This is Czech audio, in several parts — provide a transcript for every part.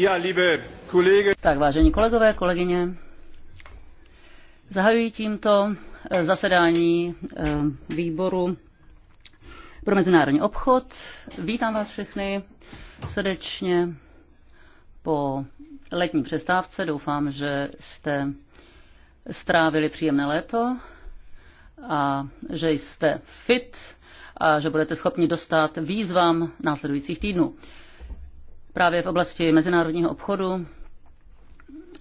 Ja, liebe kolege. Tak, vážení kolegové, kolegyně, zahajuji tímto eh, zasedání eh, výboru pro mezinárodní obchod. Vítám vás všechny srdečně po letní přestávce. Doufám, že jste strávili příjemné léto a že jste fit a že budete schopni dostat výzvám následujících týdnů právě v oblasti mezinárodního obchodu,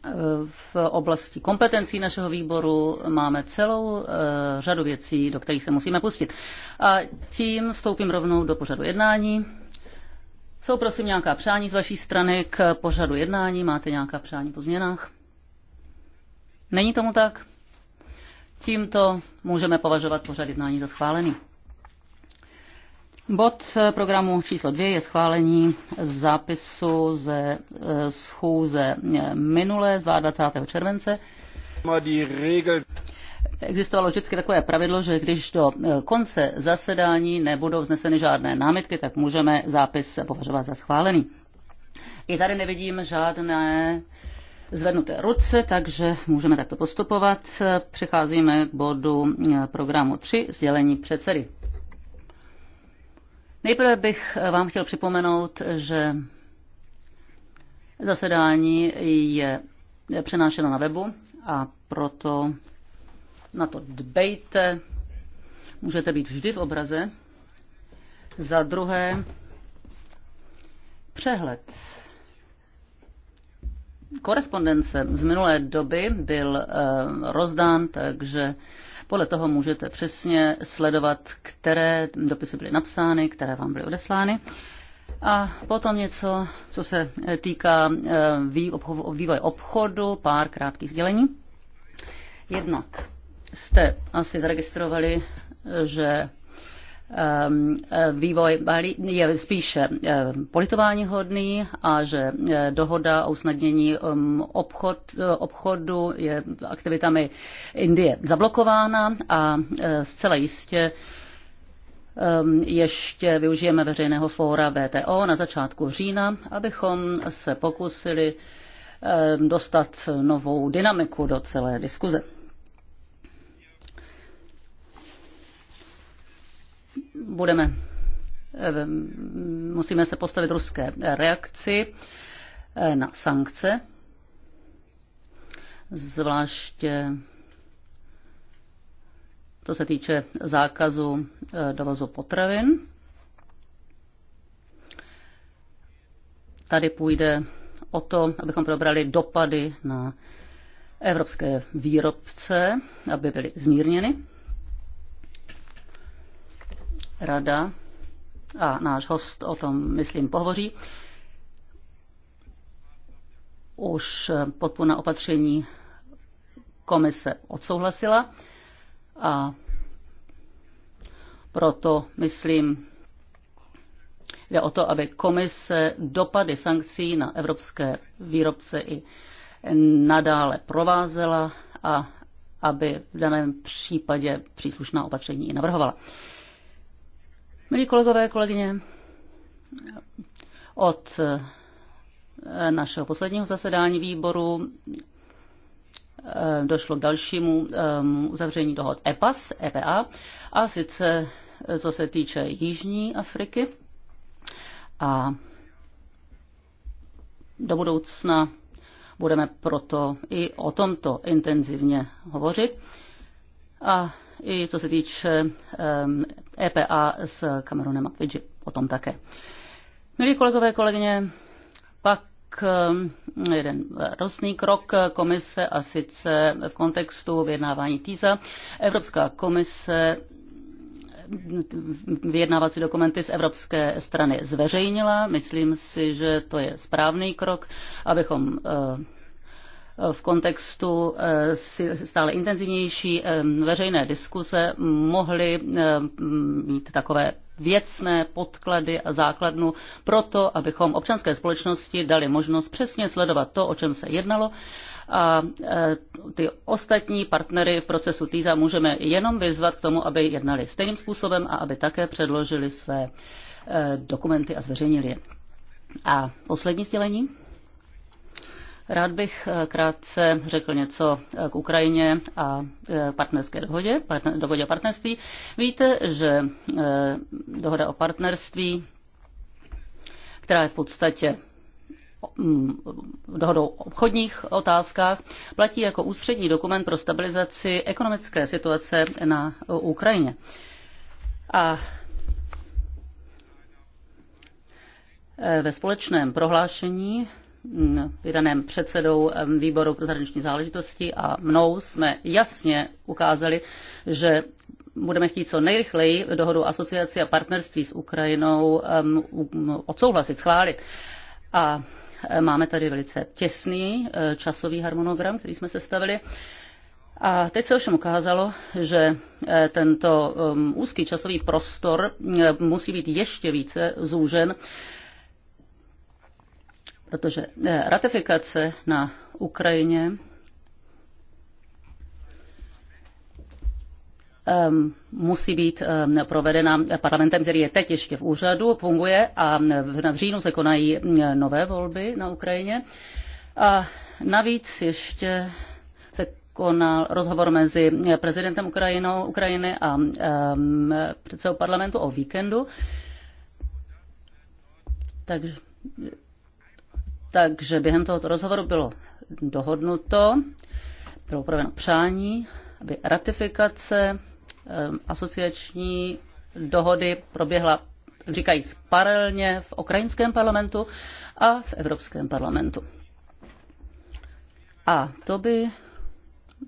e, v oblasti kompetencí našeho výboru máme celou e, řadu věcí, do kterých se musíme pustit. A tím vstoupím rovnou do pořadu jednání. Jsou prosím nějaká přání z vaší strany k pořadu jednání? Máte nějaká přání po změnách? Není tomu tak? Tímto můžeme považovat pořad jednání za schválený. Bod programu číslo dvě je schválení zápisu ze e, schůze e, minulé z 22. července. Existovalo vždycky takové pravidlo, že když do e, konce zasedání nebudou vzneseny žádné námitky, tak můžeme zápis považovat za schválený. I tady nevidím žádné zvednuté ruce, takže můžeme takto postupovat. Přecházíme k bodu programu 3, sdělení předsedy. Nejprve bych vám chtěl připomenout, že zasedání je přenášeno na webu a proto na to dbejte. Můžete být vždy v obraze. Za druhé, přehled korespondence z minulé doby byl eh, rozdán, takže podle toho můžete přesně sledovat, které dopisy byly napsány, které vám byly odeslány. A potom něco, co se týká eh, vývoje obchodu, pár krátkých sdělení. Jednak jste asi zaregistrovali, eh, že Ehm, eh, vývoj je spíše ehm, politováníhodný a že eh, dohoda o usnadnění ehm, obchod, eh, obchodu je aktivitami Indie zablokována a zcela jistě ještě využijeme veřejného fóra VTO na začátku října, abychom se pokusili dostat novou dynamiku do celé diskuze. budeme, eh, musíme se postavit ruské reakci eh, na sankce, zvláště co se týče zákazu eh, dovozu potravin. Tady půjde o to, abychom probrali dopady na evropské výrobce, aby byly zmírněny rada a náš host o tom, myslím, pohovoří. Už podpůrná opatření komise odsouhlasila a proto, myslím, jde o to, aby komise dopady sankcí na evropské výrobce i nadále provázela a aby v daném případě příslušná opatření i navrhovala. Milí kolegové, kolegyně, od eh, našeho posledního zasedání výboru eh, došlo k dalšímu eh, uzavření dohod EPAS, EPA, a sice co se týče Jižní Afriky a do budoucna budeme proto i o tomto intenzivně hovořit. A i co se týče EPA e s Kamerunem a Fidži, o tom také. Milí kolegové, kolegyně, pak jeden rostný krok komise a sice v kontextu vyjednávání TISA. Evropská komise vyjednávací dokumenty z evropské strany zveřejnila. Myslím si, že to je správný krok, abychom v kontextu eh, stále intenzivnější eh, veřejné diskuse mohli eh, mít takové věcné podklady a základnu pro to, abychom občanské společnosti dali možnost přesně sledovat to, o čem se jednalo a ty ostatní partnery v procesu TISA můžeme jenom vyzvat k tomu, aby jednali stejným způsobem a aby také předložili své dokumenty a zveřejnili je. A poslední sdělení. Rád bych eh, krátce řekl něco eh, k Ukrajině a eh, partnerské dohodě, dohodě o partnerství. Víte, že dohoda o partnerství, která je v podstatě mm, dohodou o obchodních otázkách, platí jako ústřední dokument pro stabilizaci ekonomické situace na Ukrajině. A ve společném prohlášení Mm, vydaném předsedou výboru pro zahraniční záležitosti a mnou jsme jasně ukázali, že budeme chtít co nejrychleji dohodu asociaci a partnerství s Ukrajinou odsouhlasit, schválit. A e, máme tady velice těsný e, časový harmonogram, který jsme sestavili. A teď se ovšem ukázalo, že e, tento úzký časový prostor musí být ještě více zúžen protože eh, ratifikace na Ukrajině ehm, musí být ehm, provedena parlamentem, který je teď ještě v úřadu, funguje a v říjnu se konají eh, nové volby na Ukrajině. A navíc ještě se konal rozhovor mezi eh, prezidentem Ukrajinou, Ukrajiny a um, předsedou parlamentu o víkendu. Takže takže během tohoto rozhovoru bylo dohodnuto, bylo upraveno přání, aby ratifikace asociační dohody proběhla, říkají, paralelně v ukrajinském parlamentu a v Evropském parlamentu. A to by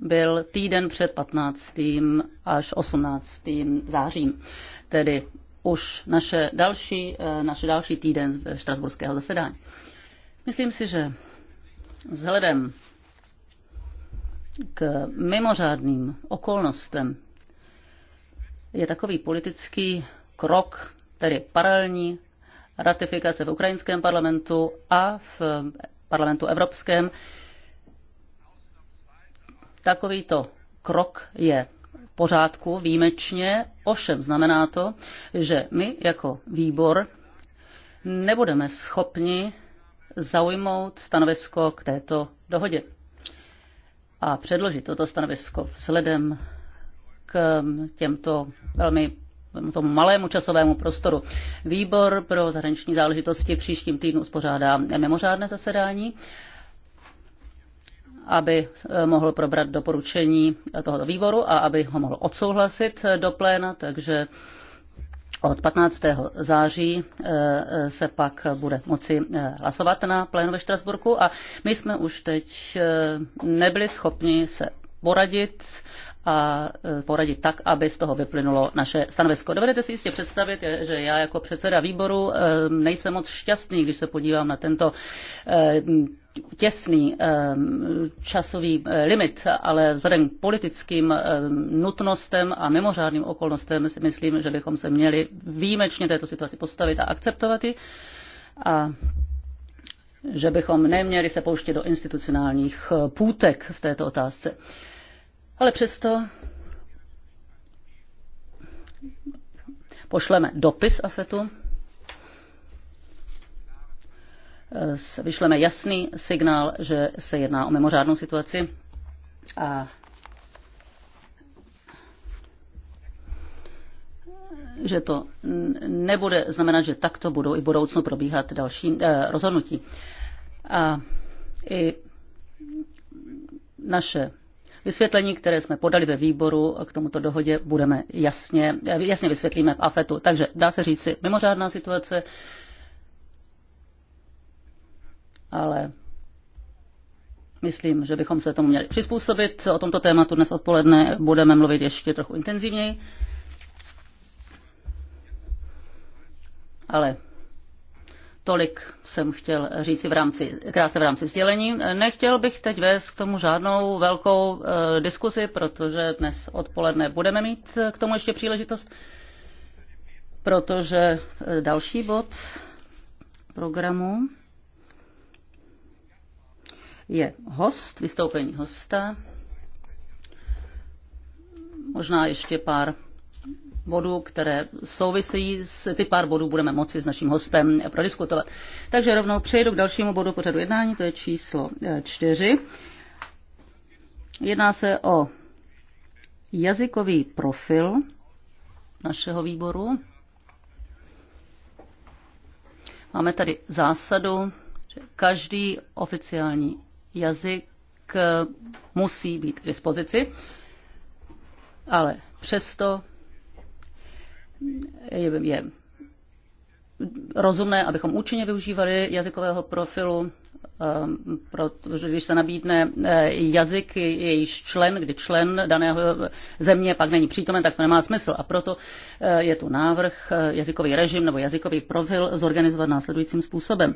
byl týden před 15. až 18. zářím, tedy už naše další, eh, naše další týden z štrasburského zasedání. Myslím si, že vzhledem k mimořádným okolnostem je takový politický krok, tedy paralelní ratifikace v ukrajinském parlamentu a v parlamentu evropském. Takovýto krok je pořádku, výjimečně, ovšem znamená to, že my jako výbor nebudeme schopni zaujmout stanovisko k této dohodě a předložit toto stanovisko vzhledem k těmto velmi tomu malému časovému prostoru. Výbor pro zahraniční záležitosti příštím týdnu uspořádá mimořádné zasedání, aby eh, mohl probrat doporučení tohoto výboru a aby ho mohl odsouhlasit do pléna, takže od 15. září eh, eh, se pak bude moci eh, hlasovat na plénu ve Štrasburku a my jsme už teď nebyli schopni se poradit a poradit tak, aby z toho vyplynulo naše stanovisko. Dovedete si jistě představit, že já jako předseda výboru nejsem moc šťastný, když se podívám na tento těsný ehm, časový eh, limit, ale vzhledem k politickým ehm, nutnostem a mimořádným okolnostem si myslím, že bychom se měli výjimečně této situaci postavit a akceptovat ji a že bychom neměli se pouštět do institucionálních eh, půtek v této otázce. Ale přesto pošleme dopis AFETu vyšleme jasný signál, že se jedná o mimořádnou situaci a že to nebude znamenat, že takto budou i budoucnu probíhat další eh, rozhodnutí. A i naše vysvětlení, které jsme podali ve výboru k tomuto dohodě, budeme jasně, eh, jasně vysvětlíme v AFETu. Takže dá se říci mimořádná situace, eh, ale myslím, že bychom se tomu měli přizpůsobit. O tomto tématu dnes odpoledne budeme mluvit ještě trochu intenzivněji. Ale tolik jsem chtěl říci v rámci, krátce v rámci sdělení. Nechtěl bych teď vést k tomu žádnou velkou e, diskusi, protože dnes odpoledne budeme mít eh, k tomu ještě příležitost, protože eh, další bod programu je host, vystoupení hosta. Možná ještě pár bodů, které souvisí s ty pár bodů, budeme moci s naším hostem prodiskutovat. Takže rovnou přejdu k dalšímu bodu pořadu jednání, to je číslo eh, čtyři. Jedná se o jazykový profil našeho výboru. Máme tady zásadu, že každý oficiální jazyk eh, musí být k dispozici, ale přesto eh, je, je rozumné, abychom účinně využívali jazykového profilu, eh, protože když se nabídne jazyk, jejíž člen, kdy člen daného země pak není přítomen, tak to nemá smysl. A proto je tu návrh jazykový režim nebo jazykový profil zorganizovat následujícím způsobem.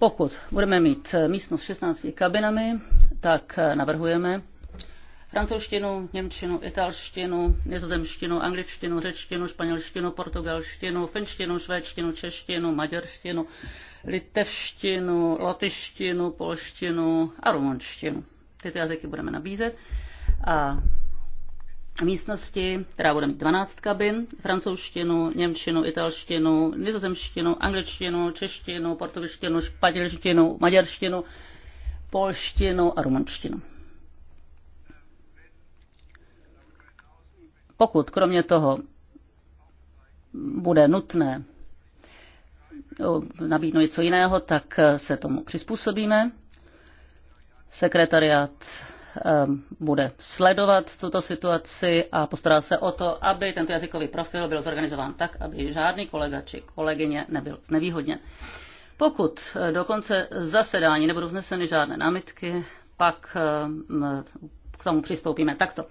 Pokud budeme mít místnost s 16 kabinami, tak navrhujeme francouzštinu, němčinu, italštinu, nizozemštinu, angličtinu, řečtinu, španělštinu, portugalštinu, finštinu, švédštinu, češtinu, maďarštinu, litevštinu, lotyštinu, polštinu a rumunštinu. Tyto jazyky budeme nabízet. A místnosti, která bude mít 12 kabin, francouzštinu, němčinu, italštinu, nizozemštinu, angličtinu, češtinu, portugalštinu, španělštinu, maďarštinu, polštinu a rumunštinu. Pokud kromě toho bude nutné eh, nabídnout něco jiného, tak se tomu přizpůsobíme. Sekretariat Ehm, bude sledovat tuto situaci a postará se o to, aby tento jazykový profil byl zorganizován tak, aby žádný kolega či kolegyně nebyl znevýhodněn. Pokud eh, do konce zasedání nebudou vzneseny žádné námitky, pak ehm, k tomu přistoupíme takto.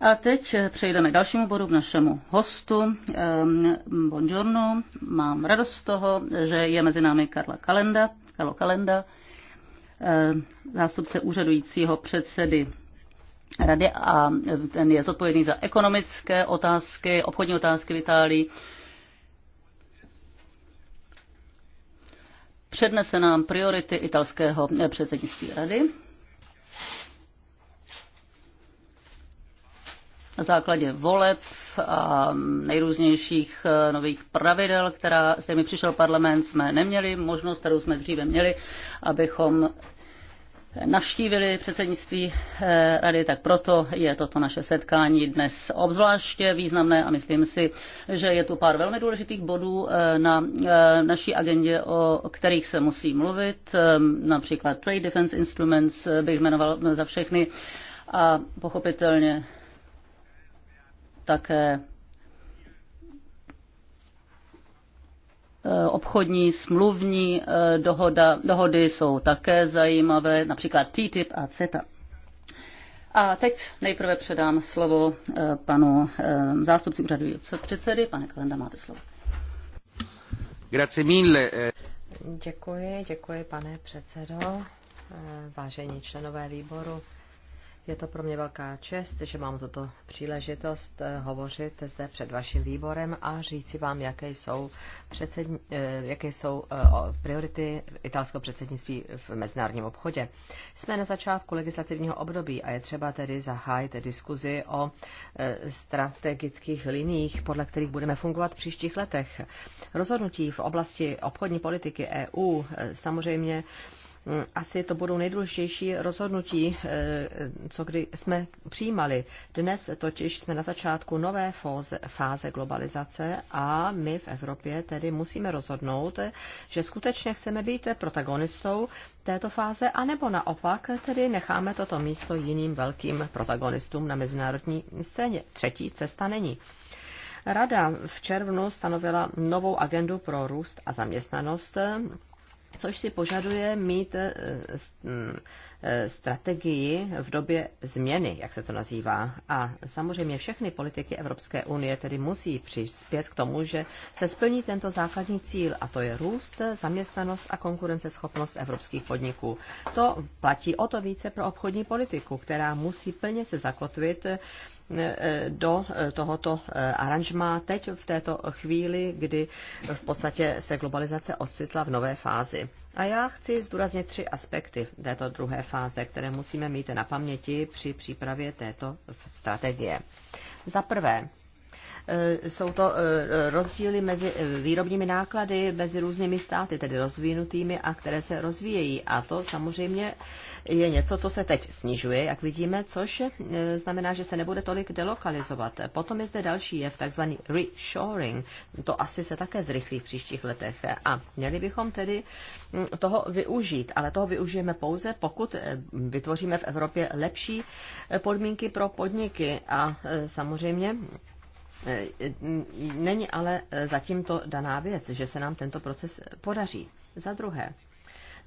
A teď eh, přejdeme k dalšímu bodu, k našemu hostu. Ehm, buongiorno, mám radost z toho, že je mezi námi Karla Kalenda. Karlo Kalenda Eh, zástupce úřadujícího předsedy rady a ten je zodpovědný za ekonomické otázky, obchodní otázky v Itálii. Přednese nám priority italského eh, předsednictví rady. na základě voleb a nejrůznějších eh, nových pravidel, která se mi přišel parlament, jsme neměli možnost, kterou jsme dříve měli, abychom navštívili předsednictví eh, rady, tak proto je toto naše setkání dnes obzvláště významné a myslím si, že je tu pár velmi důležitých bodů eh, na naší agendě, o kterých se musí mluvit, například Trade Defense Instruments bych jmenoval za všechny a pochopitelně také eh, obchodní, smluvní eh, dohoda, dohody jsou také zajímavé, například TTIP a CETA. A teď nejprve předám slovo eh, panu zástupci úřadu předsedy. Pane Kalenda, máte slovo. Děkuji, děkuji pane předsedo, vážení členové výboru. Je to pro mě velká čest, že mám tuto příležitost eh, hovořit zde před vaším výborem a říci vám, jaké jsou, předsed, eh, jaké jsou eh, priority italského předsednictví v mezinárodním obchodě. Jsme na začátku legislativního období a je třeba tedy zahájit diskuzi o strategických liních, podle kterých budeme fungovat v příštích letech. Rozhodnutí v oblasti obchodní politiky EU samozřejmě asi to budou nejdůležitější rozhodnutí, eh, co kdy jsme přijímali. Dnes totiž jsme na začátku nové fóze, fáze globalizace a my v Evropě tedy musíme rozhodnout, že skutečně chceme být protagonistou této fáze, anebo naopak tedy necháme toto místo jiným velkým protagonistům na mezinárodní scéně. Třetí cesta není. Rada v červnu stanovila novou agendu pro růst a zaměstnanost, což si požaduje mít eh, mm, eh, strategii v době změny, jak se to nazývá. A samozřejmě všechny politiky Evropské unie tedy musí přispět k tomu, že se splní tento základní cíl, a to je růst, zaměstnanost a konkurenceschopnost evropských podniků. To platí o to více pro obchodní politiku, která musí plně se zakotvit do eh, tohoto eh, aranžma teď v této chvíli, kdy v podstatě se globalizace ocitla v nové fázi. A já chci zdůraznit tři aspekty této druhé fáze, které musíme mít na paměti při přípravě této strategie. Za prvé, Eh, jsou to eh, rozdíly mezi eh, výrobními náklady mezi různými státy, tedy rozvinutými a které se rozvíjejí. A to samozřejmě je něco, co se teď snižuje, jak vidíme, což znamená, že se nebude tolik delokalizovat. Potom je zde další jev, takzvaný reshoring. To asi se také zrychlí v příštích letech. A měli bychom tedy hm, toho využít, ale toho využijeme pouze, pokud vytvoříme v Evropě lepší podmínky pro podniky a samozřejmě Eh, není ale eh, zatím to daná věc, že se nám tento proces podaří. Za druhé,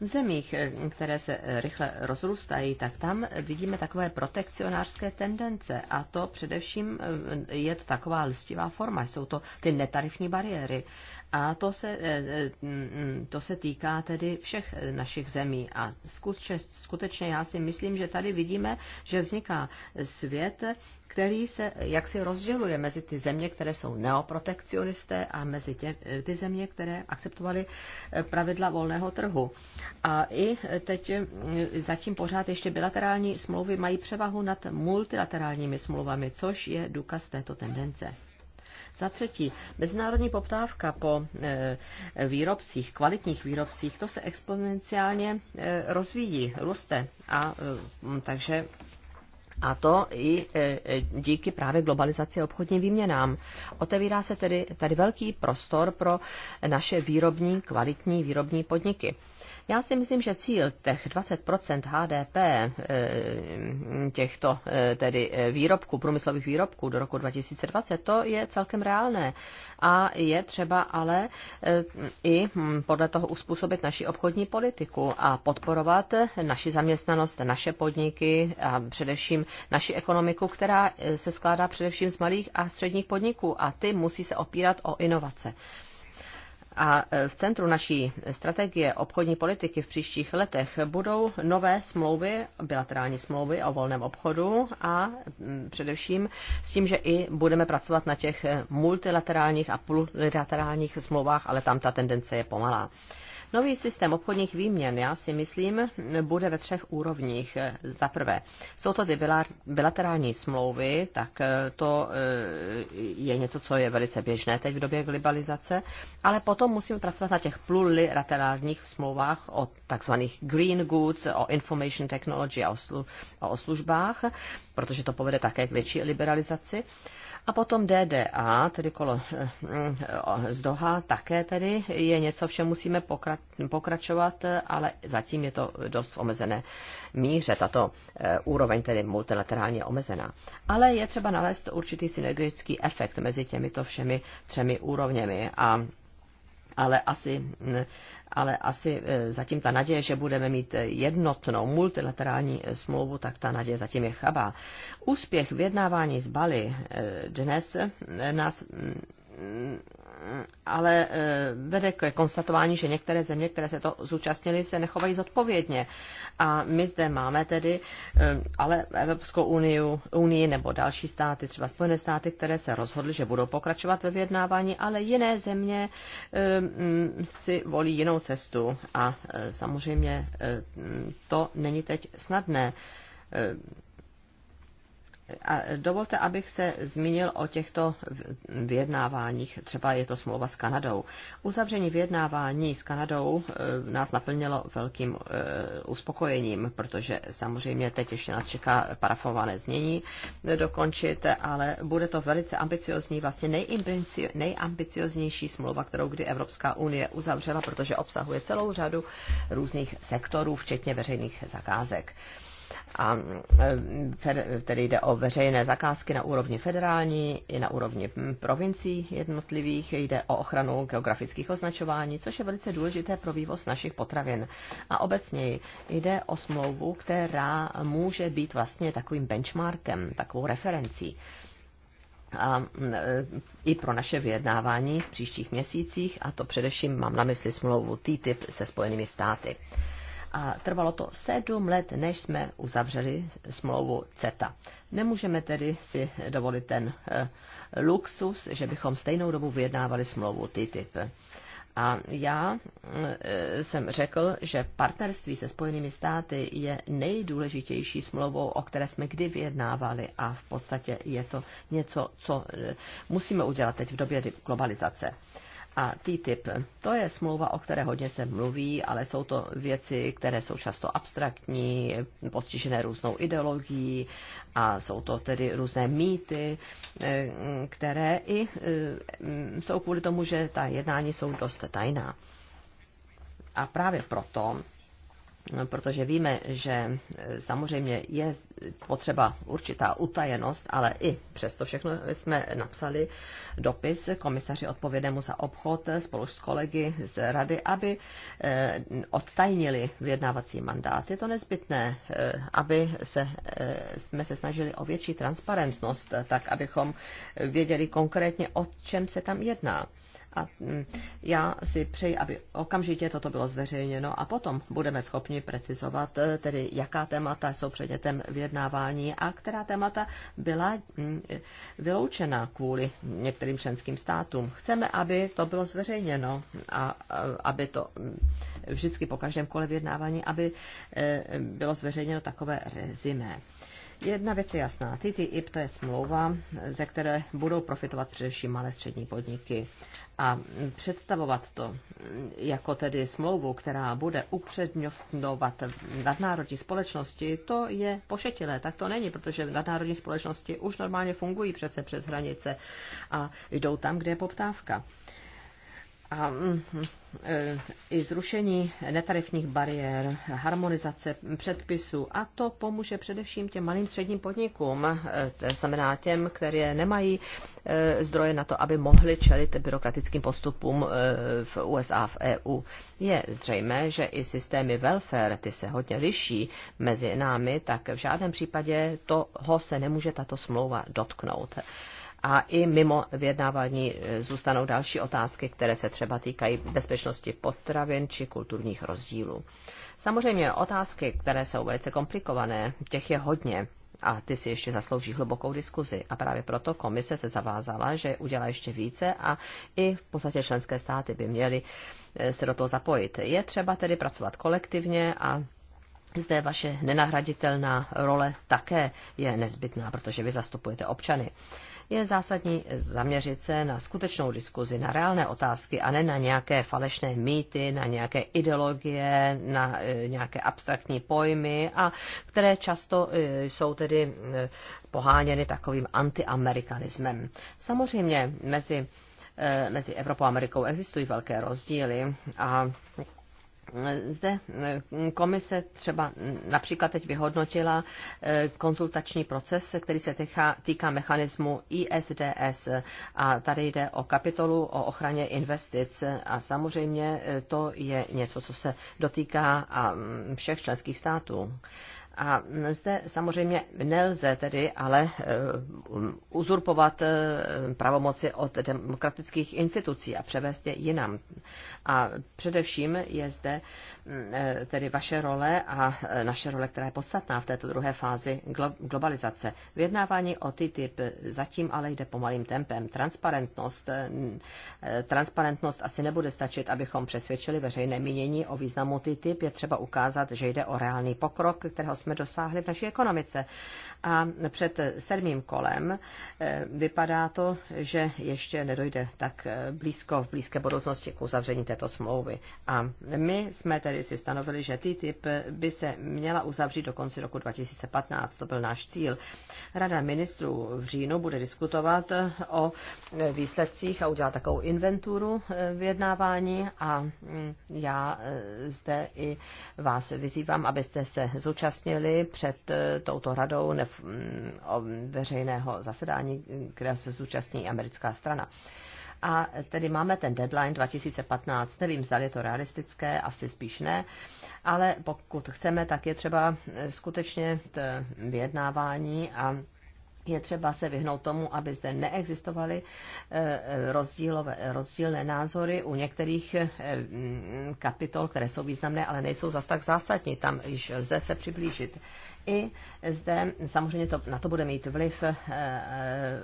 v zemích, eh, které se rychle rozrůstají, tak tam vidíme takové protekcionářské tendence a to především je to taková listivá forma, jsou to ty netarifní bariéry. A to se, eh, eh, mm, mm, to se týká tedy všech eh, našich zemí. A skutečně já si myslím, že tady vidíme, že vzniká svět, který se jaksi rozděluje mezi ty země, které jsou neoprotekcionisté a mezi tě, ty země, které akceptovaly pravidla volného trhu. A i teď zatím pořád ještě bilaterální smlouvy mají převahu nad multilaterálními smlouvami, což je důkaz této tendence. Za třetí, mezinárodní poptávka po e, výrobcích, kvalitních výrobcích, to se exponenciálně e, rozvíjí, roste. A e, takže a to i díky právě globalizaci a obchodním výměnám. Otevírá se tedy tady velký prostor pro naše výrobní, kvalitní výrobní podniky. Já si myslím, že cíl těch 20% HDP eh, těchto eh, tedy eh, výrobků, průmyslových výrobků do roku 2020, to je celkem reálné. A je třeba ale i hm, podle toho uspůsobit naši obchodní politiku a podporovat naši zaměstnanost, naše podniky a především naši ekonomiku, která se skládá především z malých a středních podniků a ty musí se opírat o inovace. A e, v centru naší strategie obchodní politiky v příštích letech budou nové smlouvy, bilaterální smlouvy o volném obchodu a především s tím, že i budeme pracovat na těch multilaterálních a plurilaterálních smlouvách, ale tam ta tendence je pomalá. Nový systém obchodních výměn, já si myslím, bude ve třech úrovních. Za prvé, jsou to ty bilaterální smlouvy, tak eh, to eh, je něco, co je velice běžné teď v době globalizace, ale potom musíme pracovat na těch plurilaterálních smlouvách o takzvaných green goods, o information technology a o službách, protože to povede také k větší liberalizaci. A potom DDA, tedy kolo eh, z Doha, také tedy je něco, v čem musíme pokračovat, ale zatím je to dost v omezené míře. Tato eh, úroveň tedy multilaterálně omezená. Ale je třeba nalézt určitý synergický efekt mezi těmito všemi třemi úrovněmi a ale asi, mm, ale asi e, zatím ta naděje, že budeme mít jednotnou multilaterální e, smlouvu, tak ta naděje zatím je chabá. Úspěch vyjednávání z Bali e, dnes nás mm, ale eh, vede k konstatování, že některé země, které se to zúčastnily, se nechovají zodpovědně. A my zde máme tedy eh, ale Evropskou uniu, unii nebo další státy, třeba Spojené státy, které se rozhodly, že budou pokračovat ve vyjednávání, ale jiné země eh, mm, si volí jinou cestu. A samozřejmě to není teď snadné a dovolte, abych se zmínil o těchto vyjednáváních. Třeba je to smlouva s Kanadou. Uzavření vyjednávání s Kanadou eh, nás naplnilo velkým eh, uspokojením, protože samozřejmě teď ještě nás čeká parafované znění dokončit, ale bude to velice ambiciozní, vlastně nejambicioznější smlouva, kterou kdy Evropská unie uzavřela, protože obsahuje celou řadu různých sektorů, včetně veřejných zakázek a e, tedy jde o veřejné zakázky na úrovni federální i na úrovni provincií jednotlivých, jde o ochranu geografických označování, což je velice důležité pro vývoz našich potravin. A obecně jde o smlouvu, která může být vlastně takovým benchmarkem, takovou referencí a e, i pro naše vyjednávání v příštích měsících, a to především mám na mysli smlouvu TTIP se Spojenými státy a trvalo to sedm let, než jsme uzavřeli smlouvu CETA. Nemůžeme tedy si dovolit ten eh, luxus, že bychom stejnou dobu vyjednávali smlouvu TTIP. A já eh, jsem řekl, že partnerství se Spojenými státy je nejdůležitější smlouvou, o které jsme kdy vyjednávali a v podstatě je to něco, co eh, musíme udělat teď v době globalizace a TTIP, to je smlouva, o které hodně se mluví, ale jsou to věci, které jsou často abstraktní, postižené různou ideologií a jsou to tedy různé mýty, eh, které i eh, jsou kvůli tomu, že ta jednání jsou dost tajná. A právě proto protože víme, že e, samozřejmě je potřeba určitá utajenost, ale i přesto všechno jsme napsali dopis komisaři odpovědnému za obchod spolu s kolegy z rady, aby e, odtajnili vyjednávací mandát. Je to nezbytné, e, aby se, jsme se snažili o větší transparentnost, tak abychom věděli konkrétně, o čem se tam jedná. A mm, já si přeji, aby okamžitě toto bylo zveřejněno a potom budeme schopni precizovat, eh, tedy jaká témata jsou předmětem vyjednávání a která témata byla mm, vyloučena kvůli některým členským státům. Chceme, aby to bylo zveřejněno a eh, aby to mm, vždycky po každém kole vyjednávání, aby eh, bylo zveřejněno takové rezimé. Jedna věc je jasná. TTIP to je smlouva, ze které budou profitovat především malé střední podniky. A představovat to jako tedy smlouvu, která bude upřednostňovat nadnárodní společnosti, to je pošetilé. Tak to není, protože nadnárodní společnosti už normálně fungují přece přes hranice a jdou tam, kde je poptávka a mm, e, i zrušení netarifních bariér, harmonizace předpisů a to pomůže především těm malým středním podnikům, e, to znamená těm, které nemají e, zdroje na to, aby mohli čelit byrokratickým postupům v USA v EU. Je zřejmé, že i systémy welfare, ty se hodně liší mezi námi, tak v žádném případě toho se nemůže tato smlouva dotknout a i mimo vyjednávání e, zůstanou další otázky, které se třeba týkají bezpečnosti potravin či kulturních rozdílů. Samozřejmě otázky, které jsou velice komplikované, těch je hodně a ty si ještě zaslouží hlubokou diskuzi. A právě proto komise se zavázala, že udělá ještě více a i v podstatě členské státy by měly e, se do toho zapojit. Je třeba tedy pracovat kolektivně a zde vaše nenahraditelná role také je nezbytná, protože vy zastupujete občany je zásadní zaměřit se na skutečnou diskuzi, na reálné otázky a ne na nějaké falešné mýty, na nějaké ideologie, na e, nějaké abstraktní pojmy, a které často e, jsou tedy e, poháněny takovým antiamerikanismem. Samozřejmě mezi mezi Evropou a Amerikou existují velké rozdíly a zde eh, komise třeba například teď vyhodnotila eh, konzultační proces, který se týká, týká mechanismu ISDS a tady jde o kapitolu o ochraně investic a samozřejmě eh, to je něco, co se dotýká mm, všech členských států. A zde samozřejmě nelze tedy ale eh, uzurpovat eh, pravomoci od demokratických institucí a převést je jinam. A především je zde mm, eh, tedy vaše role a naše role, která je podstatná v této druhé fázi globalizace. Vyjednávání o ty typ. zatím ale jde pomalým tempem. Transparentnost, transparentnost asi nebude stačit, abychom přesvědčili veřejné mínění o významu ty typ. Je třeba ukázat, že jde o reálný pokrok, kterého jsme dosáhli v naší ekonomice. A před sedmým kolem eh, vypadá to, že ještě nedojde tak eh, blízko v blízké budoucnosti k uzavření této smlouvy. A my jsme tedy si stanovili, že TTIP by se měla uzavřít do konce roku 2015. To byl náš cíl. Rada ministrů v říjnu bude diskutovat eh, o výsledcích a udělá takovou inventuru vyjednávání a mm, já zde i vás vyzývám, abyste se zúčastnili zúčastnili před eh, touto radou mm, veřejného zasedání, kde se zúčastní americká strana. A tedy máme ten deadline 2015. Nevím, zda je to realistické, asi spíš ne, ale pokud chceme, tak je třeba eh, skutečně vyjednávání a je třeba se vyhnout tomu, aby zde neexistovaly eh, eh, rozdílné názory u některých eh, mm, kapitol, které jsou významné, ale nejsou zas tak zásadní. Tam již lze se přiblížit. I zde samozřejmě to, na to bude mít vliv eh, eh,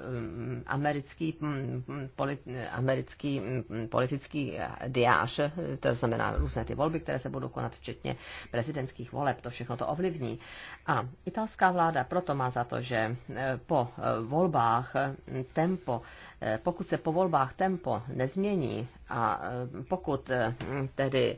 americký, hm, hm, polit, americký hm, politický diář, to znamená různé ty volby, které se budou konat, včetně prezidentských voleb, to všechno to ovlivní. A italská vláda proto má za to, že eh, po volbách tempo, pokud se po volbách tempo nezmění a pokud tedy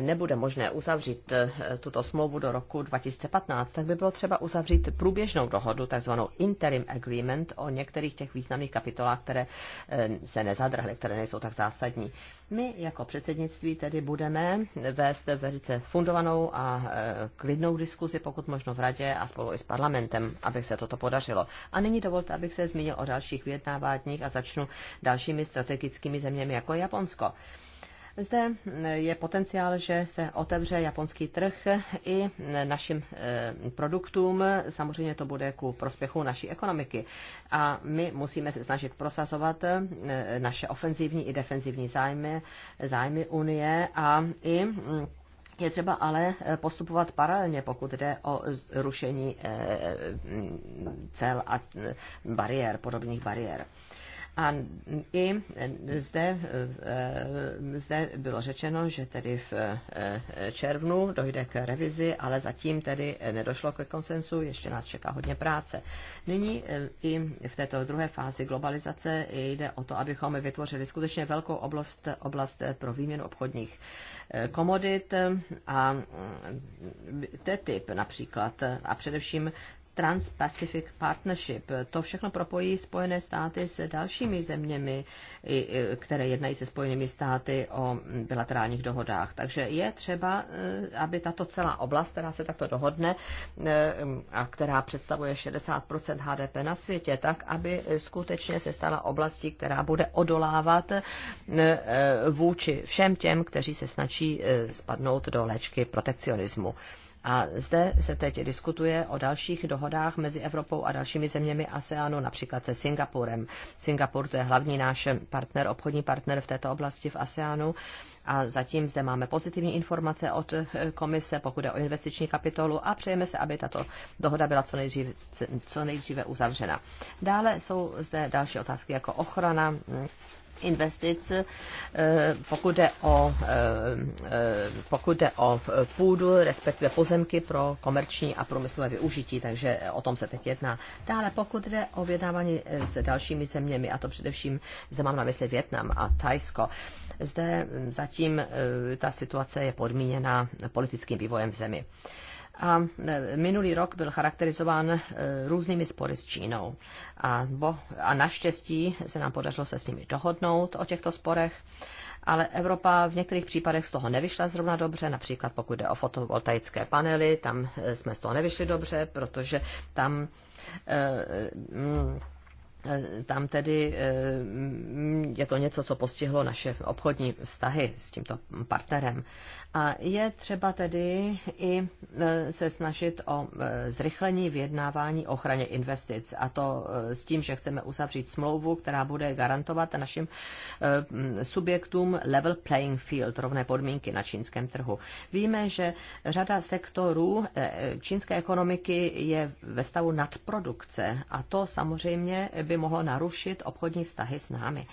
nebude možné uzavřít eh, tuto smlouvu do roku 2015, tak by bylo třeba uzavřít průběžnou dohodu, takzvanou interim agreement o některých těch významných kapitolách, které eh, se nezadrhly, které nejsou tak zásadní. My jako předsednictví tedy budeme vést velice fundovanou a eh, klidnou diskuzi, pokud možno v radě a spolu i s parlamentem, aby se toto podařilo. A nyní dovolte, abych se zmínil o dalších vyjednáváních a začnu dalšími strategickými zeměmi jako Japonsko. Zde je potenciál, že se otevře japonský trh i našim eh, produktům. Samozřejmě to bude ku prospěchu naší ekonomiky. A my musíme se snažit prosazovat eh, naše ofenzivní i defenzivní zájmy, zájmy Unie a i mm, je třeba ale eh, postupovat paralelně, pokud jde o rušení cel a bariér, podobných bariér. A i zde, eh, zde bylo řečeno, že tedy v eh, červnu dojde k revizi, ale zatím tedy nedošlo ke konsensu, ještě nás čeká hodně práce. Nyní eh, i v této druhé fázi globalizace jde o to, abychom vytvořili skutečně velkou oblast, oblast pro výměnu obchodních komodit a mm, TTIP například a především Trans-Pacific Partnership. To všechno propojí Spojené státy s dalšími zeměmi, které jednají se Spojenými státy o bilaterálních dohodách. Takže je třeba, eh, aby tato celá oblast, která se takto dohodne eh, a která představuje 60 HDP na světě, tak aby skutečně se stala oblastí, která bude odolávat eh, vůči všem těm, kteří se snaží spadnout do léčky protekcionismu. A zde se teď diskutuje o dalších dohodách mezi Evropou a dalšími zeměmi ASEANu, například se Singapurem. Singapur to je hlavní náš partner, obchodní partner v této oblasti v ASEANu. A zatím zde máme pozitivní informace od komise, pokud je o investiční kapitolu a přejeme se, aby tato dohoda byla co nejdříve, co nejdříve uzavřena. Dále jsou zde další otázky jako ochrana investic, eh, pokud jde o, eh, eh, pokud jde o půdu, respektive pozemky pro komerční a průmyslové využití, takže o tom se teď jedná. Dále, pokud jde o vědávání s dalšími zeměmi, a to především zde mám na mysli Větnam a Tajsko, zde hm, zatím ta situace je podmíněna politickým vývojem v zemi. A e, minulý rok byl charakterizován e, různými spory s Čínou. A, bo, a naštěstí se nám podařilo se s nimi dohodnout o těchto sporech, ale Evropa v některých případech z toho nevyšla zrovna dobře, například pokud jde o fotovoltaické panely, tam e, jsme z toho nevyšli dobře, protože tam. E, mm, Eh, tam tedy eh, je to něco, co postihlo naše obchodní vztahy s tímto partnerem. A je třeba tedy i eh, se snažit o zrychlení vyjednávání ochraně investic. A to s tím, že chceme uzavřít smlouvu, která bude garantovat našim subjektům level playing field, rovné podmínky na čínském trhu. Víme, že řada sektorů čínské ekonomiky je ve stavu nadprodukce a to samozřejmě by mohlo narušit obchodní vztahy s námi.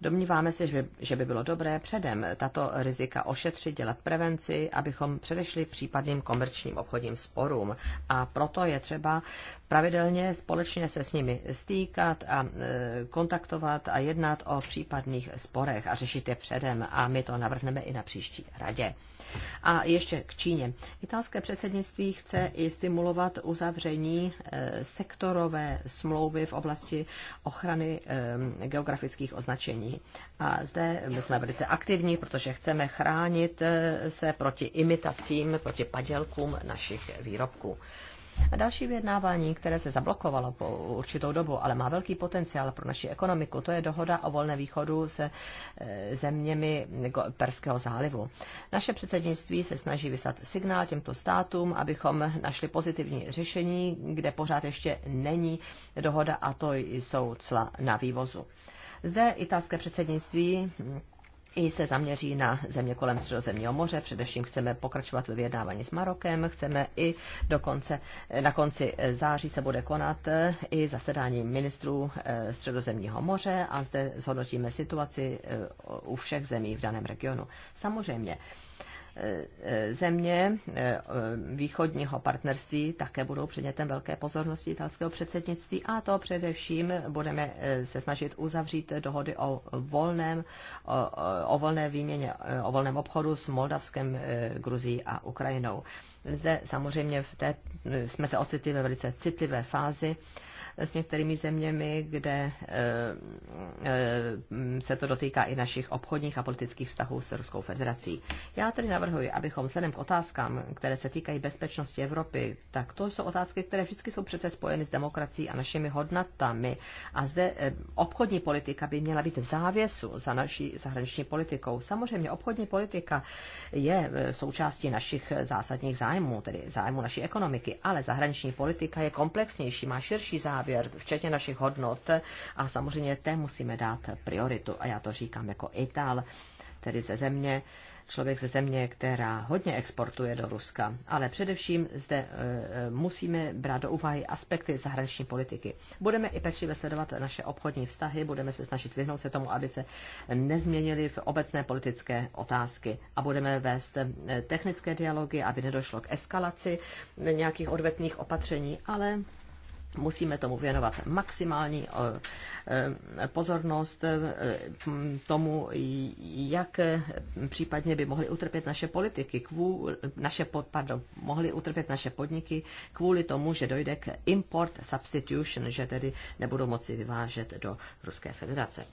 Domníváme se, že by, že by bylo dobré předem tato rizika ošetřit, dělat prevenci, abychom předešli případným komerčním obchodním sporům. A proto je třeba pravidelně společně se s nimi stýkat a e, kontaktovat a jednat o případných sporech a řešit je předem. A my to navrhneme i na příští radě. A ještě k Číně. Italské předsednictví chce i stimulovat uzavření e, sektorové smlouvy v oblasti ochrany e, geografických označení. A zde my jsme velice aktivní, protože chceme chránit e, se proti imitacím, proti padělkům našich výrobků. A další vyjednávání, které se zablokovalo po určitou dobu, ale má velký potenciál pro naši ekonomiku, to je dohoda o volné východu se e, zeměmi Perského zálivu. Naše předsednictví se snaží vyslat signál těmto státům, abychom našli pozitivní řešení, kde pořád ještě není dohoda a to jsou cla na vývozu. Zde italské předsednictví hm, i se zaměří na země kolem Středozemního moře. Především chceme pokračovat ve vyjednávání s Marokem. Chceme i dokonce, na konci eh, září se bude konat eh, i zasedání ministrů eh, Středozemního moře a zde zhodnotíme situaci u všech zemí v daném regionu. Samozřejmě země eh, eh, východního partnerství také budou předmětem velké pozornosti italského předsednictví a to především budeme eh, se snažit uzavřít dohody o volném, o, o volné výměně, o volném obchodu s Moldavskem, Gruzií a Ukrajinou. Zde samozřejmě v té, jsme se ocitli ve velice citlivé fázi s některými zeměmi, kde eh, eh, se to dotýká i našich obchodních a politických vztahů s Ruskou federací. Já tedy navrhuji, abychom vzhledem k otázkám, které se týkají bezpečnosti Evropy, tak to jsou otázky, které vždycky jsou přece spojeny s demokracií a našimi hodnotami. A zde eh, obchodní politika by měla být v závěsu za naší zahraniční politikou. Samozřejmě obchodní politika je součástí našich zásadních zájmů, tedy zájmu naší ekonomiky, ale zahraniční politika je komplexnější, má širší zájem závěr, včetně našich hodnot a samozřejmě té musíme dát prioritu a já to říkám jako Ital, tedy ze země, člověk ze země, která hodně exportuje do Ruska. Ale především zde e, e, musíme brát do úvahy aspekty zahraniční politiky. Budeme i pečlivě sledovat naše obchodní vztahy, budeme se snažit vyhnout se tomu, aby se nezměnily v obecné politické otázky a budeme vést e, technické dialogy, aby nedošlo k eskalaci nějakých odvetných opatření, ale Musíme tomu věnovat maximální eh, eh, pozornost eh, tomu, jak případně by mohly utrpět naše politiky, kvůli, naše, pardon, mohly utrpět naše podniky kvůli tomu, že dojde k import substitution, že tedy nebudou moci vyvážet do Ruské federace.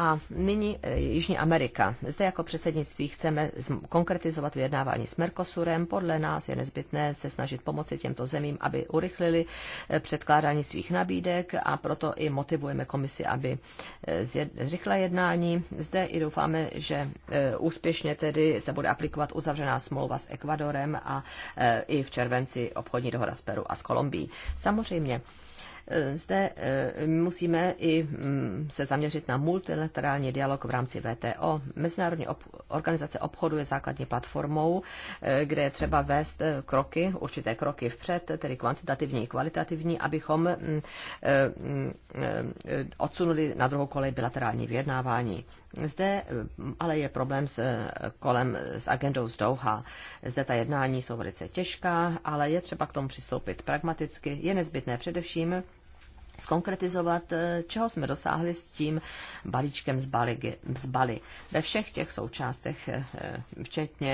A nyní e, Jižní Amerika. Zde jako předsednictví chceme konkretizovat vyjednávání s Mercosurem. Podle nás je nezbytné se snažit pomoci těmto zemím, aby urychlili e, předkládání svých nabídek a proto i motivujeme komisi, aby e, zrychla jednání. Zde i doufáme, že úspěšně tedy se bude aplikovat uzavřená smlouva s Ekvadorem a i v červenci obchodní dohoda s Peru a s Kolumbií. Samozřejmě zde eh, musíme i mm, se zaměřit na multilaterální dialog v rámci VTO. Mezinárodní ob- organizace obchodu je základní platformou, eh, kde je třeba vést eh, kroky, určité kroky vpřed, tedy kvantitativní i kvalitativní, abychom mm, mm, odsunuli na druhou kolej bilaterální vyjednávání. Zde ale je problém s kolem s agendou z Doha. Zde ta jednání jsou velice těžká, ale je třeba k tomu přistoupit pragmaticky. Je nezbytné především skonkretizovat, eh, čeho jsme dosáhli s tím balíčkem z Bali, z Bali. Ve všech těch součástech, eh, eh, včetně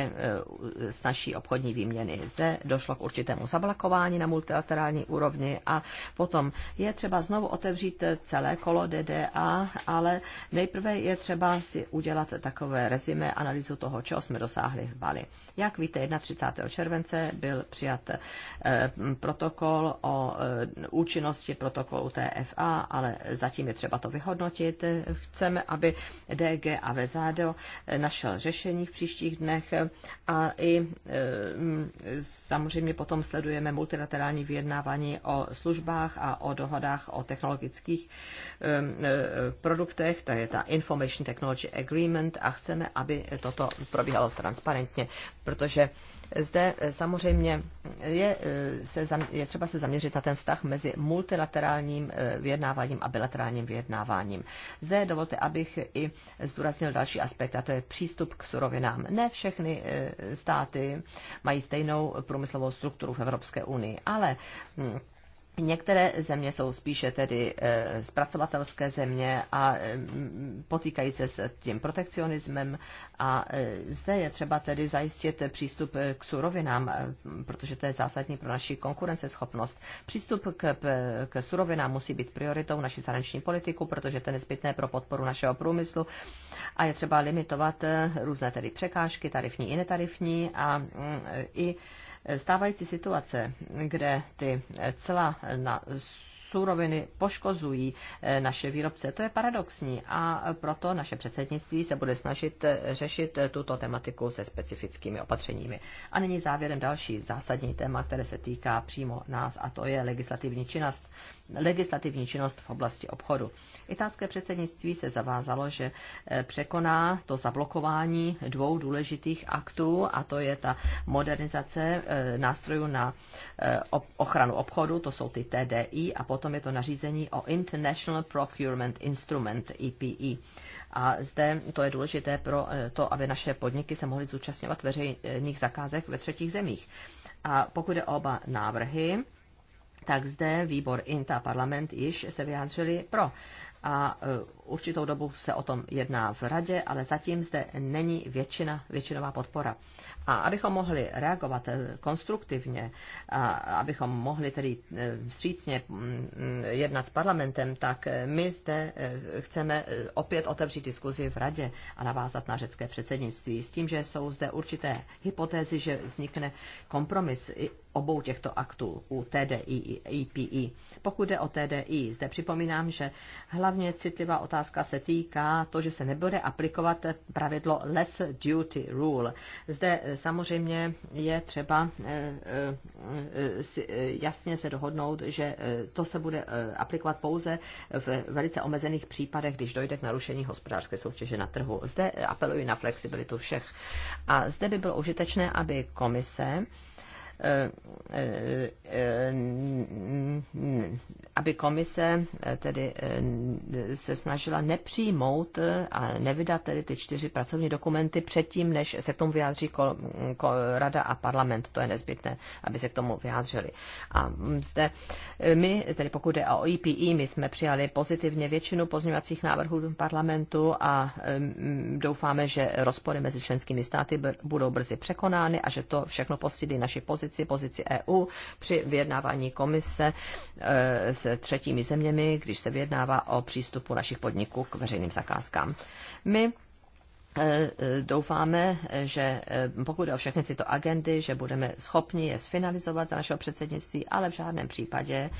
s naší obchodní výměny. Zde došlo k určitému zablakování na multilaterální úrovni a potom je třeba znovu otevřít celé kolo DDA, ale nejprve je třeba si udělat takové rezime, analýzu toho, čeho jsme dosáhli v Bali. Jak víte, 31. července byl přijat protokol o účinnosti protokolu TFA, ale zatím je třeba to vyhodnotit. Chceme, aby DG a Vezado našel řešení v příštích dnech a i eh, samozřejmě potom sledujeme multilaterální vyjednávání o službách a o dohodách o technologických eh, eh, produktech, to je ta Information Technology Agreement a chceme, aby toto probíhalo transparentně, protože zde eh, samozřejmě je, eh, se, je třeba se zaměřit na ten vztah mezi multilaterálním eh, vyjednáváním a bilaterálním vyjednáváním. Zde dovolte, abych i zdůraznil další aspekt, a to je přístup k surovinám. Ne všechny státy mají stejnou průmyslovou strukturu v Evropské unii, ale hm, Některé země jsou spíše tedy e, zpracovatelské země a e, potýkají se s tím protekcionismem a e, zde je třeba tedy zajistit přístup eh, k surovinám, e, protože to je zásadní pro naši konkurenceschopnost. Přístup k, k surovinám musí být prioritou naší zahraniční politiku, protože to je nezbytné pro podporu našeho průmyslu a je třeba limitovat různé tedy překážky, tarifní i netarifní a e, i stávající situace, kde ty eh, celá na suroviny poškozují eh, naše výrobce. To je paradoxní a proto naše předsednictví se bude snažit eh, řešit tuto tematiku se specifickými opatřeními. A nyní závěrem další zásadní téma, které se týká přímo nás a to je legislativní činnost legislativní činnost v oblasti obchodu. Italské předsednictví se zavázalo, že eh, překoná to zablokování dvou důležitých aktů, a to je ta modernizace eh, nástrojů na eh, ochranu obchodu, to jsou ty TDI, a potom je to nařízení o International Procurement Instrument, EPE. A zde to je důležité pro to, aby naše podniky se mohly zúčastňovat veřejných zakázek ve třetích zemích. A pokud je oba návrhy, tak zde výbor INTA parlament již se vyjádřili pro. A e, určitou dobu se o tom jedná v radě, ale zatím zde není většina, většinová podpora. A abychom mohli reagovat eh, konstruktivně, a abychom mohli tedy eh, vstřícně mm, mm, jednat s parlamentem, tak eh, my zde chceme opět otevřít diskuzi v radě a navázat na řecké předsednictví s tím, že jsou zde určité hypotézy, že vznikne kompromis obou těchto aktů u TDI i EPI. Pokud jde o TDI, zde připomínám, že hlavně citlivá otázka se týká to, že se nebude aplikovat pravidlo less duty rule. Zde Eh, samozřejmě je třeba eh, eh, jasně se dohodnout, že to se bude aplikovat pouze v velice omezených případech, když dojde k narušení hospodářské soutěže na trhu. Zde apeluji na flexibilitu všech. A zde by bylo užitečné, aby komise aby komise eh, tedy eh, se snažila nepřijmout eh, a nevydat tedy ty čtyři pracovní dokumenty předtím, než se k tomu vyjádří rada a parlament. To je nezbytné, aby se k tomu vyjádřili. A zde my, tedy pokud jde o IPI, e e, my jsme přijali pozitivně většinu pozměňovacích návrhů parlamentu a mm, doufáme, že rozpory mezi členskými státy budou brzy překonány a že to všechno posílí naši pozici pozici, pozici EU při vyjednávání komise e, s třetími zeměmi, když se vyjednává o přístupu našich podniků k veřejným zakázkám. My e, e, Doufáme, že pokud o všechny tyto agendy, že budeme schopni je sfinalizovat za našeho předsednictví, ale v žádném případě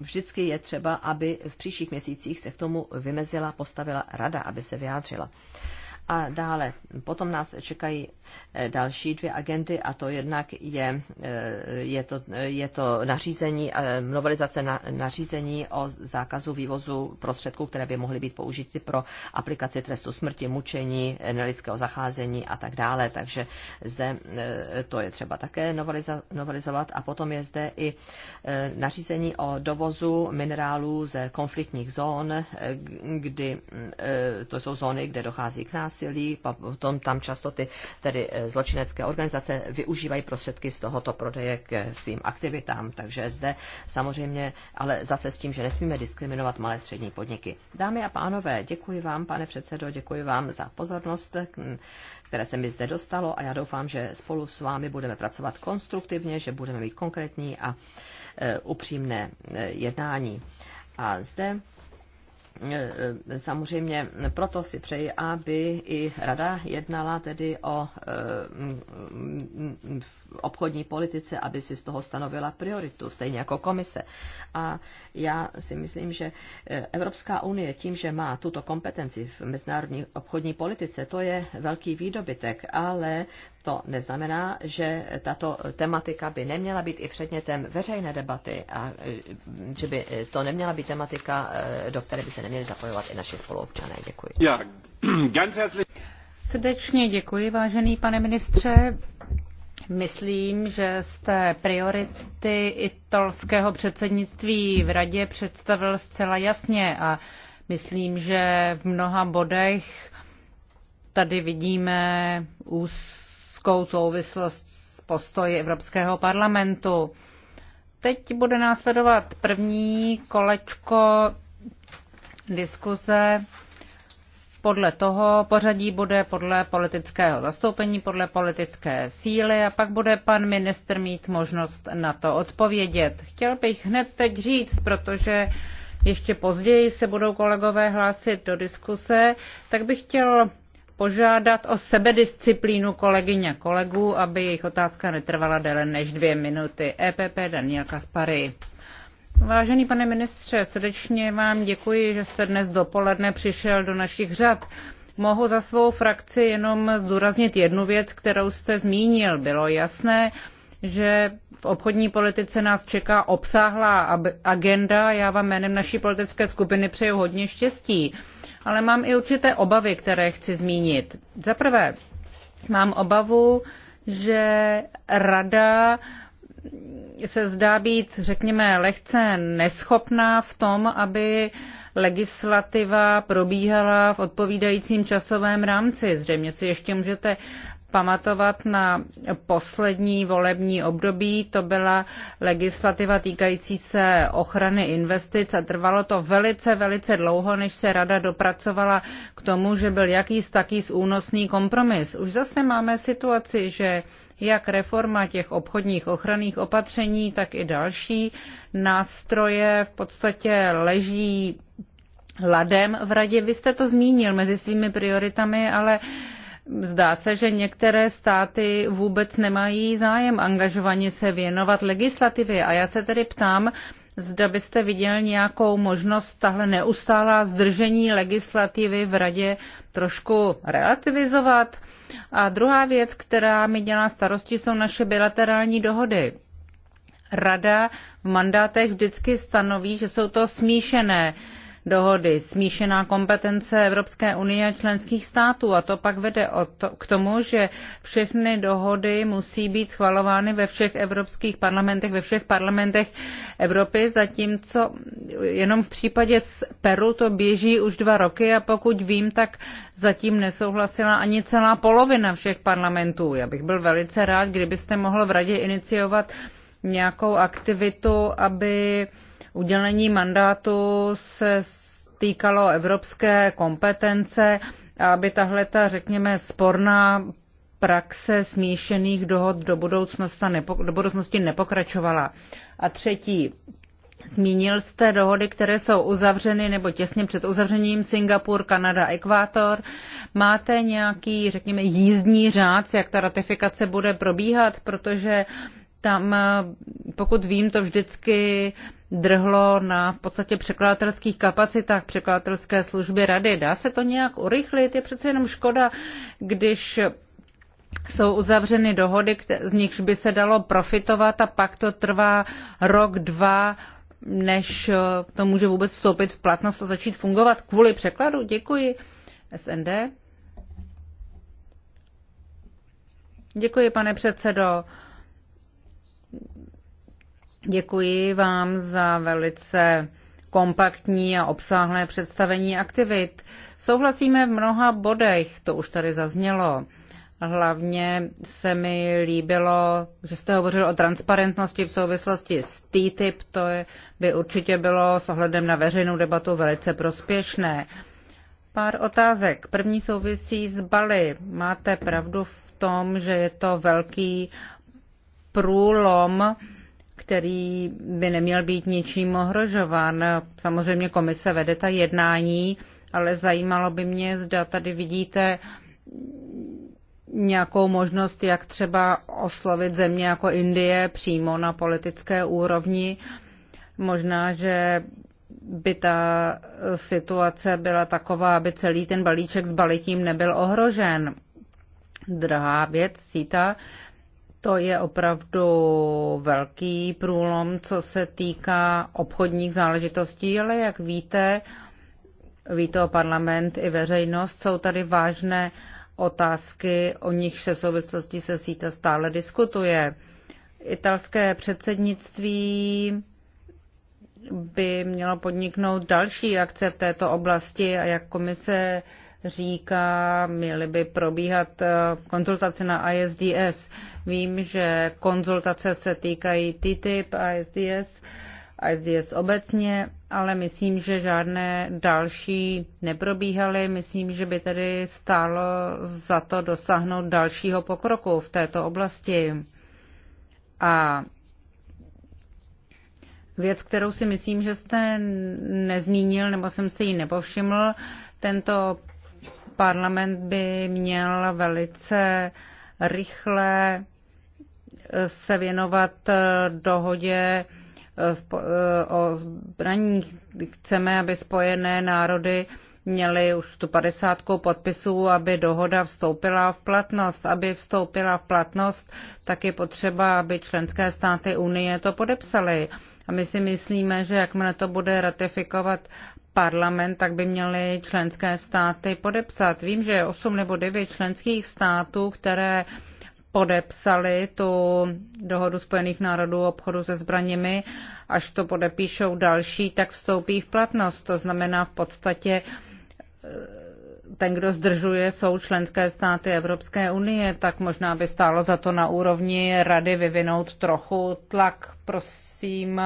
vždycky je třeba, aby v příštích měsících se k tomu vymezila, postavila rada, aby se vyjádřila. A dále, potom nás čekají eh, další dvě agendy a to jednak je, eh, je, to, je to nařízení, eh, novelizace na, nařízení o zákazu vývozu prostředků, které by mohly být použity pro aplikaci trestu smrti, mučení, nelidského zacházení a tak dále. Takže zde to je třeba také novelizovat. A potom je zde i nařízení o dovozu minerálů ze konfliktních zón, kdy mm, to jsou zóny, kde dochází k nás násilí, potom tam často ty tedy eh, zločinecké organizace využívají prostředky z tohoto prodeje k eh, svým aktivitám. Takže zde samozřejmě, ale zase s tím, že nesmíme diskriminovat malé střední podniky. Dámy a pánové, děkuji vám, pane předsedo, děkuji vám za pozornost, které se mi zde dostalo a já doufám, že spolu s vámi budeme pracovat konstruktivně, že budeme mít konkrétní a eh, upřímné jednání. A zde E, e, samozřejmě proto si přeji, aby i rada jednala tedy o e, obchodní politice, aby si z toho stanovila prioritu, stejně jako komise. A já si myslím, že Evropská unie tím, že má tuto kompetenci v mezinárodní obchodní politice, to je velký výdobytek, ale to neznamená, že tato tematika by neměla být i předmětem veřejné debaty a e, že by e, to neměla být tematika, e, do které by se neměli zapojovat i naši spoluobčané. Děkuji. Srdečně děkuji, vážený pane ministře. Myslím, že jste priority italského předsednictví v radě představil zcela jasně a myslím, že v mnoha bodech tady vidíme ús úzkou souvislost s postoji Evropského parlamentu. Teď bude následovat první kolečko diskuze podle toho pořadí bude podle politického zastoupení, podle politické síly a pak bude pan ministr mít možnost na to odpovědět. Chtěl bych hned teď říct, protože ještě později se budou kolegové hlásit do diskuse, tak bych chtěl požádat o sebedisciplínu kolegyň a kolegů, aby jejich otázka netrvala déle než dvě minuty. EPP Daniel Kaspary. Vážený pane ministře, srdečně vám děkuji, že jste dnes dopoledne přišel do našich řad. Mohu za svou frakci jenom zdůraznit jednu věc, kterou jste zmínil. Bylo jasné, že v obchodní politice nás čeká obsáhlá agenda. Já vám jménem naší politické skupiny přeju hodně štěstí ale mám i určité obavy, které chci zmínit. Za prvé, mám obavu, že rada se zdá být, řekněme, lehce neschopná v tom, aby legislativa probíhala v odpovídajícím časovém rámci. Zřejmě si ještě můžete pamatovat na poslední volební období. To byla legislativa týkající se ochrany investic a trvalo to velice, velice dlouho, než se rada dopracovala k tomu, že byl jakýs takýs únosný kompromis. Už zase máme situaci, že jak reforma těch obchodních ochranných opatření, tak i další nástroje v podstatě leží ladem v radě. Vy jste to zmínil mezi svými prioritami, ale Zdá se, že některé státy vůbec nemají zájem angažovaně se věnovat legislativě a já se tedy ptám, zda byste viděl nějakou možnost tahle neustálá zdržení legislativy v radě trošku relativizovat. A druhá věc, která mi dělá starosti, jsou naše bilaterální dohody. Rada v mandátech vždycky stanoví, že jsou to smíšené uh, dohody, smíšená kompetence Evropské unie a členských států a to pak vede to, k tomu, že všechny dohody musí být schvalovány ve všech evropských parlamentech, ve všech parlamentech Evropy, zatímco jenom v případě z Peru to běží už dva roky a pokud vím, tak zatím nesouhlasila ani celá polovina všech parlamentů. Já bych byl velice rád, kdybyste mohl v radě iniciovat nějakou aktivitu, aby Udělení mandátu se týkalo evropské kompetence, aby tahle ta, řekněme, sporná praxe smíšených dohod do budoucnosti, nepo, do budoucnosti nepokračovala. A třetí, Zmínil jste dohody, které jsou uzavřeny nebo těsně před uzavřením Singapur, Kanada, Ekvátor. Máte nějaký, řekněme, jízdní řád, jak ta ratifikace bude probíhat, protože tam, eh, pokud vím, to vždycky drhlo na v podstatě překladatelských kapacitách, překladatelské služby rady. Dá se to nějak urychlit? Je přece jenom škoda, když jsou uzavřeny dohody, z nichž by se dalo profitovat a pak to trvá rok, dva, než eh, to může vůbec vstoupit v platnost a začít fungovat kvůli překladu. Děkuji. SND. Děkuji, pane předsedo. Děkuji vám za velice kompaktní a obsáhlé představení aktivit. Souhlasíme v mnoha bodech, to už tady zaznělo. Hlavně se mi líbilo, že jste hovořil o transparentnosti v souvislosti s TTIP, to by určitě bylo s ohledem na veřejnou debatu velice prospěšné. Pár otázek. První souvisí s Bali. Máte pravdu v tom, že je to velký průlom který by neměl být ničím ohrožován. Samozřejmě komise vede ta jednání, ale zajímalo by mě, zda tady vidíte nějakou možnost, jak třeba oslovit země jako Indie přímo na politické úrovni. Možná, že by ta situace byla taková, aby celý ten balíček s balitím nebyl ohrožen. Drahá věc, cítá. To je opravdu velký průlom, co se týká obchodních záležitostí, ale jak víte, ví to parlament i veřejnost, jsou tady vážné otázky, o nich se v souvislosti se síta stále diskutuje. Italské předsednictví by mělo podniknout další akce v této oblasti a jak komise říká, měly by probíhat eh, konzultace na ISDS. Vím, že konzultace se týkají TTIP, ISDS, ISDS obecně, ale myslím, že žádné další neprobíhaly. Myslím, že by tedy stálo za to dosáhnout dalšího pokroku v této oblasti. A věc, kterou si myslím, že jste nezmínil nebo jsem si ji nepovšiml, tento parlament by měl velice rychle eh, se věnovat eh, dohodě eh, o zbraních. Chceme, aby spojené národy měly už tu padesátku podpisů, aby dohoda vstoupila v platnost. Aby vstoupila v platnost, tak je potřeba, aby členské státy Unie to podepsaly. A my si myslíme, že jakmile to bude ratifikovat parlament, tak by měly členské státy podepsat. Vím, že 8 nebo 9 členských států, které podepsali tu dohodu Spojených národů o obchodu se zbraněmi, až to podepíšou další, tak vstoupí v platnost. To znamená v podstatě eh, ten, kdo zdržuje, jsou členské státy Evropské unie, tak možná by stálo za to na úrovni rady vyvinout trochu tlak. Prosím,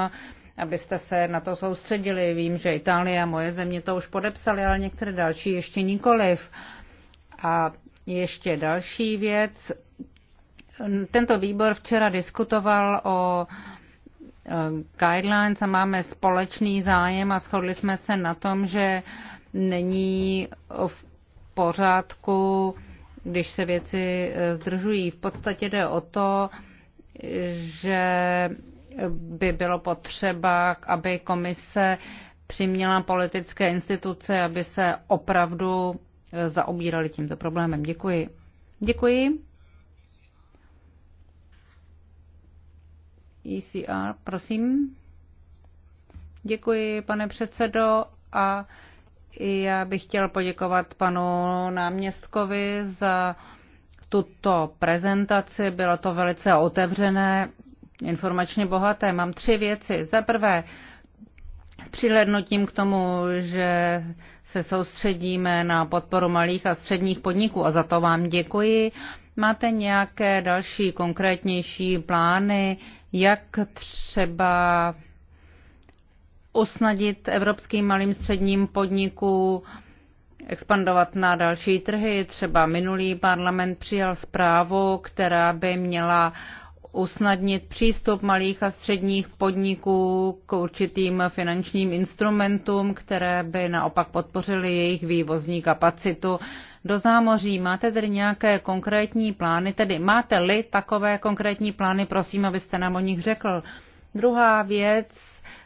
abyste se na to soustředili. Vím, že Itálie a moje země to už podepsali, ale některé další ještě nikoliv. A ještě další věc. Tento výbor včera diskutoval o e, guidelines a máme společný zájem a shodli jsme se na tom, že není v pořádku, když se věci e, zdržují. V podstatě jde o to, že by bylo potřeba, aby komise přiměla politické instituce, aby se opravdu eh, zaobírali tímto problémem. Děkuji. Děkuji. ECR, prosím. Děkuji, pane předsedo, a já bych chtěl poděkovat panu náměstkovi za tuto prezentaci. Bylo to velice otevřené informačně bohaté. Mám tři věci. Za prvé, s přihlednutím k tomu, že se soustředíme na podporu malých a středních podniků a za to vám děkuji. Máte nějaké další konkrétnější plány, jak třeba usnadit evropským malým středním podnikům expandovat na další trhy. Třeba minulý parlament přijal zprávu, která by měla usnadnit přístup malých a středních podniků k určitým finančním instrumentům, které by naopak podpořily jejich vývozní kapacitu do zámoří. Máte tedy nějaké konkrétní plány, tedy máte-li takové konkrétní plány, prosím, abyste nám o nich řekl. Druhá věc,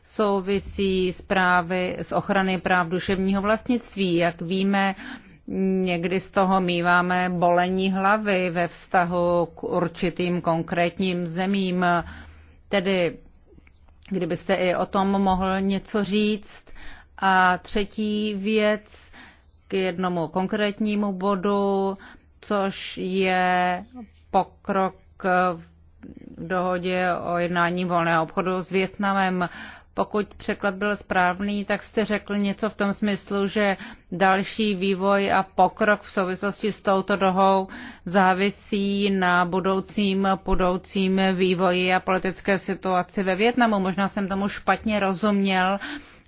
souvisí s právy z ochrany práv duševního vlastnictví. Jak víme, Někdy z toho míváme bolení hlavy ve vztahu k určitým konkrétním zemím. Tedy, kdybyste i o tom mohl něco říct. A třetí věc k jednomu konkrétnímu bodu, což je pokrok v dohodě o jednání volného obchodu s Větnamem. Pokud překlad byl správný, tak jste řekl něco v tom smyslu, že další vývoj a pokrok v souvislosti s touto dohou závisí na budoucím, budoucím vývoji a politické situaci ve Větnamu. Možná jsem tomu špatně rozuměl,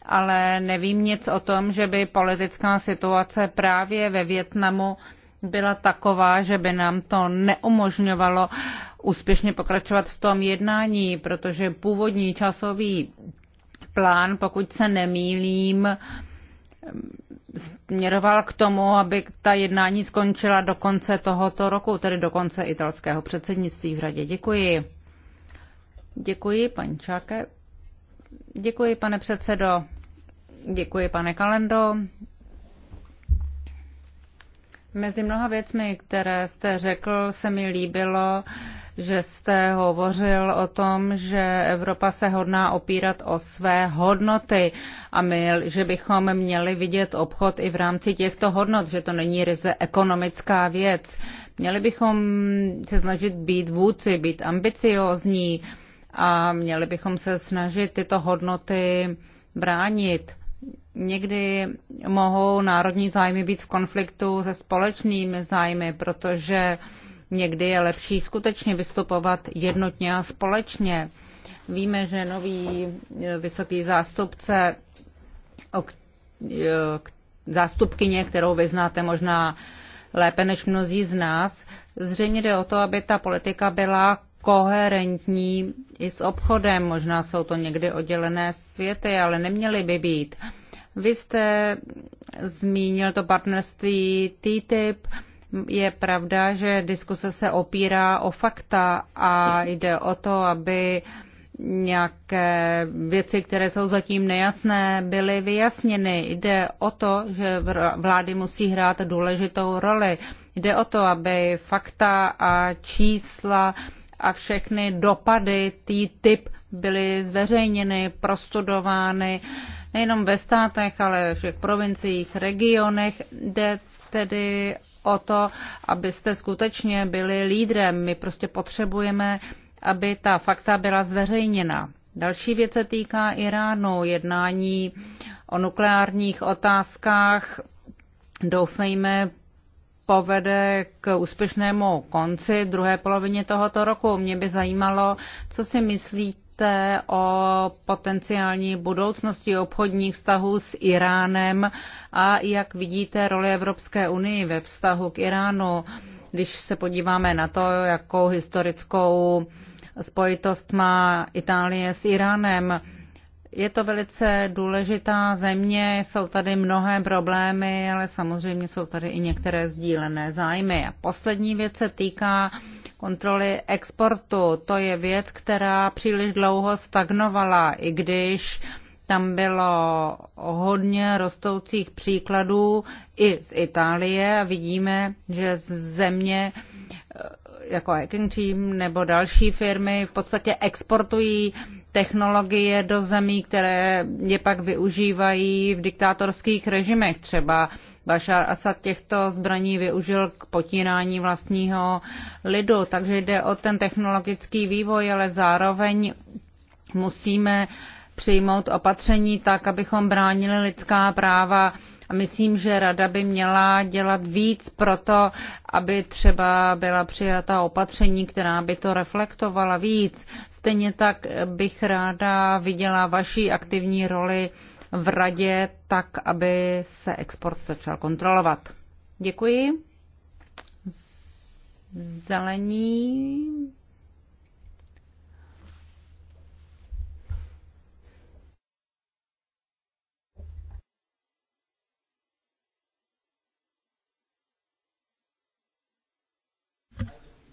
ale nevím nic o tom, že by politická situace právě ve Větnamu byla taková, že by nám to neumožňovalo úspěšně pokračovat v tom jednání, protože původní časový plán, pokud se nemýlím, směroval k tomu, aby ta jednání skončila do konce tohoto roku, tedy do konce italského předsednictví v radě. Děkuji. Děkuji, paní Čáke. Děkuji, pane předsedo. Děkuji, pane Kalendo. Mezi mnoha věcmi, které jste řekl, se mi líbilo, že jste hovořil o tom, že Evropa se hodná opírat o své hodnoty a my, že bychom měli vidět obchod i v rámci těchto hodnot, že to není ryze ekonomická věc. Měli bychom se snažit být vůdci, být ambiciózní a měli bychom se snažit tyto hodnoty bránit. Někdy mohou národní zájmy být v konfliktu se společnými zájmy, protože Někdy je lepší skutečně vystupovat jednotně a společně. Víme, že nový eh, vysoký zástupce, eh, zástupkyně, kterou vy znáte možná lépe než mnozí z nás, zřejmě jde o to, aby ta politika byla koherentní i s obchodem. Možná jsou to někdy oddělené světy, ale neměly by být. Vy jste zmínil to partnerství TTIP. Je pravda, že diskuse se opírá o fakta a jde o to, aby nějaké věci, které jsou zatím nejasné, byly vyjasněny. Jde o to, že vlády musí hrát důležitou roli. Jde o to, aby fakta a čísla a všechny dopady tý typ byly zveřejněny, prostudovány nejenom ve státech, ale v všech provinciích, regionech. Jde tedy o to, abyste skutečně byli lídrem. My prostě potřebujeme, aby ta fakta byla zveřejněna. Další věc se týká Iránu, jednání o nukleárních otázkách. Doufejme, povede k úspěšnému konci druhé polovině tohoto roku. Mě by zajímalo, co si myslíte myslíte o potenciální budoucnosti obchodních vztahů s Iránem a jak vidíte roli Evropské unie ve vztahu k Iránu, když se podíváme na to, jakou historickou spojitost má Itálie s Iránem. Je to velice důležitá země, jsou tady mnohé problémy, ale samozřejmě jsou tady i některé sdílené zájmy. A poslední věc se týká kontroly exportu. To je věc, která příliš dlouho stagnovala, i když tam bylo hodně rostoucích příkladů i z Itálie a vidíme, že země eh, jako Hacking Team nebo další firmy v podstatě exportují technologie do zemí, které je pak využívají v diktátorských režimech. Třeba Bashar Assad těchto zbraní využil k potírání vlastního lidu. Takže jde o ten technologický vývoj, ale zároveň musíme přijmout opatření tak, abychom bránili lidská práva. A myslím, že rada by měla dělat víc pro to, aby třeba byla přijata opatření, která by to reflektovala víc. Stejně tak bych ráda viděla vaší aktivní roli v radě, tak aby se export začal kontrolovat. Děkuji. Zelení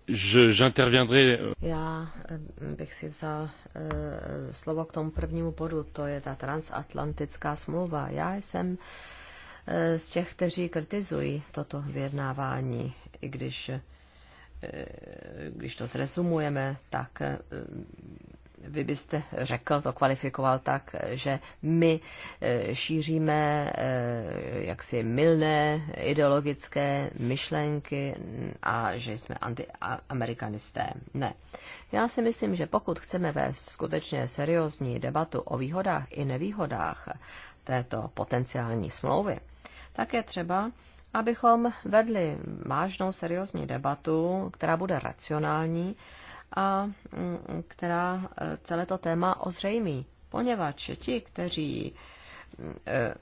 j'interviendrai. Euh, Já eh, bych si vzal uh, slovo k tomu prvnímu bodu, to je ta transatlantická smlouva. Já jsem uh, z těch, kteří kritizují toto vyjednávání, i když, uh, když to zrezumujeme, tak uh, vy byste řekl, to kvalifikoval tak, že my eh, šíříme eh, jaksi milné ideologické myšlenky a že jsme antiamerikanisté. Ne. Já si myslím, že pokud chceme vést skutečně seriózní debatu o výhodách i nevýhodách této potenciální smlouvy, tak je třeba abychom vedli vážnou seriózní debatu, která bude racionální a mm, která e, celé to téma ozřejmí. Poněvadž ti, kteří e, e,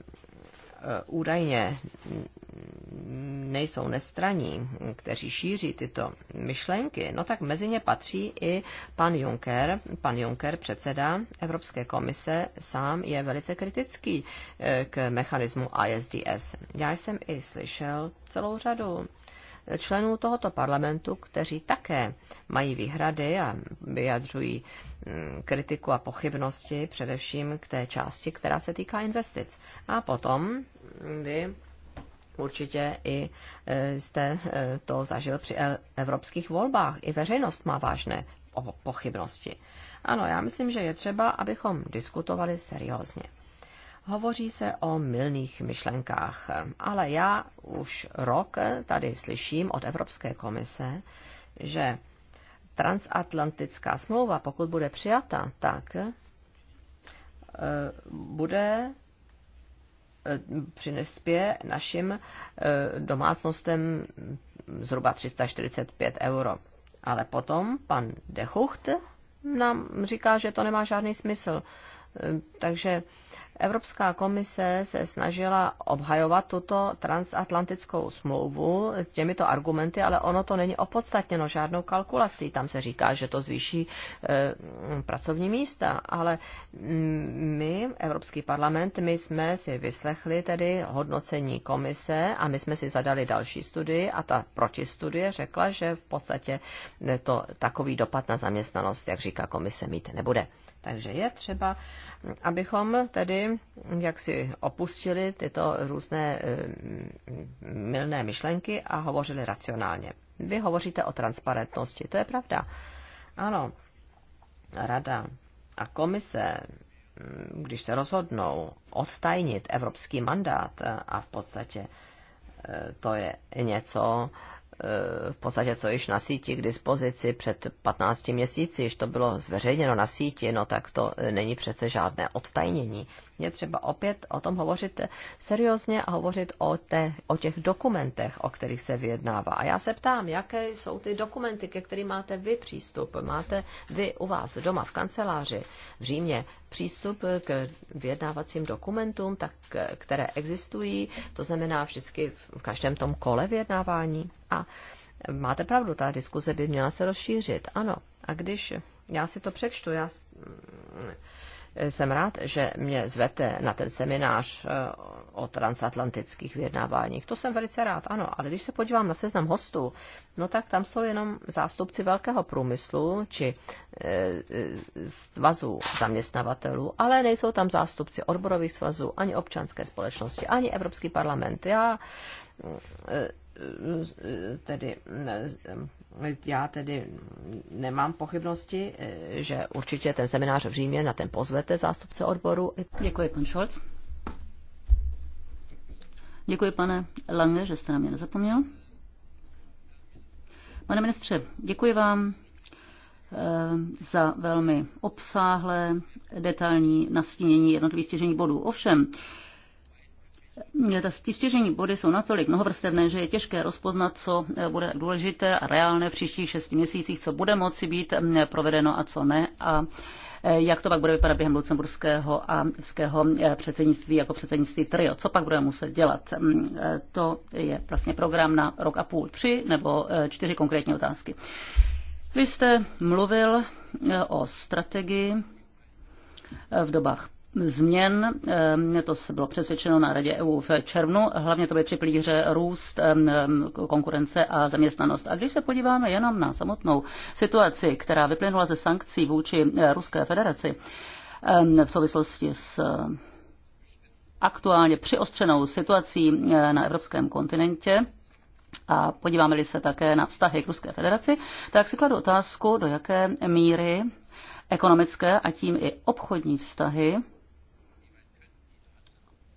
údajně nejsou nestraní, kteří šíří tyto myšlenky, no tak mezi ně patří i pan Juncker. Pan Juncker, předseda Evropské komise, sám je velice kritický k mechanismu ISDS. Já jsem i slyšel celou řadu členů tohoto parlamentu, kteří také mají výhrady a vyjadřují mm, kritiku a pochybnosti především k té části, která se týká investic. A potom vy Určitě i e, jste e, to zažil při evropských volbách. I veřejnost má vážné pochybnosti. Ano, já myslím, že je třeba, abychom diskutovali seriózně. Hovoří se o milných myšlenkách, ale já už rok tady slyším od Evropské komise, že transatlantická smlouva, pokud bude přijata, tak eh, bude eh, přinespě našim eh, domácnostem zhruba 345 euro. Ale potom pan Dechucht nám říká, že to nemá žádný smysl. Takže Evropská komise se snažila obhajovat tuto transatlantickou smlouvu těmito argumenty, ale ono to není opodstatněno žádnou kalkulací. Tam se říká, že to zvýší e, pracovní místa, ale mm, my, Evropský parlament, my jsme si vyslechli tedy hodnocení komise a my jsme si zadali další studii a ta protistudie řekla, že v podstatě to takový dopad na zaměstnanost, jak říká komise, mít nebude. Takže je třeba, abychom tedy tedy jak si opustili tyto různé eh, milné myšlenky a hovořili racionálně. Vy hovoříte o transparentnosti, to je pravda. Ano, rada a komise, mm, když se rozhodnou odtajnit evropský mandát a v podstatě eh, to je něco, Eh, v podstatě co již na síti k dispozici před 15 měsíci, již to bylo zveřejněno na síti, no tak to eh, není přece žádné odtajnění je třeba opět o tom hovořit seriózně a hovořit o, té, o těch dokumentech, o kterých se vyjednává. A já se ptám, jaké jsou ty dokumenty, ke kterým máte vy přístup? Máte vy u vás doma v kanceláři v Římě přístup k vyjednávacím dokumentům, tak, které existují, to znamená vždycky v každém tom kole vyjednávání. A máte pravdu, ta diskuze by měla se rozšířit, ano. A když já si to přečtu, já jsem rád, že mě zvete na ten seminář eh, o transatlantických vyjednáváních. To jsem velice rád, ano. Ale když se podívám na seznam hostů, no tak tam jsou jenom zástupci velkého průmyslu či eh, eh, svazů zaměstnavatelů, ale nejsou tam zástupci odborových svazů, ani občanské společnosti, ani Evropský parlament. Já tedy já tedy nemám pochybnosti, že určitě ten seminář v Římě na ten pozvete zástupce odboru. Děkuji, pan Scholz. Děkuji, pane Lange, že jste na mě nezapomněl. Pane ministře, děkuji vám eh, za velmi obsáhlé detailní nastínění jednotlivých stěžení bodů. Ovšem, ty stěžení body jsou natolik mnohovrstevné, že je těžké rozpoznat, co eh, bude důležité a reálné v příštích šesti měsících, co bude moci být mm, provedeno a co ne. A eh, jak to pak bude vypadat během lucemburského a evropského eh, předsednictví jako předsednictví trio. Co pak budeme muset dělat? Mm, to je vlastně program na rok a půl, tři nebo čtyři konkrétní otázky. Vy jste mluvil o strategii v dobách změn. Ehm, to se bylo přesvědčeno na Radě EU v červnu. Hlavně to byly tři pilíře růst, ehm, ehm, konkurence a zaměstnanost. A když se podíváme jenom na samotnou situaci, která vyplynula ze sankcí vůči eh, Ruské federaci v souvislosti s eh, aktuálně přiostřenou situací eh, na evropském kontinentě, a podíváme-li se také na vztahy k Ruské federaci, tak si kladu otázku, do jaké míry ekonomické a tím i obchodní vztahy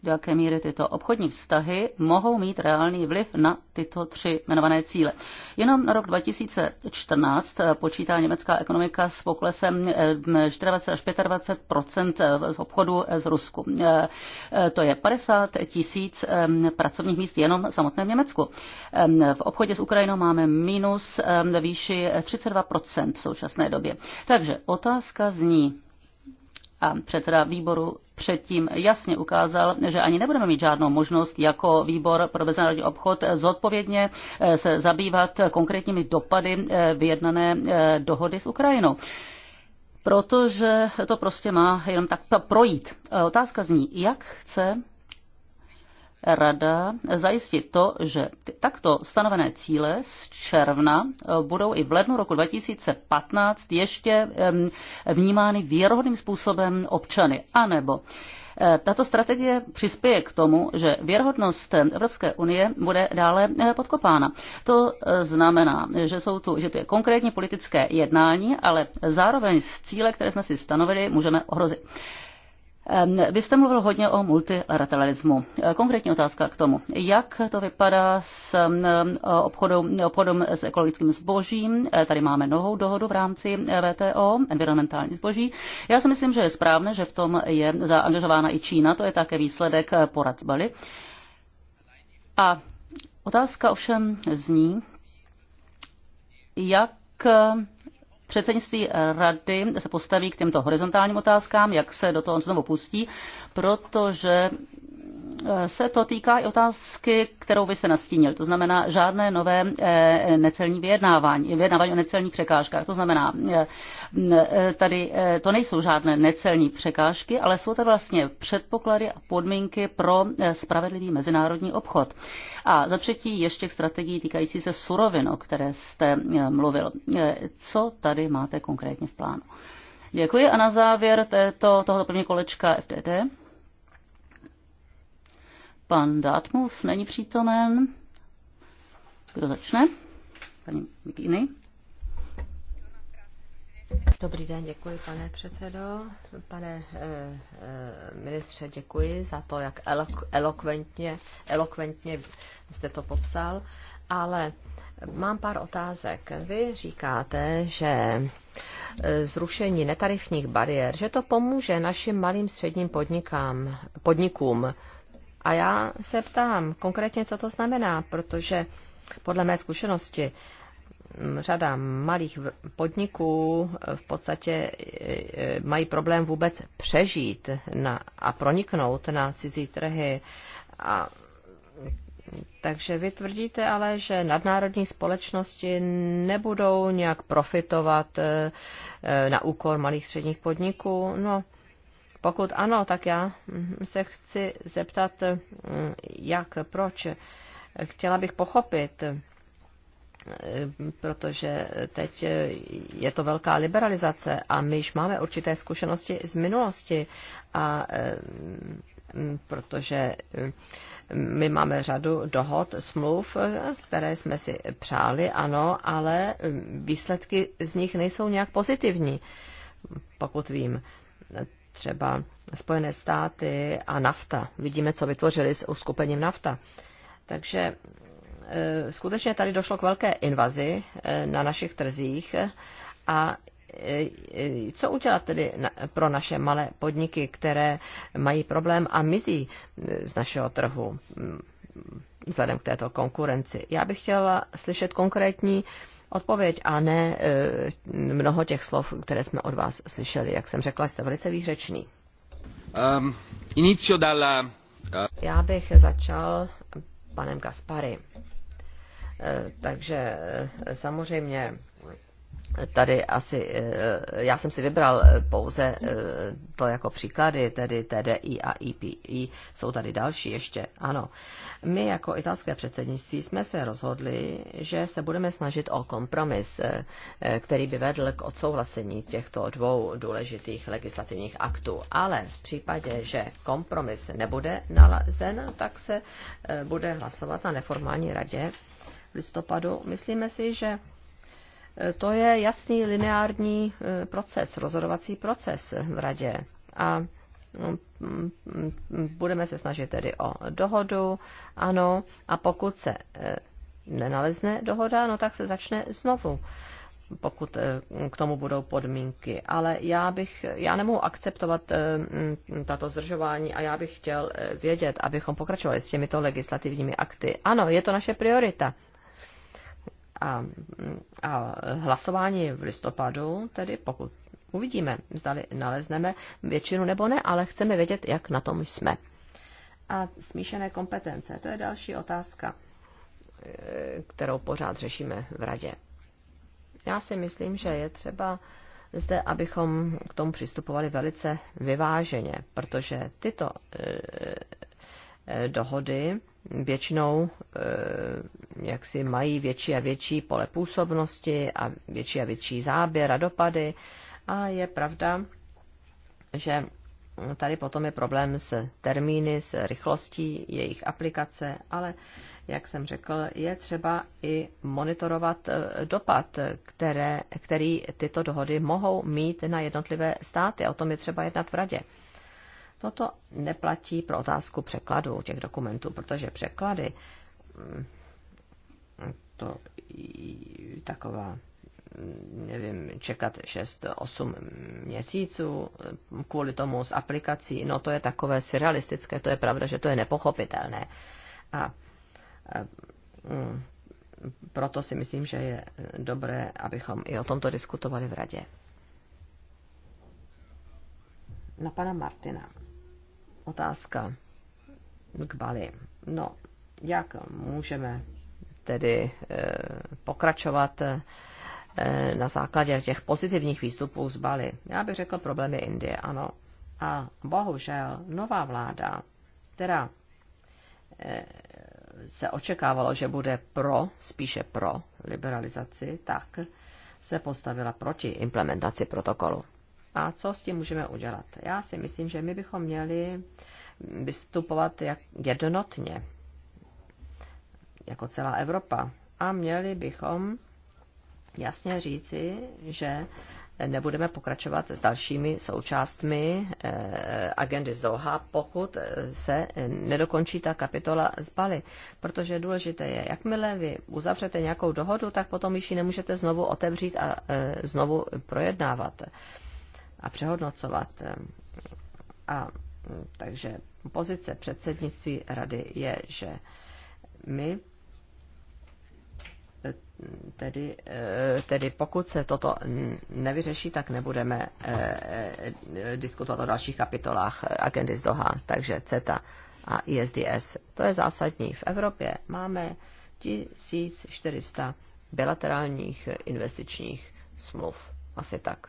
do jaké míry tyto obchodní vztahy mohou mít reálný vliv na tyto tři jmenované cíle. Jenom na rok 2014 eh, počítá německá ekonomika s poklesem 24 eh, až 25 eh, z obchodu z Rusku. To je 50 tisíc pracovních míst jenom v samotném Německu. Ehm, v obchodě s Ukrajinou máme minus ehm, výši 32 v současné době. Takže otázka zní, a předseda výboru předtím jasně ukázal, že ani nebudeme mít žádnou možnost jako výbor pro mezinárodní obchod zodpovědně eh, se zabývat konkrétními dopady eh, vyjednané eh, dohody s Ukrajinou protože to prostě má jenom tak projít. Otázka zní, jak chce Rada zajistit to, že takto stanovené cíle z června eh, budou i v lednu roku 2015 ještě vnímány věrohodným způsobem občany, anebo eh, tato strategie přispěje k tomu, že věrhodnost Evropské unie bude dále eh, podkopána. To znamená, že jsou tu, že tu je konkrétní politické jednání, ale zároveň z cíle, které jsme si stanovili, můžeme ohrozit. Vy jste mluvil hodně o multilateralismu. E, konkrétní otázka k tomu. Jak to vypadá s e, obchodem, obchodem s ekologickým zbožím? E, tady máme novou dohodu v rámci VTO, environmentální zboží. Já si myslím, že je správné, že v tom je zaangažována i Čína. To je také výsledek porad Bali. A otázka ovšem zní, jak předsednictví rady se postaví k těmto horizontálním otázkám, jak se do toho znovu pustí, protože Eh, se to týká i otázky, kterou vy se nastínil. To znamená žádné nové eh, necelní vyjednávání, vyjednávání o necelních překážkách. To znamená, eh, tady to nejsou žádné necelní překážky, ale jsou to vlastně předpoklady a podmínky pro spravedlivý mezinárodní obchod. A za třetí ještě k strategii týkající se surovin, o které jste mluvil. Co tady máte konkrétně v plánu? Děkuji a na závěr této, tohoto první kolečka FTD. Pan Dátmus není přítomen. Kdo začne? Paní Mikiny. Dobrý den, děkuji pane předsedo. Pane eh, eh ministře, děkuji za to, jak elokventně, elokventně jste to popsal. Ale mám pár otázek. Vy říkáte, že eh, zrušení netarifních bariér, že to pomůže našim malým středním podnikám, podnikům. A já se ptám konkrétně, co to znamená, protože podle mé zkušenosti mm, řada malých podniků eh, v podstatě eh, eh, mají problém vůbec přežít na, a proniknout na cizí trhy. A, takže vy tvrdíte ale, že nadnárodní společnosti nebudou nějak profitovat na úkor malých středních podniků. No, pokud ano, tak já se chci zeptat, jak, proč. Chtěla bych pochopit, protože teď je to velká liberalizace a my již máme určité zkušenosti z minulosti a protože my máme řadu dohod, smluv, které jsme si přáli, ano, ale výsledky z nich nejsou nějak pozitivní, pokud vím třeba Spojené státy a NAFTA. Vidíme, co vytvořili s uskupením NAFTA. Takže e, skutečně tady došlo k velké invazi e, na našich trzích a e, co udělat tedy pro naše malé podniky, které mají problém a mizí z našeho trhu vzhledem k této konkurenci? Já bych chtěla slyšet konkrétní odpověď a ne eh, mnoho těch slov, které jsme od vás slyšeli. Jak jsem řekla, jste velice výřečný. Um, dalla... Uh... Já bych začal panem Gaspary. Eh, takže samozřejmě tady asi, eh, já jsem si vybral eh, pouze eh, to jako příklady, tedy TDI a IPI, jsou tady další ještě, ano. My jako italské předsednictví jsme se rozhodli, že se budeme snažit o kompromis, který by vedl k odsouhlasení těchto dvou důležitých legislativních aktů. Ale v případě, že kompromis nebude nalezen, tak se bude hlasovat na neformální radě v listopadu. Myslíme si, že to je jasný lineární eh, proces, rozhodovací proces v radě. A mm, mm, budeme se snažit tedy o dohodu, ano, a pokud se eh, nenalezne dohoda, no tak se začne znovu pokud eh, k tomu budou podmínky. Ale já bych, já nemohu akceptovat mm, tato zdržování a já bych chtěl vědět, abychom pokračovali s těmito legislativními akty. Ano, je to naše priorita. A, a hlasování v listopadu, tedy pokud uvidíme, zda nalezneme většinu nebo ne, ale chceme vědět, jak na tom jsme. A smíšené kompetence, to je další otázka, eh, kterou pořád řešíme v radě. Já si myslím, že je třeba zde, abychom k tomu přistupovali velice vyváženě, protože tyto eh, eh, dohody většinou eh, jak si mají větší a větší pole působnosti a větší a větší záběr a dopady. A je pravda, že tady potom je problém s termíny, s rychlostí jejich aplikace, ale jak jsem řekl, je třeba i monitorovat eh, dopad, které, který tyto dohody mohou mít na jednotlivé státy. O tom je třeba jednat v radě. Toto neplatí pro otázku překladu těch dokumentů, protože překlady mm, to taková mm, nevím, čekat 6-8 měsíců mm, kvůli tomu s aplikací, no to je takové surrealistické, to je pravda, že to je nepochopitelné. A eh, proto si myslím, že je dobré, abychom i o tomto diskutovali v radě. Na pana Martina otázka k Bali. No, jak můžeme tedy eh, pokračovat eh, na základě těch pozitivních výstupů z Bali? Já bych řekl problémy Indie, ano. A bohužel nová vláda, která eh, se očekávalo, že bude pro, spíše pro liberalizaci, tak se postavila proti implementaci protokolu a co s tím můžeme udělat. Já si myslím, že my bychom měli vystupovat jak jednotně, jako celá Evropa. A měli bychom jasně říci, že nebudeme pokračovat s dalšími součástmi eh, agendy z Doha, pokud se nedokončí ta kapitola z Bali. Protože důležité je, jakmile vy uzavřete nějakou dohodu, tak potom již ji nemůžete znovu otevřít a eh, znovu projednávat a přehodnocovat. A takže pozice předsednictví rady je, že my tedy, tedy pokud se toto nevyřeší, tak nebudeme eh, eh, diskutovat o dalších kapitolách agendy z Doha, takže CETA a ISDS. To je zásadní. V Evropě máme 1400 bilaterálních investičních smluv. Asi tak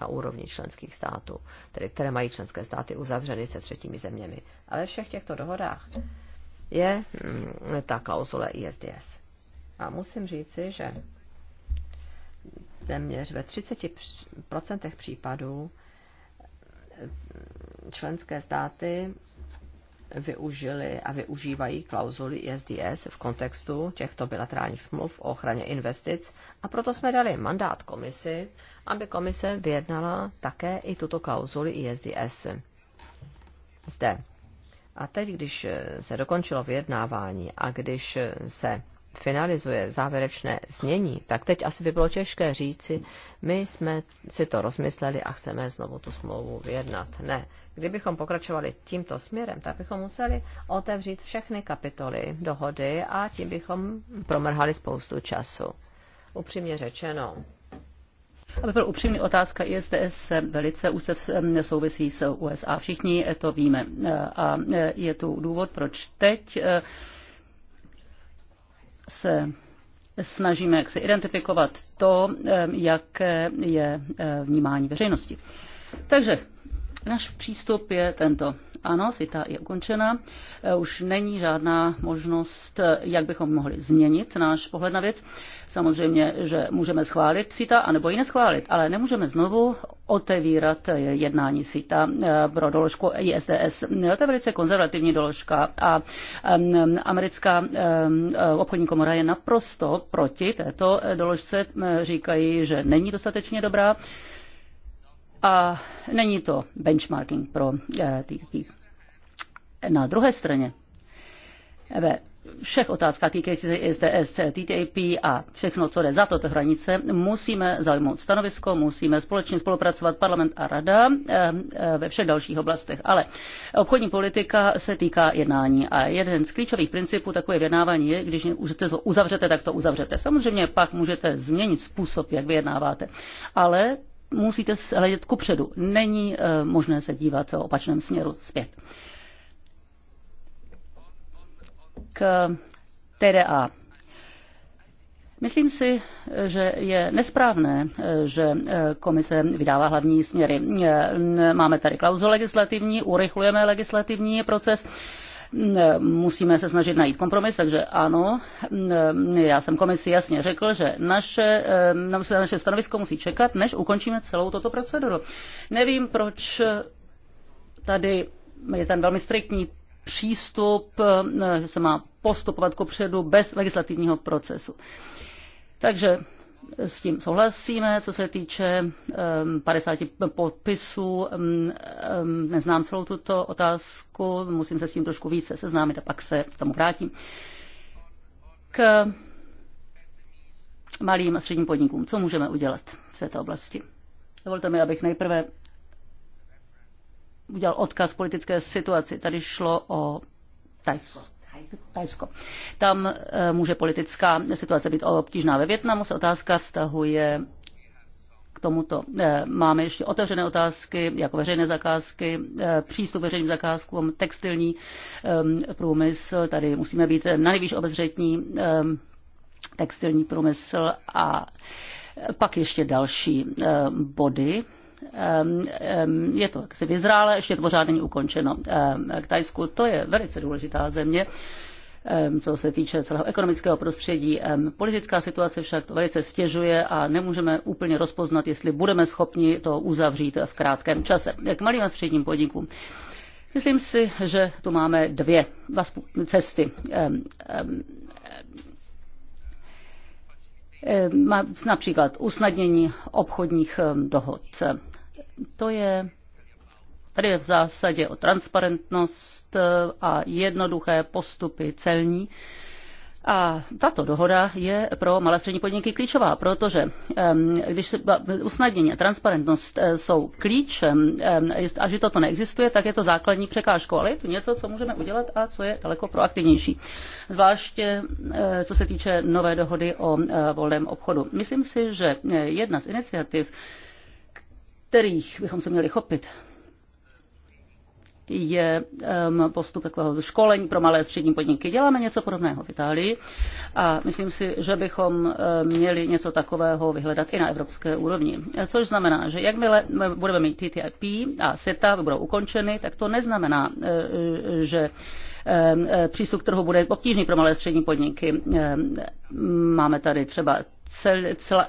na úrovni členských států, tedy které mají členské státy uzavřeny se třetími zeměmi. A ve všech těchto dohodách je mm, ta klauzule ISDS. A musím říci, že téměř ve 30% případů členské státy využili a využívají klauzuly ISDS v kontextu těchto bilaterálních smluv o ochraně investic a proto jsme dali mandát komisi, aby komise vyjednala také i tuto klauzuli ISDS. Zde. A teď, když se dokončilo vyjednávání a když se finalizuje závěrečné znění, tak teď asi by bylo těžké říci, my jsme si to rozmysleli a chceme znovu tu smlouvu vyjednat. Ne. Kdybychom pokračovali tímto směrem, tak bychom museli otevřít všechny kapitoly dohody a tím bychom promrhali spoustu času. Upřímně řečeno, aby byl upřímný, otázka ISDS velice se souvisí s USA. Všichni to víme. E, a e, je tu důvod, proč teď e, se snažíme jak se identifikovat to, jak je eh, vnímání veřejnosti. Takže náš přístup je tento. Ano, SITA je ukončena. E, už není žádná možnost, e, jak bychom mohli změnit náš pohled na věc. Samozřejmě, že můžeme schválit SITA, anebo ji neschválit, ale nemůžeme znovu otevírat e, jednání SITA pro doložku ISDS. To je velice konzervativní doložka a americká obchodní komora je naprosto proti této doložce. Říkají, že není dostatečně dobrá a není to benchmarking pro eh, TTP. Na druhé straně, ve všech otázkách týkající se SDS, TTIP a všechno, co jde za toto hranice, musíme zaujmout stanovisko, musíme společně spolupracovat parlament a rada eh, eh, ve všech dalších oblastech. Ale obchodní politika se týká jednání a jeden z klíčových principů takové vyjednávání je, když to uzavřete, tak to uzavřete. Samozřejmě pak můžete změnit způsob, jak vyjednáváte. Ale musíte hledět kupředu. Není eh, možné se dívat v opačném směru zpět. K TDA. Myslím si, že je nesprávné, eh, že eh, komise vydává hlavní směry. Máme tady klauzu legislativní, urychlujeme legislativní proces Musíme se snažit najít kompromis, takže ano, já jsem komisi jasně řekl, že naše, eh, naše stanovisko musí čekat, než ukončíme celou toto proceduru. Nevím, proč tady je ten velmi striktní přístup, eh, že se má postupovat kopředu bez legislativního procesu. Takže s tím souhlasíme, co se týče 50 podpisů. Neznám celou tuto otázku, musím se s tím trošku více seznámit a pak se k tomu vrátím. K malým a středním podnikům. Co můžeme udělat v této oblasti? Dovolte mi, abych nejprve udělal odkaz politické situaci. Tady šlo o Tajsko. Tajsko. Tam e, může politická situace být obtížná. Ve Větnamu se otázka vztahuje k tomuto. E, máme ještě otevřené otázky, jako veřejné zakázky, e, přístup veřejným zakázkům, textilní průmysl. Tady musíme být nejvíc obezřetní textilní průmysl a pak ještě další body Ehm, ehm, je to jaksi vyzrále, ještě to pořád není ukončeno. Ehm, k Tajsku to je velice důležitá země co se týče celého ekonomického prostředí. Politická situace však to velice stěžuje a nemůžeme úplně rozpoznat, jestli budeme schopni to uzavřít v krátkém čase. K malým a středním podnikům. Myslím si, že tu máme dvě, Um, um, Například usnadnění obchodních dohod. To je tady je v zásadě o transparentnost e, a jednoduché postupy celní. A tato dohoda je pro malé střední podniky klíčová, protože když se usnadnění a transparentnost e, jsou klíčem a že toto neexistuje, tak je to základní překážkou. Ale je to něco, co můžeme udělat a co je daleko proaktivnější. Zvláště e, co se týče nové dohody o volném obchodu. Myslím si, že jedna z iniciativ, kterých bychom se měli chopit, je um, postup takového školení pro malé a střední podniky. Děláme něco podobného v Itálii a myslím si, že bychom um, měli něco takového vyhledat i na evropské úrovni. Což znamená, že jakmile budeme mít TTIP a SETA budou ukončeny, tak to neznamená, uh, že um, přístup k trhu bude obtížný pro malé a střední podniky. Máme tady třeba cel, cel, uh,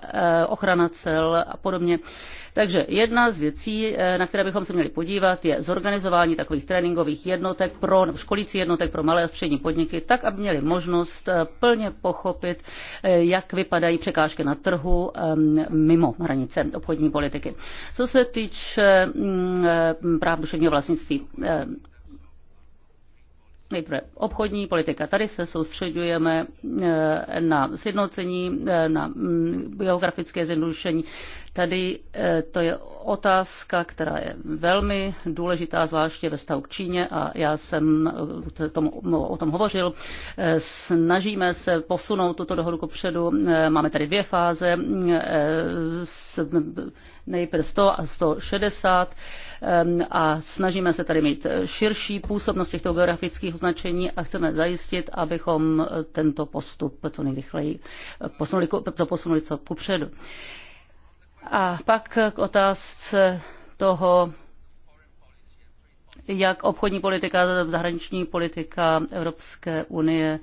ochrana cel a podobně. Takže jedna z věcí, eh, na které bychom se měli podívat, je zorganizování takových tréninkových jednotek pro školící jednotek pro malé a střední podniky, tak aby měli možnost eh, plně pochopit, eh, jak vypadají překážky na trhu ehm, mimo hranice obchodní politiky. Co se týče mm, práv duševního vlastnictví, Nejprve obchodní politika. Tady se soustředujeme na sjednocení, na mm, geografické zjednodušení. Tady eh, to je otázka, která je velmi důležitá, zvláště ve stavu k Číně a já jsem eh, no, o tom hovořil. Eh, snažíme se posunout tuto dohodu kopředu. Máme tady dvě fáze, nejprve 100 a 160 a snažíme se tady mít širší působnost těchto geografických označení a chceme zajistit, abychom tento postup co nejrychleji posunuli, to posunuli co kupředu. A pak k otázce toho, jak obchodní politika, zahraniční politika Evropské unie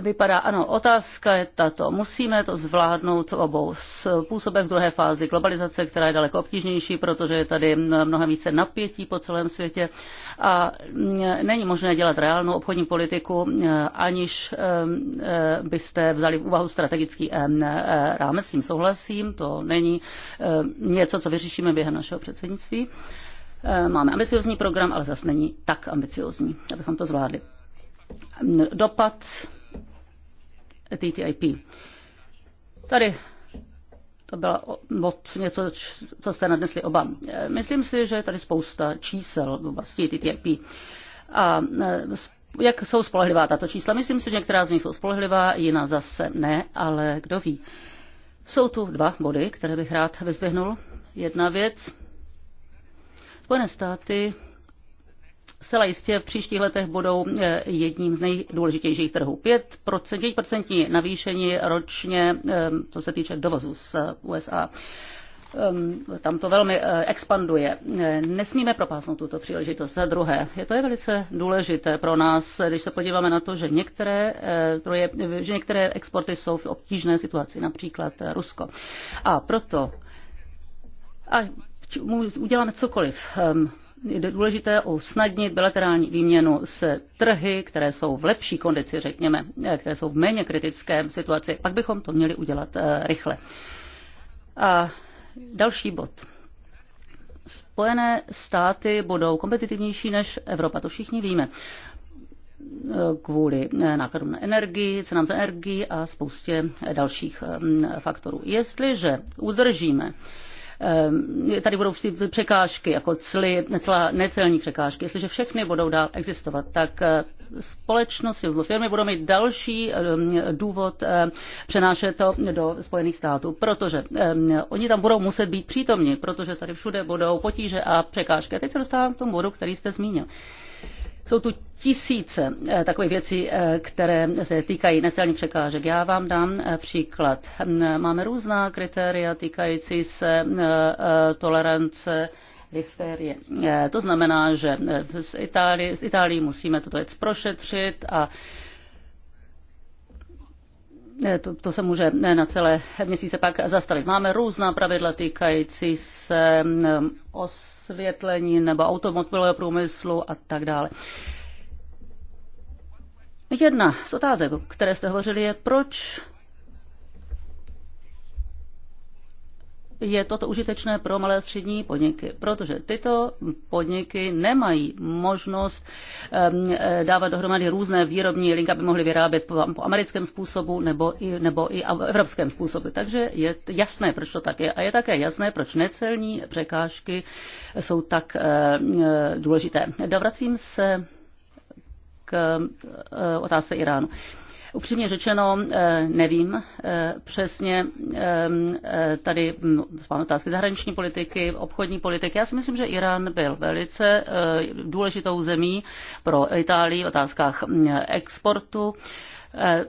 vypadá, ano, otázka je tato. Musíme to zvládnout obou způsobech v druhé fázi globalizace, která je daleko obtížnější, protože je tady mnohem více napětí po celém světě a není možné dělat reálnou obchodní politiku, aniž byste vzali v úvahu strategický rámec, s tím souhlasím, to není něco, co vyřešíme během našeho předsednictví. Máme ambiciozní program, ale zase není tak ambiciozní, abychom to zvládli dopad TTIP. Tady to bylo moc něco, co jste nadnesli oba. Myslím si, že je tady spousta čísel v oblasti TTIP. A e, jak jsou spolehlivá tato čísla? Myslím si, že některá z nich jsou spolehlivá, jiná zase ne, ale kdo ví. Jsou tu dva body, které bych rád vyzvihnul. Jedna věc. Spojené státy Zcela jistě v příštích letech budou e, jedním z nejdůležitějších trhů. 5%, 5% navýšení ročně, e, co se týče dovozu z USA e, tam to velmi expanduje. Nesmíme propásnout tuto příležitost. Za druhé, je to je velice důležité pro nás, když se podíváme na to, že některé, zdroje, že některé exporty jsou v obtížné situaci, například Rusko. A proto, a uděláme cokoliv, je důležité usnadnit bilaterální výměnu s trhy, které jsou v lepší kondici, řekněme, eh, které jsou v méně kritické situaci, pak bychom to měli udělat eh, rychle. A další bod. Spojené státy budou kompetitivnější než Evropa, to všichni víme eh, kvůli nákladům na energii, cenám za energii a spoustě dalších faktorů. Jestliže udržíme Ehm, tady budou překážky, jako cly, necelá necelní překážky. Jestliže všechny budou dál existovat, tak eh, společnosti nebo firmy budou mít další ehm, důvod eh, přenášet to do Spojených států, protože ehm, oni tam budou muset být přítomni, protože tady všude budou potíže a překážky. A teď se dostávám k tomu bodu, který jste zmínil. Jsou tu tisíce eh, takových věcí, eh, které se týkají necelních překážek. Já vám dám eh, příklad. Hm, máme různá kritéria týkající se tolerance hysterie. To znamená, že z Itálii, z Itálii musíme toto věc prošetřit a Eh, to, to se může eh, na celé měsíce pak zastavit. Máme různá pravidla týkající se eh, osvětlení nebo automobilového průmyslu a tak dále. Jedna z otázek, o které jste hovořili, je, proč je toto užitečné pro malé a střední podniky, protože tyto podniky nemají možnost eh, dávat dohromady různé výrobní linky, aby mohly vyrábět po americkém způsobu nebo i, nebo i evropském způsobu. Takže je jasné, proč to tak je. A je také jasné, proč necelní překážky jsou tak eh, eh, důležité. Dovracím se k otázce Iránu. Upřímně řečeno, eh, nevím eh, přesně eh, tady hm, mám otázky zahraniční politiky, obchodní politiky. Já si myslím, že Irán byl velice důležitou zemí pro Itálii v otázkách hm, exportu,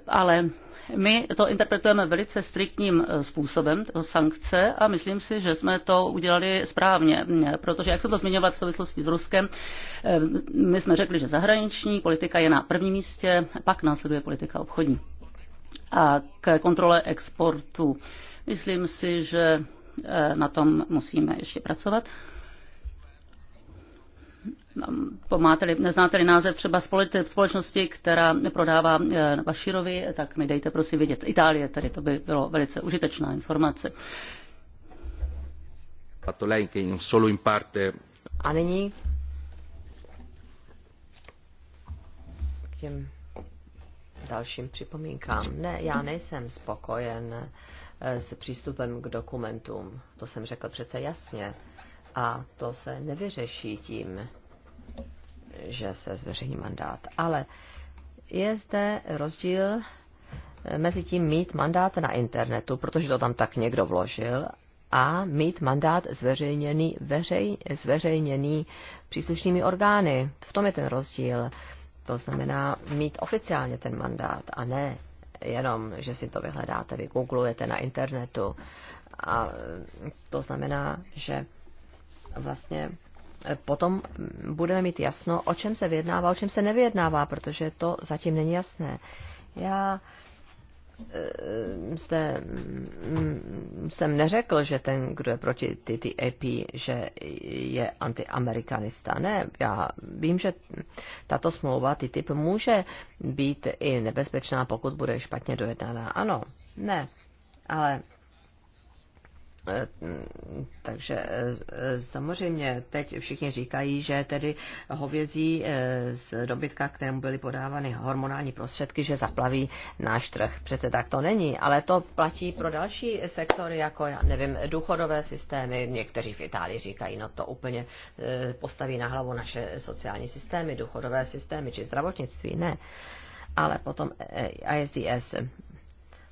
ale my to interpretujeme velice striktním eh, způsobem, sankce, a myslím si, že jsme to udělali správně, protože, jak jsem to zmiňovala v souvislosti s Ruskem, eh, my jsme řekli, že zahraniční politika je na prvním místě, pak následuje politika obchodní. A k kontrole exportu. Myslím si, že eh, na tom musíme ještě pracovat pomáte li neznáte-li název třeba společnosti, která prodává Vaširovi, eh, tak mi dejte prosím vědět. Itálie, tady to by bylo velice užitečná informace. A nyní k těm dalším připomínkám. Ne, já nejsem spokojen eh, s přístupem k dokumentům. To jsem řekl přece jasně. A to se nevyřeší tím, že se zveřejní mandát. Ale je zde rozdíl eh, mezi tím mít mandát na internetu, protože to tam tak někdo vložil, a mít mandát zveřejněný, veřej, zveřejněný příslušnými orgány. V tom je ten rozdíl. To znamená mít oficiálně ten mandát a ne jenom, že si to vyhledáte, vygooglujete na internetu. A eh, to znamená, že vlastně eh, potom budeme mít jasno, o čem se vyjednává, o čem se nevyjednává, protože to zatím není jasné. Já jste, eh, mm, jsem neřekl, že ten, kdo je proti TTIP, že je antiamerikanista. Ne, já vím, že tato smlouva TTIP může být i nebezpečná, pokud bude špatně dojednána. Ano, ne, ale E, takže e, samozřejmě teď všichni říkají, že tedy hovězí e, z dobytka, kterému byly podávány hormonální prostředky, že zaplaví náš trh. Přece tak to není, ale to platí pro další sektory, jako já nevím, důchodové systémy. Někteří v Itálii říkají, no to úplně postaví na hlavu naše sociální systémy, důchodové systémy či zdravotnictví. Ne. Ale potom ISDS.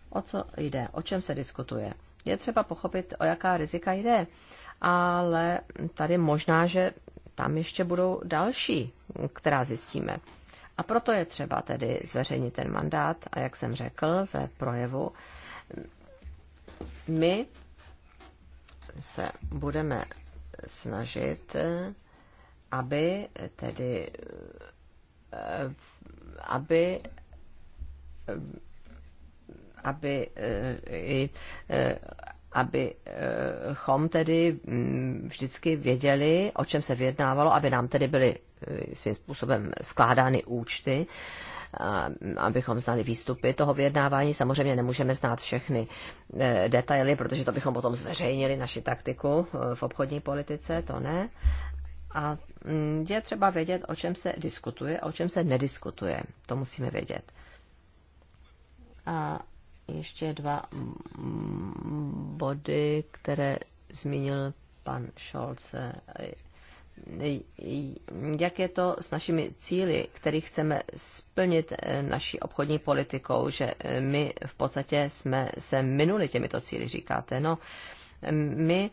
O co jde? O čem se diskutuje? Je třeba pochopit, o jaká rizika jde, ale tady možná, že tam ještě budou další, která zjistíme. A proto je třeba tedy zveřejnit ten mandát a jak jsem řekl ve projevu, my se budeme snažit, aby tedy eh, aby aby eh, i eh, abychom tedy mm, vždycky věděli, o čem se vyjednávalo, aby nám tedy byly eh, svým způsobem skládány účty, abychom znali výstupy toho vyjednávání. Samozřejmě nemůžeme znát všechny detaily, protože to bychom potom zveřejnili naši taktiku v obchodní politice, to ne. A mm, je třeba vědět, o čem se diskutuje, o čem se nediskutuje. To musíme vědět. A ještě dva body, které zmínil pan Scholz. Jak je to s našimi cíly, které chceme splnit eh, naší obchodní politikou, že eh, my v podstatě jsme se minuli těmito cíly, říkáte. No, my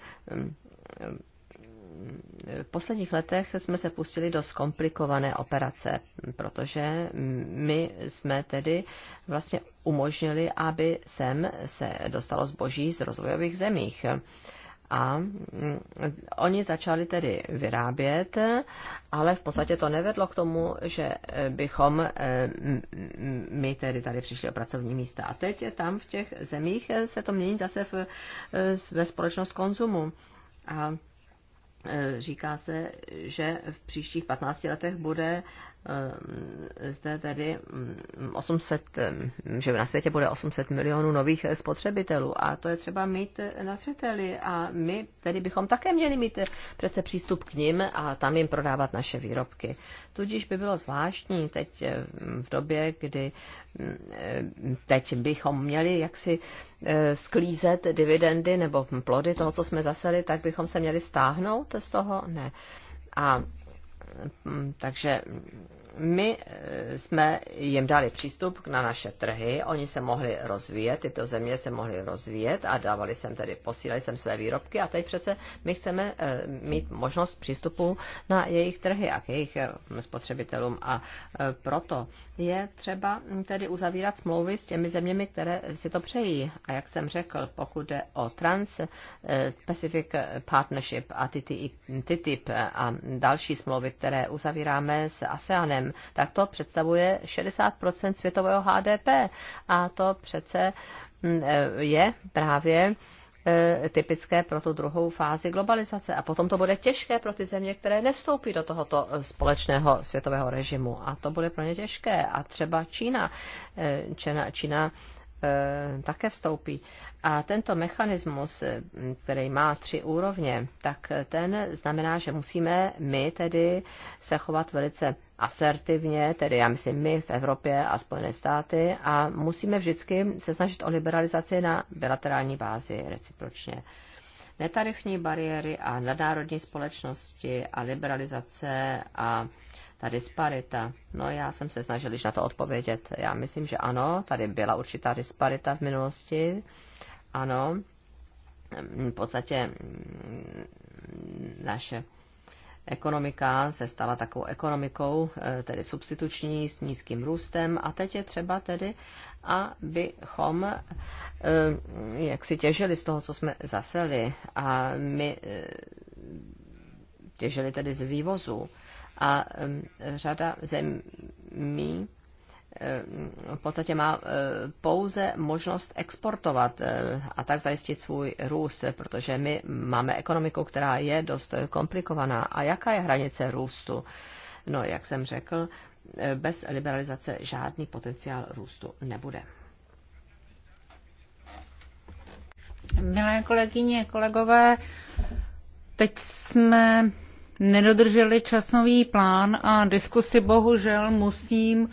v posledních letech jsme se pustili do zkomplikované operace, protože my jsme tedy vlastně umožnili, aby sem se dostalo zboží z rozvojových zemích. A mm, oni začali tedy vyrábět, ale v podstatě to nevedlo k tomu, že bychom eh, my tedy tady přišli o pracovní místa. A teď tam v těch zemích eh, se to mění zase v, eh, ve společnost konzumu. A Eh, říká se, že v příštích 15 letech bude Ehm, zde tedy 800, mm, ehm, že na světě bude 800 milionů nových eh, spotřebitelů a to je třeba mít eh, na světeli a my tedy bychom také měli mít eh, přece přístup k ním a tam jim prodávat naše výrobky. Tudíž by bylo zvláštní teď v době, kdy mm, teď bychom měli jaksi sklízet dividendy nebo plody toho, co jsme zaseli, tak bychom se měli stáhnout z toho? Ne. A Mm, takže my eh, jsme jim dali přístup na naše trhy, oni se mohli rozvíjet, tyto země se mohly rozvíjet a dávali jsem tedy, posílali jsem své výrobky a teď přece my chceme eh, mít možnost přístupu na jejich trhy a k jejich eh, spotřebitelům a proto je třeba tedy uzavírat smlouvy s těmi zeměmi, které si to přejí. A jak jsem řekl, pokud jde o Trans-Pacific Partnership a TTIP a další smlouvy, které uzavíráme s ASEANem, žen, tak to představuje 60 světového HDP. A to přece mm, e, je právě e, typické pro tu druhou fázi globalizace. A potom to bude těžké pro ty země, které nevstoupí do tohoto e, společného světového režimu. A to bude pro ně těžké. A třeba Čína. Čína, Čína také vstoupí. A tento mechanismus, který má tři úrovně, tak ten znamená, že musíme my tedy se chovat velice asertivně, tedy já myslím my v Evropě a Spojené státy, a musíme vždycky se snažit o liberalizaci na bilaterální bázi recipročně. Netarifní bariéry a nadnárodní společnosti a liberalizace a ta disparita. No já jsem se snažil již na to odpovědět. Já myslím, že ano, tady byla určitá disparita v minulosti. Ano, v podstatě mm, naše ekonomika se stala takovou ekonomikou, eh, tedy substituční, s nízkým růstem a teď je třeba tedy, abychom eh, jak si těžili z toho, co jsme zaseli a my eh, těžili tedy z vývozu a řada zemí v podstatě má eh, pouze možnost exportovat eh, a tak zajistit svůj růst, protože my máme ekonomiku, která je dost komplikovaná. A jaká je hranice růstu? No, jak jsem řekl, eh, bez liberalizace žádný potenciál růstu nebude. Milé kolegyně, kolegové, teď jsme nedodrželi časový plán a diskusi bohužel musím uh,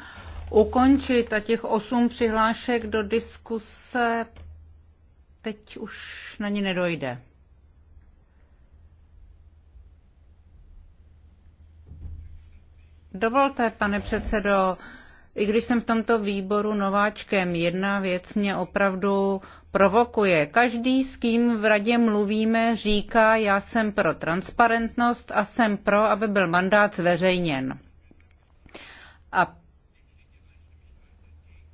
ukončit a těch osm přihlášek do diskuse teď už na ní nedojde. Dovolte, pane předsedo, i když jsem v tomto výboru nováčkem, jedna věc mě opravdu provokuje. Každý, s kým v radě mluvíme, říká, já jsem pro transparentnost a jsem pro, aby byl mandát zveřejněn. A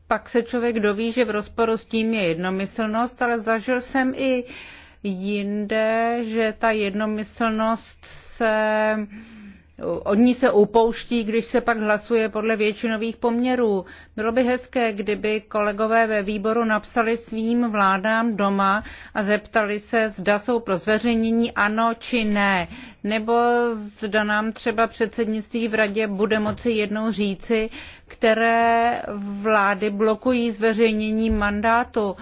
pak se člověk doví, že v rozporu s tím je jednomyslnost, ale zažil jsem i jinde, že ta jednomyslnost se od ní se upouští, když se pak hlasuje podle většinových poměrů. Bylo by hezké, kdyby kolegové ve výboru napsali svým vládám doma a zeptali se, zda jsou pro zveřejnění ano či ne, nebo zda nám třeba předsednictví v radě bude moci jednou říci, které vlády blokují zveřejnění mandátu.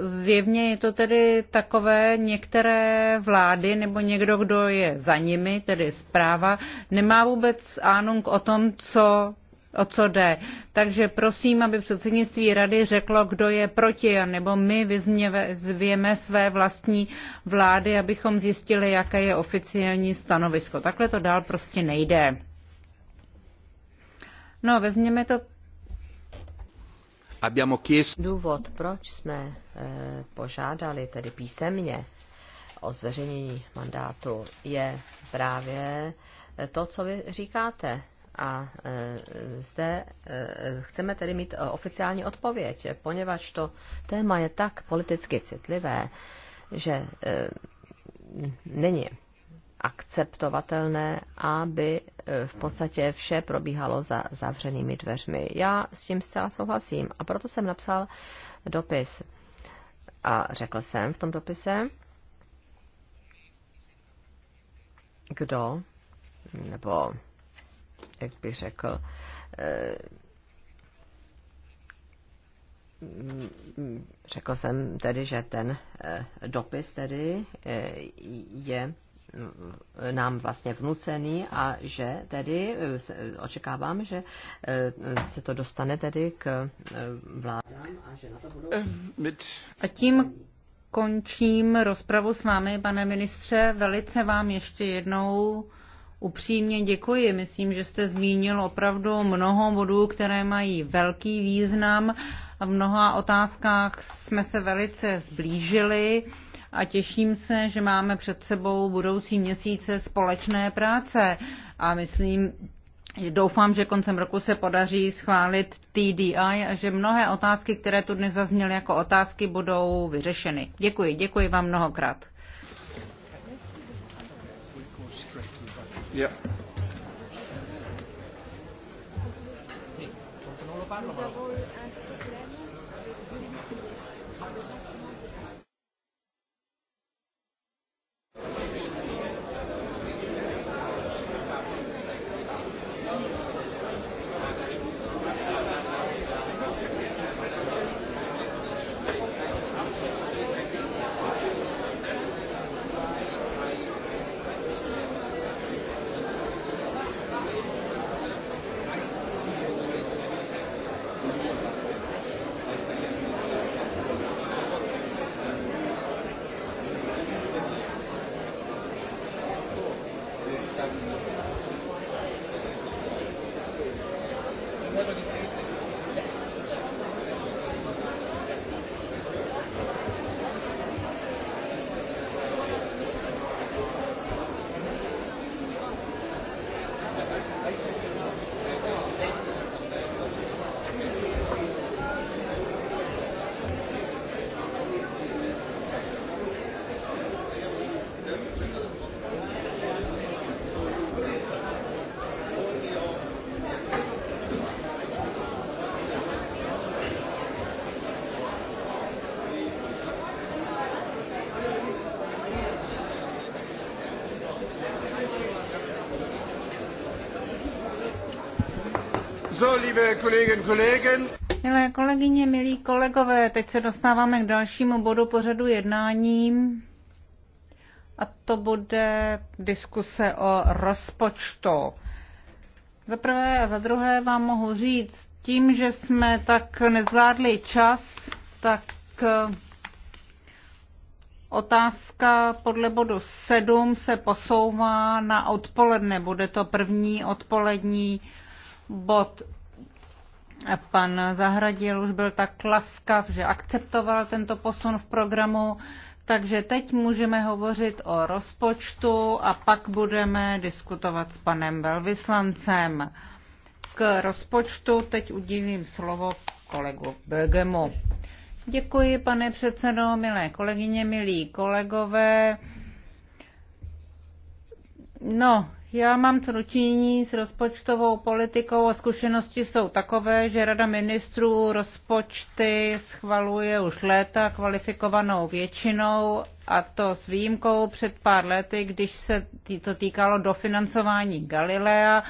Zjevně je to tedy takové, některé vlády nebo někdo, kdo je za nimi, tedy zpráva, nemá vůbec ánung o tom, co, o co jde. Takže prosím, aby předsednictví rady řeklo, kdo je proti, nebo my vyzvěme své vlastní vlády, abychom zjistili, jaké je oficiální stanovisko. Takhle to dál prostě nejde. No, vezměme to Důvod, proč jsme eh, požádali tedy písemně o zveřejnění mandátu, je právě eh, to, co vy říkáte. A eh, zde chceme tedy mít oficiální odpověď, poněvadž to téma je tak politicky citlivé, že není akceptovatelné, aby e, v podstatě vše probíhalo za zavřenými dveřmi. Já s tím zcela souhlasím a proto jsem napsal dopis. A řekl jsem v tom dopise, kdo, nebo jak bych řekl, e, řekl jsem tedy, že ten e, dopis tedy je nám vlastně vnucený a že tedy eh, eh, očekávám, že eh, se to dostane tedy k vládám a že na to budou... A tím končím rozpravu s vámi, pane ministře. Velice vám ještě jednou upřímně děkuji. Myslím, že jste zmínil opravdu mnoho bodů, které mají velký význam. V mnoha otázkách jsme se velice zblížili a těším se, že máme před sebou budoucí měsíce společné práce a myslím, Doufám, že koncem roku se podaří schválit TDI a že mnohé otázky, které tu dnes zazněly jako otázky, budou vyřešeny. Děkuji, děkuji vám mnohokrát. Yeah. Milé kolegyně, milí kolegové, teď se dostáváme k dalšímu bodu pořadu jednáním a to bude diskuse o rozpočtu. Za prvé a za druhé vám mohu říct, tím, že jsme tak nezvládli čas, tak eh, Otázka podle bodu 7 se posouvá na odpoledne. Bude to první odpolední bod pan Zahradil už byl tak laskav, že akceptoval tento posun v programu, takže teď můžeme hovořit o rozpočtu a pak budeme diskutovat s panem velvyslancem. K rozpočtu teď udílím slovo kolegu Begemu. Děkuji, pane předsedo, milé kolegyně, milí kolegové. No, já mám co dočinění s rozpočtovou politikou a zkušenosti jsou takové, že Rada ministrů rozpočty schvaluje už léta kvalifikovanou většinou a to s výjimkou před pár lety, když se to týkalo dofinancování Galilea,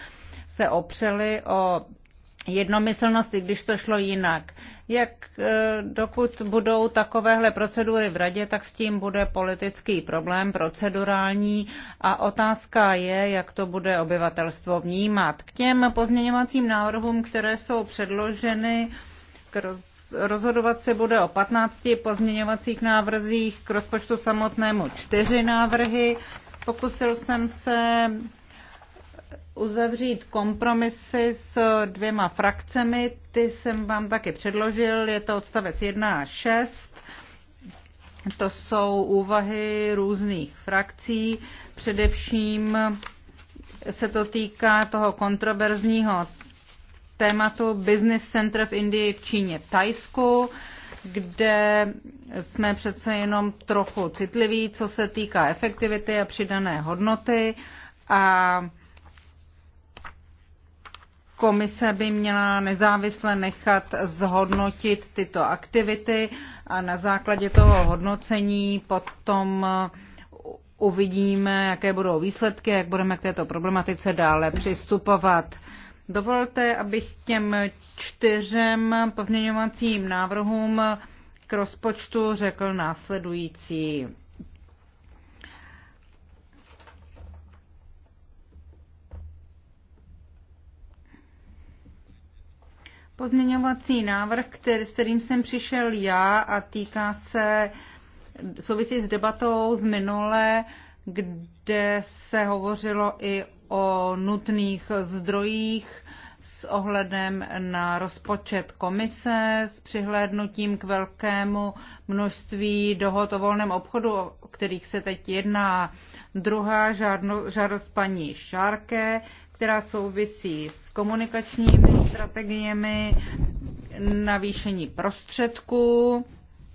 se opřeli o jednomyslnost, i když to šlo jinak. Jak e, dokud budou takovéhle procedury v radě, tak s tím bude politický problém, procedurální a otázka je, jak to bude obyvatelstvo vnímat. K těm pozměňovacím návrhům, které jsou předloženy, k roz, rozhodovat se bude o 15 pozměňovacích návrzích, k rozpočtu samotnému čtyři návrhy. Pokusil jsem se uzavřít kompromisy s dvěma frakcemi. Ty jsem vám taky předložil. Je to odstavec 1 a 6. To jsou úvahy různých frakcí. Především se to týká toho kontroverzního tématu Business Center v Indii, v Číně, v Tajsku, kde jsme přece jenom trochu citliví, co se týká efektivity a přidané hodnoty. A Komise by měla nezávisle nechat zhodnotit tyto aktivity a na základě toho hodnocení potom uvidíme, jaké budou výsledky, jak budeme k této problematice dále přistupovat. Dovolte, abych těm čtyřem pozměňovacím návrhům k rozpočtu řekl následující. Pozměňovací návrh, který, s kterým jsem přišel já a týká se souvisí s debatou z minule, kde se hovořilo i o nutných zdrojích s ohledem na rozpočet komise, s přihlédnutím k velkému množství dohod o volném obchodu, o kterých se teď jedná. Druhá žádost paní Šárke která souvisí s komunikačními strategiemi, navýšení prostředků.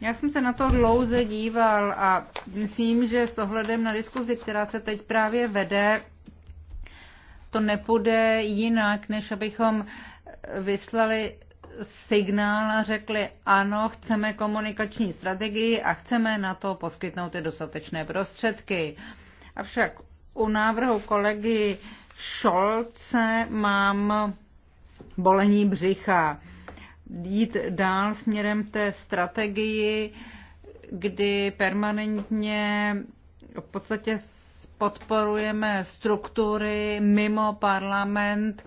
Já jsem se na to dlouze díval a myslím, že s ohledem na diskuzi, která se teď právě vede, to nepůjde jinak, než abychom vyslali signál a řekli ano, chceme komunikační strategii a chceme na to poskytnout ty dostatečné prostředky. Avšak u návrhu kolegy Šolce mám bolení břicha. Jít dál směrem té strategii, kdy permanentně v podstatě podporujeme struktury mimo parlament,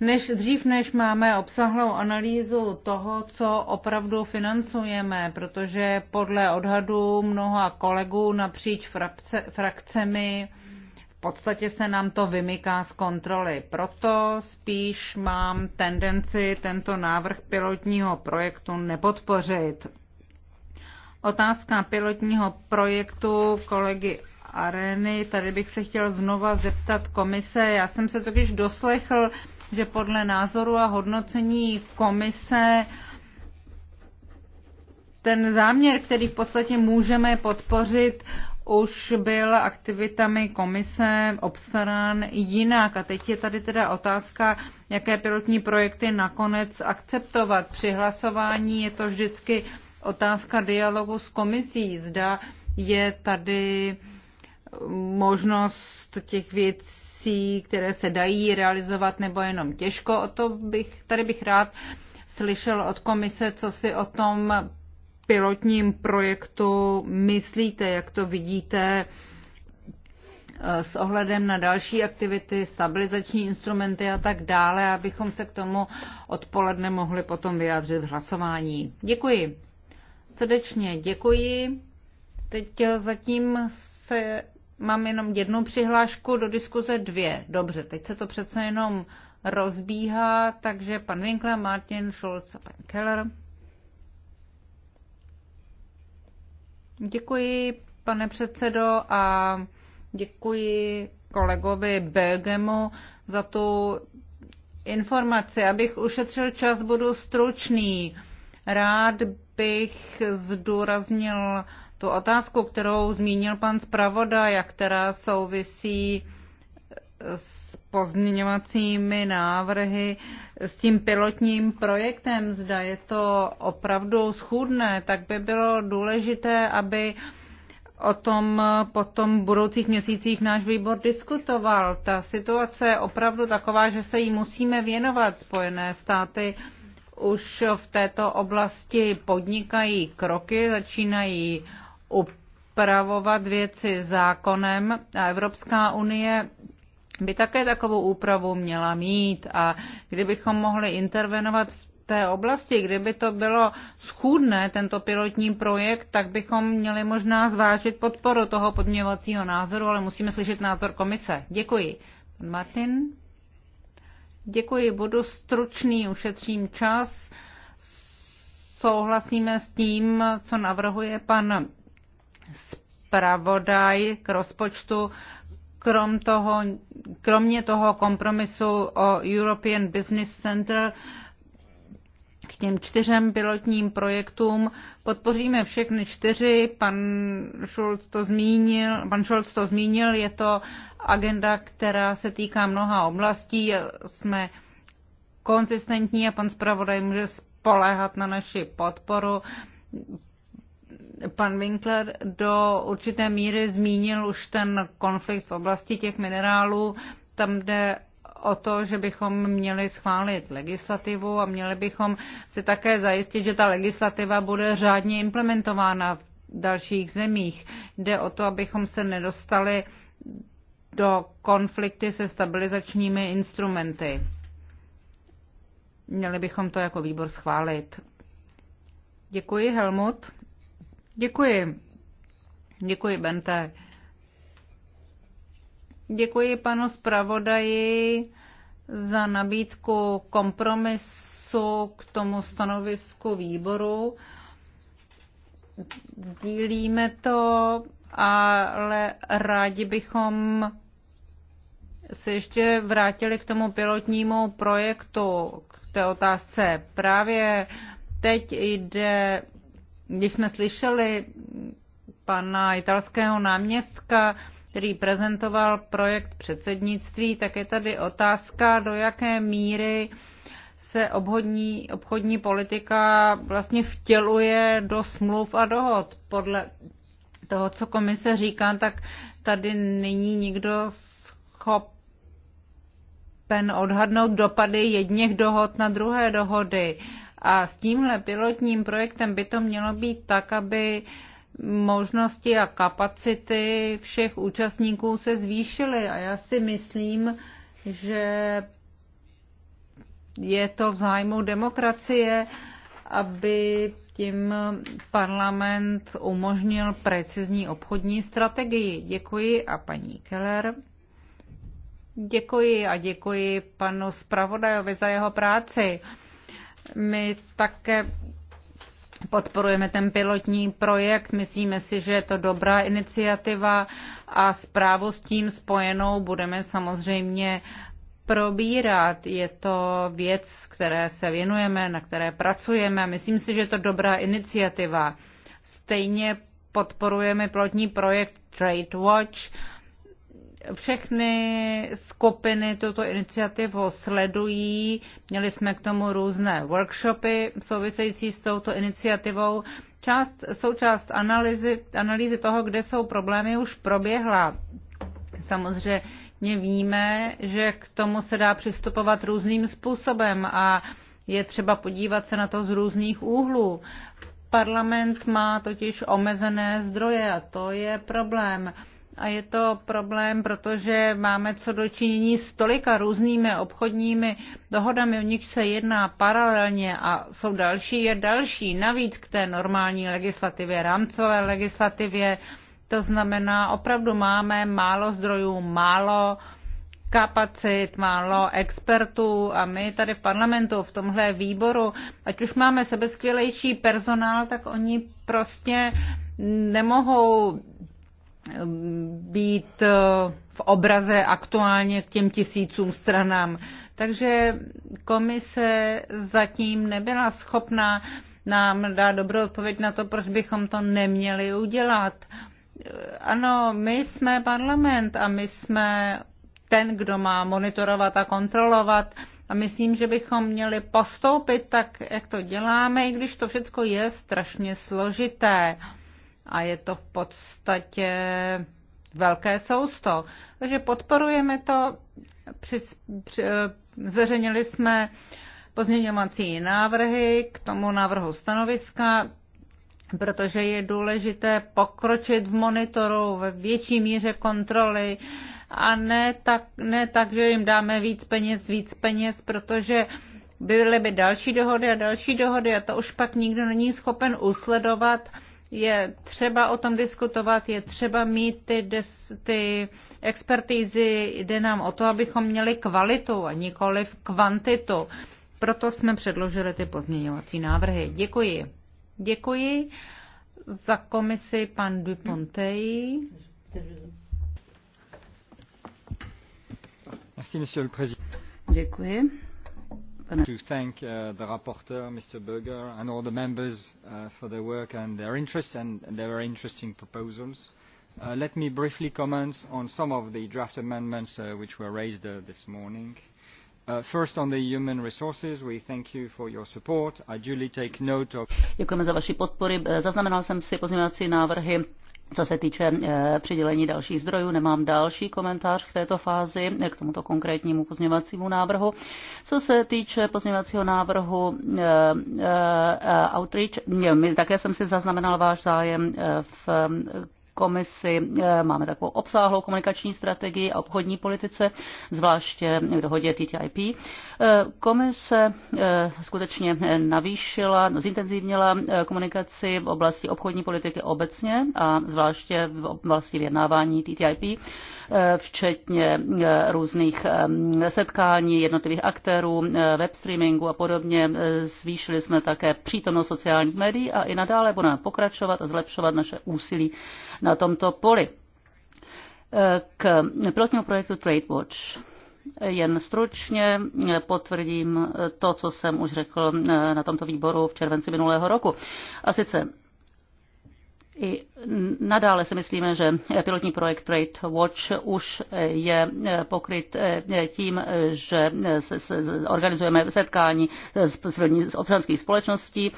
než, dřív než máme obsahlou analýzu toho, co opravdu financujeme, protože podle odhadů mnoha kolegů napříč frakcemi podstatě se nám to vymyká z kontroly. Proto spíš mám tendenci tento návrh pilotního projektu nepodpořit. Otázka pilotního projektu kolegy Areny. Tady bych se chtěl znova zeptat komise. Já jsem se totiž doslechl, že podle názoru a hodnocení komise ten záměr, který v podstatě můžeme podpořit, už byl aktivitami komise obstarán jinak. A teď je tady teda otázka, jaké pilotní projekty nakonec akceptovat. Při hlasování je to vždycky otázka dialogu s komisí. Zda je tady možnost těch věcí, které se dají realizovat nebo jenom těžko. O to bych, tady bych rád slyšel od komise, co si o tom pilotním projektu myslíte, jak to vidíte eh, s ohledem na další aktivity, stabilizační instrumenty a tak dále, abychom se k tomu odpoledne mohli potom vyjádřit v hlasování. Děkuji. Srdečně děkuji. Teď eh, zatím se mám jenom jednu přihlášku do diskuze dvě. Dobře, teď se to přece jenom rozbíhá, takže pan Winkler, Martin Schulz a pan Keller. Děkuji, pane předsedo, a děkuji kolegovi Belgemu za tu informaci. Abych ušetřil čas, budu stručný. Rád bych zdůraznil tu otázku, kterou zmínil pan zpravodaj a která souvisí s pozměňovacími návrhy s tím pilotním projektem, zda je to opravdu schůdné, tak by bylo důležité, aby o tom potom v budoucích měsících náš výbor diskutoval. Ta situace je opravdu taková, že se jí musíme věnovat. Spojené státy už v této oblasti podnikají kroky, začínají upravovat věci zákonem a Evropská unie by také takovou úpravu měla mít a kdybychom mohli intervenovat v té oblasti, kdyby to bylo schůdné, tento pilotní projekt, tak bychom měli možná zvážit podporu toho podměvacího názoru, ale musíme slyšet názor komise. Děkuji. Pan Martin? Děkuji, budu stručný, ušetřím čas. Souhlasíme s tím, co navrhuje pan zpravodaj k rozpočtu krom toho, kromě toho kompromisu o European Business Center k těm čtyřem pilotním projektům. Podpoříme všechny čtyři, pan Schulz to zmínil, pan Schulz to zmínil, je to agenda, která se týká mnoha oblastí, jsme konzistentní a pan zpravodaj může spoléhat na naši podporu pan Winkler do určité míry zmínil už ten konflikt v oblasti těch minerálů. Tam jde o to, že bychom měli schválit legislativu a měli bychom si také zajistit, že ta legislativa bude řádně implementována v dalších zemích. Jde o to, abychom se nedostali do konflikty se stabilizačními instrumenty. Měli bychom to jako výbor schválit. Děkuji, Helmut. Děkuji. Děkuji, Bente. Děkuji panu zpravodaji za nabídku kompromisu k tomu stanovisku výboru. Sdílíme to, ale rádi bychom se ještě vrátili k tomu pilotnímu projektu, k té otázce. Právě teď jde když jsme slyšeli pana italského náměstka, který prezentoval projekt předsednictví, tak je tady otázka, do jaké míry se obchodní, obchodní politika vlastně vtěluje do smluv a dohod. Podle toho, co komise říká, tak tady není nikdo schopen odhadnout dopady jedněch dohod na druhé dohody. Uh, a s tímhle pilotním projektem by to mělo být tak, aby možnosti a kapacity všech účastníků se zvýšily. A já si myslím, že je to v zájmu demokracie, aby tím parlament umožnil precizní obchodní strategii. Děkuji a paní Keller. Děkuji a děkuji panu zpravodajovi za jeho práci. My také podporujeme ten pilotní projekt, myslíme si, že je to dobrá iniciativa a zprávu s tím spojenou budeme samozřejmě probírat. Je to věc, které se věnujeme, na které pracujeme a myslím si, že je to dobrá iniciativa. Stejně podporujeme pilotní projekt Trade Watch, všechny skupiny tuto iniciativu sledují. Měli jsme k tomu různé workshopy související s touto iniciativou. Část, součást analýzy, analýzy toho, kde jsou problémy, už proběhla. Samozřejmě víme, že k tomu se dá přistupovat různým způsobem a je třeba podívat se na to z různých úhlů. Parlament má totiž omezené zdroje a to je problém. A je to problém, protože máme co dočinění s tolika různými obchodními dohodami, o nich se jedná paralelně a jsou další a další, navíc k té normální legislativě, rámcové legislativě. To znamená, opravdu máme málo zdrojů, málo kapacit, málo expertů a my tady v parlamentu, v tomhle výboru, ať už máme sebeskvělejší personál, tak oni prostě nemohou být eh, v obraze aktuálně k těm tisícům stranám. Takže komise zatím nebyla schopná nám dát dobrou odpověď na to, proč bychom to neměli udělat. Eh, ano, my jsme parlament a my jsme ten, kdo má monitorovat a kontrolovat. A myslím, že bychom měli postoupit tak, jak to děláme, i když to všechno je strašně složité. Uh, a je to v podstatě velké sousto. Takže podporujeme to. Při, při, eh, zveřejnili jsme pozměňovací návrhy k tomu návrhu stanoviska, protože je důležité pokročit v monitoru ve větší míře kontroly a ne tak, ne tak, že jim dáme víc peněz, víc peněz, protože byly by další dohody a další dohody a to už pak nikdo není schopen usledovat, je třeba o tom diskutovat, je třeba mít ty, des, ty expertízy, jde nám o to, abychom měli kvalitu a nikoli kvantitu. Proto jsme předložili ty pozměňovací návrhy. Děkuji. Děkuji za komisi pan Dupontej. Děkuji let me briefly comment on some of the draft amendments uh, which were raised uh, this morning. Uh, first on the human resources, we thank you for your support. I duly take note of... Děkujeme za vaši podpory. Zaznamenal jsem si pozměňovací návrhy co se týče eh, přidělení dalších zdrojů, nemám další komentář v této fázi eh, k tomuto konkrétnímu pozměvacímu návrhu. Co se týče pozměvacího návrhu eh, Outreach, také jsem si zaznamenal váš zájem v komisi eh, máme takovou obsáhlou komunikační strategii a obchodní politice, zvláště v dohodě TTIP. Eh, komise eh, skutečně navýšila, zintenzivnila komunikaci v oblasti obchodní politiky obecně a zvláště v oblasti vyjednávání TTIP. Eh, včetně eh, různých eh, setkání jednotlivých aktérů, web streamingu a podobně. Zvýšili jsme také přítomnost sociálních médií a i nadále budeme pokračovat a zlepšovat naše úsilí na tomto poli. K pilotnímu projektu TradeWatch. Jen stručně potvrdím to, co jsem už řekl na tomto výboru v červenci minulého roku. A sice i nadále si myslíme, že pilotní projekt Trade Watch už je eh, pokryt eh, tím, že organizujeme setkání z občanských společností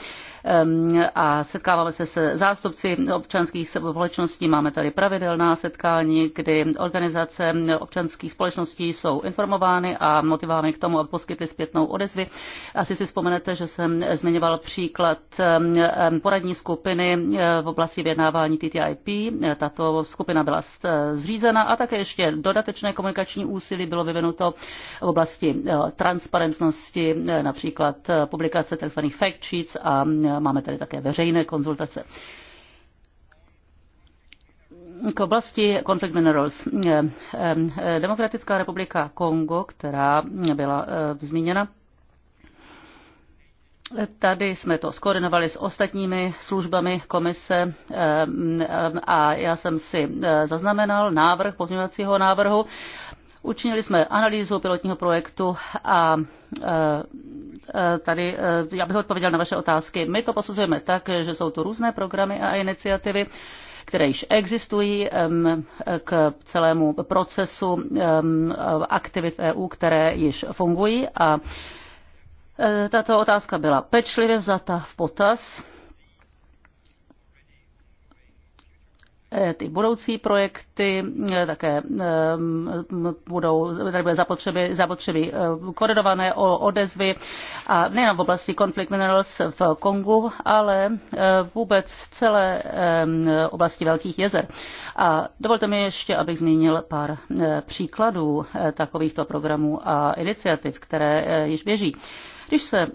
a setkáváme se s zástupci občanských společností. Máme tady pravidelná setkání, kdy organizace občanských společností jsou informovány a motivovány k tomu, aby poskytly zpětnou odezvy. Asi si vzpomenete, že jsem zmiňoval příklad poradní skupiny eh, v oblasti vyjednávání TTIP. Tato skupina byla eh, zřízena a také ještě dodatečné komunikační úsilí bylo vyvinuto v oblasti eh, transparentnosti, například publikace tzv. fact sheets a Máme tady také veřejné konzultace k oblasti Conflict Minerals. Eh, eh, Demokratická republika Kongo, která byla eh, zmíněna, Tady jsme to skoordinovali s ostatními službami komise a já jsem si zaznamenal návrh pozměňovacího návrhu Učinili jsme analýzu pilotního projektu a e, e, tady e, já bych odpověděl na vaše otázky. My to posuzujeme tak, že jsou tu různé programy a iniciativy které již existují k celému procesu aktivit EU, které již fungují. A tato otázka byla pečlivě vzata v potaz Eh, ty budoucí projekty, eh, také ehm, budou, tady bude zapotřeby, zapotřeby eh, koordinované o odezvy a nejen v oblasti Conflict Minerals v Kongu, ale vůbec v celé ehm, oblasti Velkých jezer. A dovolte mi ještě, abych zmínil pár příkladů takovýchto programů a iniciativ, které již běží. Když se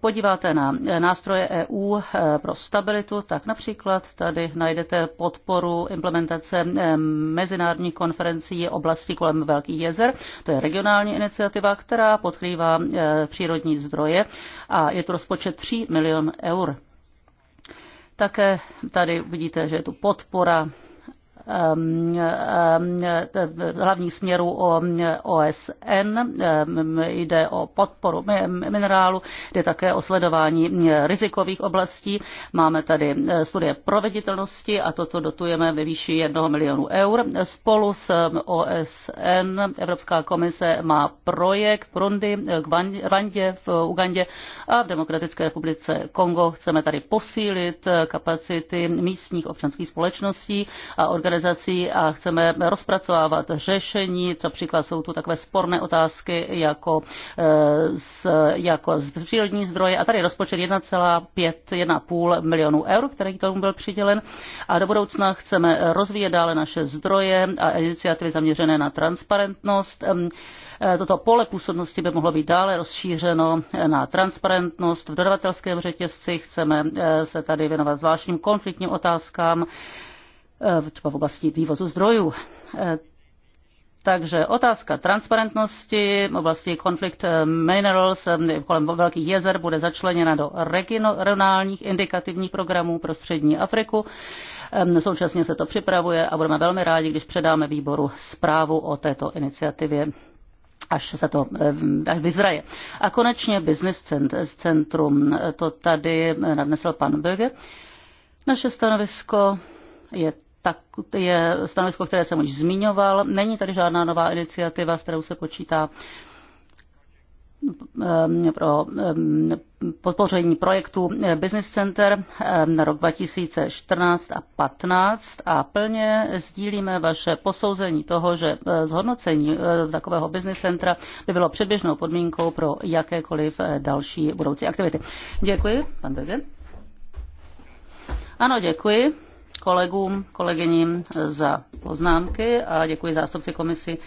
podíváte na nástroje EU eh, pro stabilitu, tak například tady najdete podporu implementace eh, mezinárodní konferencí oblasti kolem Velkých jezer. To je regionální iniciativa, která podkrývá eh, přírodní zdroje a je to rozpočet 3 milion eur. Také tady vidíte, že je tu podpora Um, um, hlavních směrů OSN, um, jde o podporu minerálu, jde také o sledování rizikových oblastí. Máme tady eh, studie proveditelnosti a toto dotujeme ve výši 1 milionu eur. Spolu s OSN Evropská komise má projekt v Rundi, eh, v Rwandě, v eh, Ugandě a v Demokratické republice Kongo. Chceme tady posílit kapacity místních občanských společností a organizací organizací a chceme rozpracovávat řešení. příklad jsou tu takové sporné otázky jako, z, eh, jako z přírodní zdroje. A tady rozpočet 1,5 1,5 milionů eur, který k tomu byl přidělen. A do budoucna chceme rozvíjet dále naše zdroje a iniciativy zaměřené na transparentnost. Eh, toto pole působnosti by mohlo být dále rozšířeno na transparentnost. V dodavatelském řetězci chceme eh, se tady věnovat zvláštním konfliktním otázkám E, třeba v oblasti vývozu zdrojů. E, takže otázka transparentnosti v oblasti konflikt e, minerals kolem velkých jezer bude začleněna do regionálních indikativních programů pro střední Afriku. Současně se to připravuje a budeme velmi rádi, když předáme výboru zprávu o této iniciativě až se to až vyzraje. A konečně Business Centrum, to tady nadnesl pan Böge. Naše stanovisko je tak je stanovisko, které jsem už zmiňoval. Není tady žádná nová iniciativa, s kterou se počítá ehm, pro ehm, podpoření projektu eh, Business Center ehm, na rok 2014 a 2015 a plně sdílíme vaše posouzení toho, že eh, zhodnocení eh, takového business centra by bylo předběžnou podmínkou pro jakékoliv další budoucí aktivity. Děkuji, pan Bege. Ano, děkuji kolegům, kolegyním za poznámky a děkuji zástupci komisi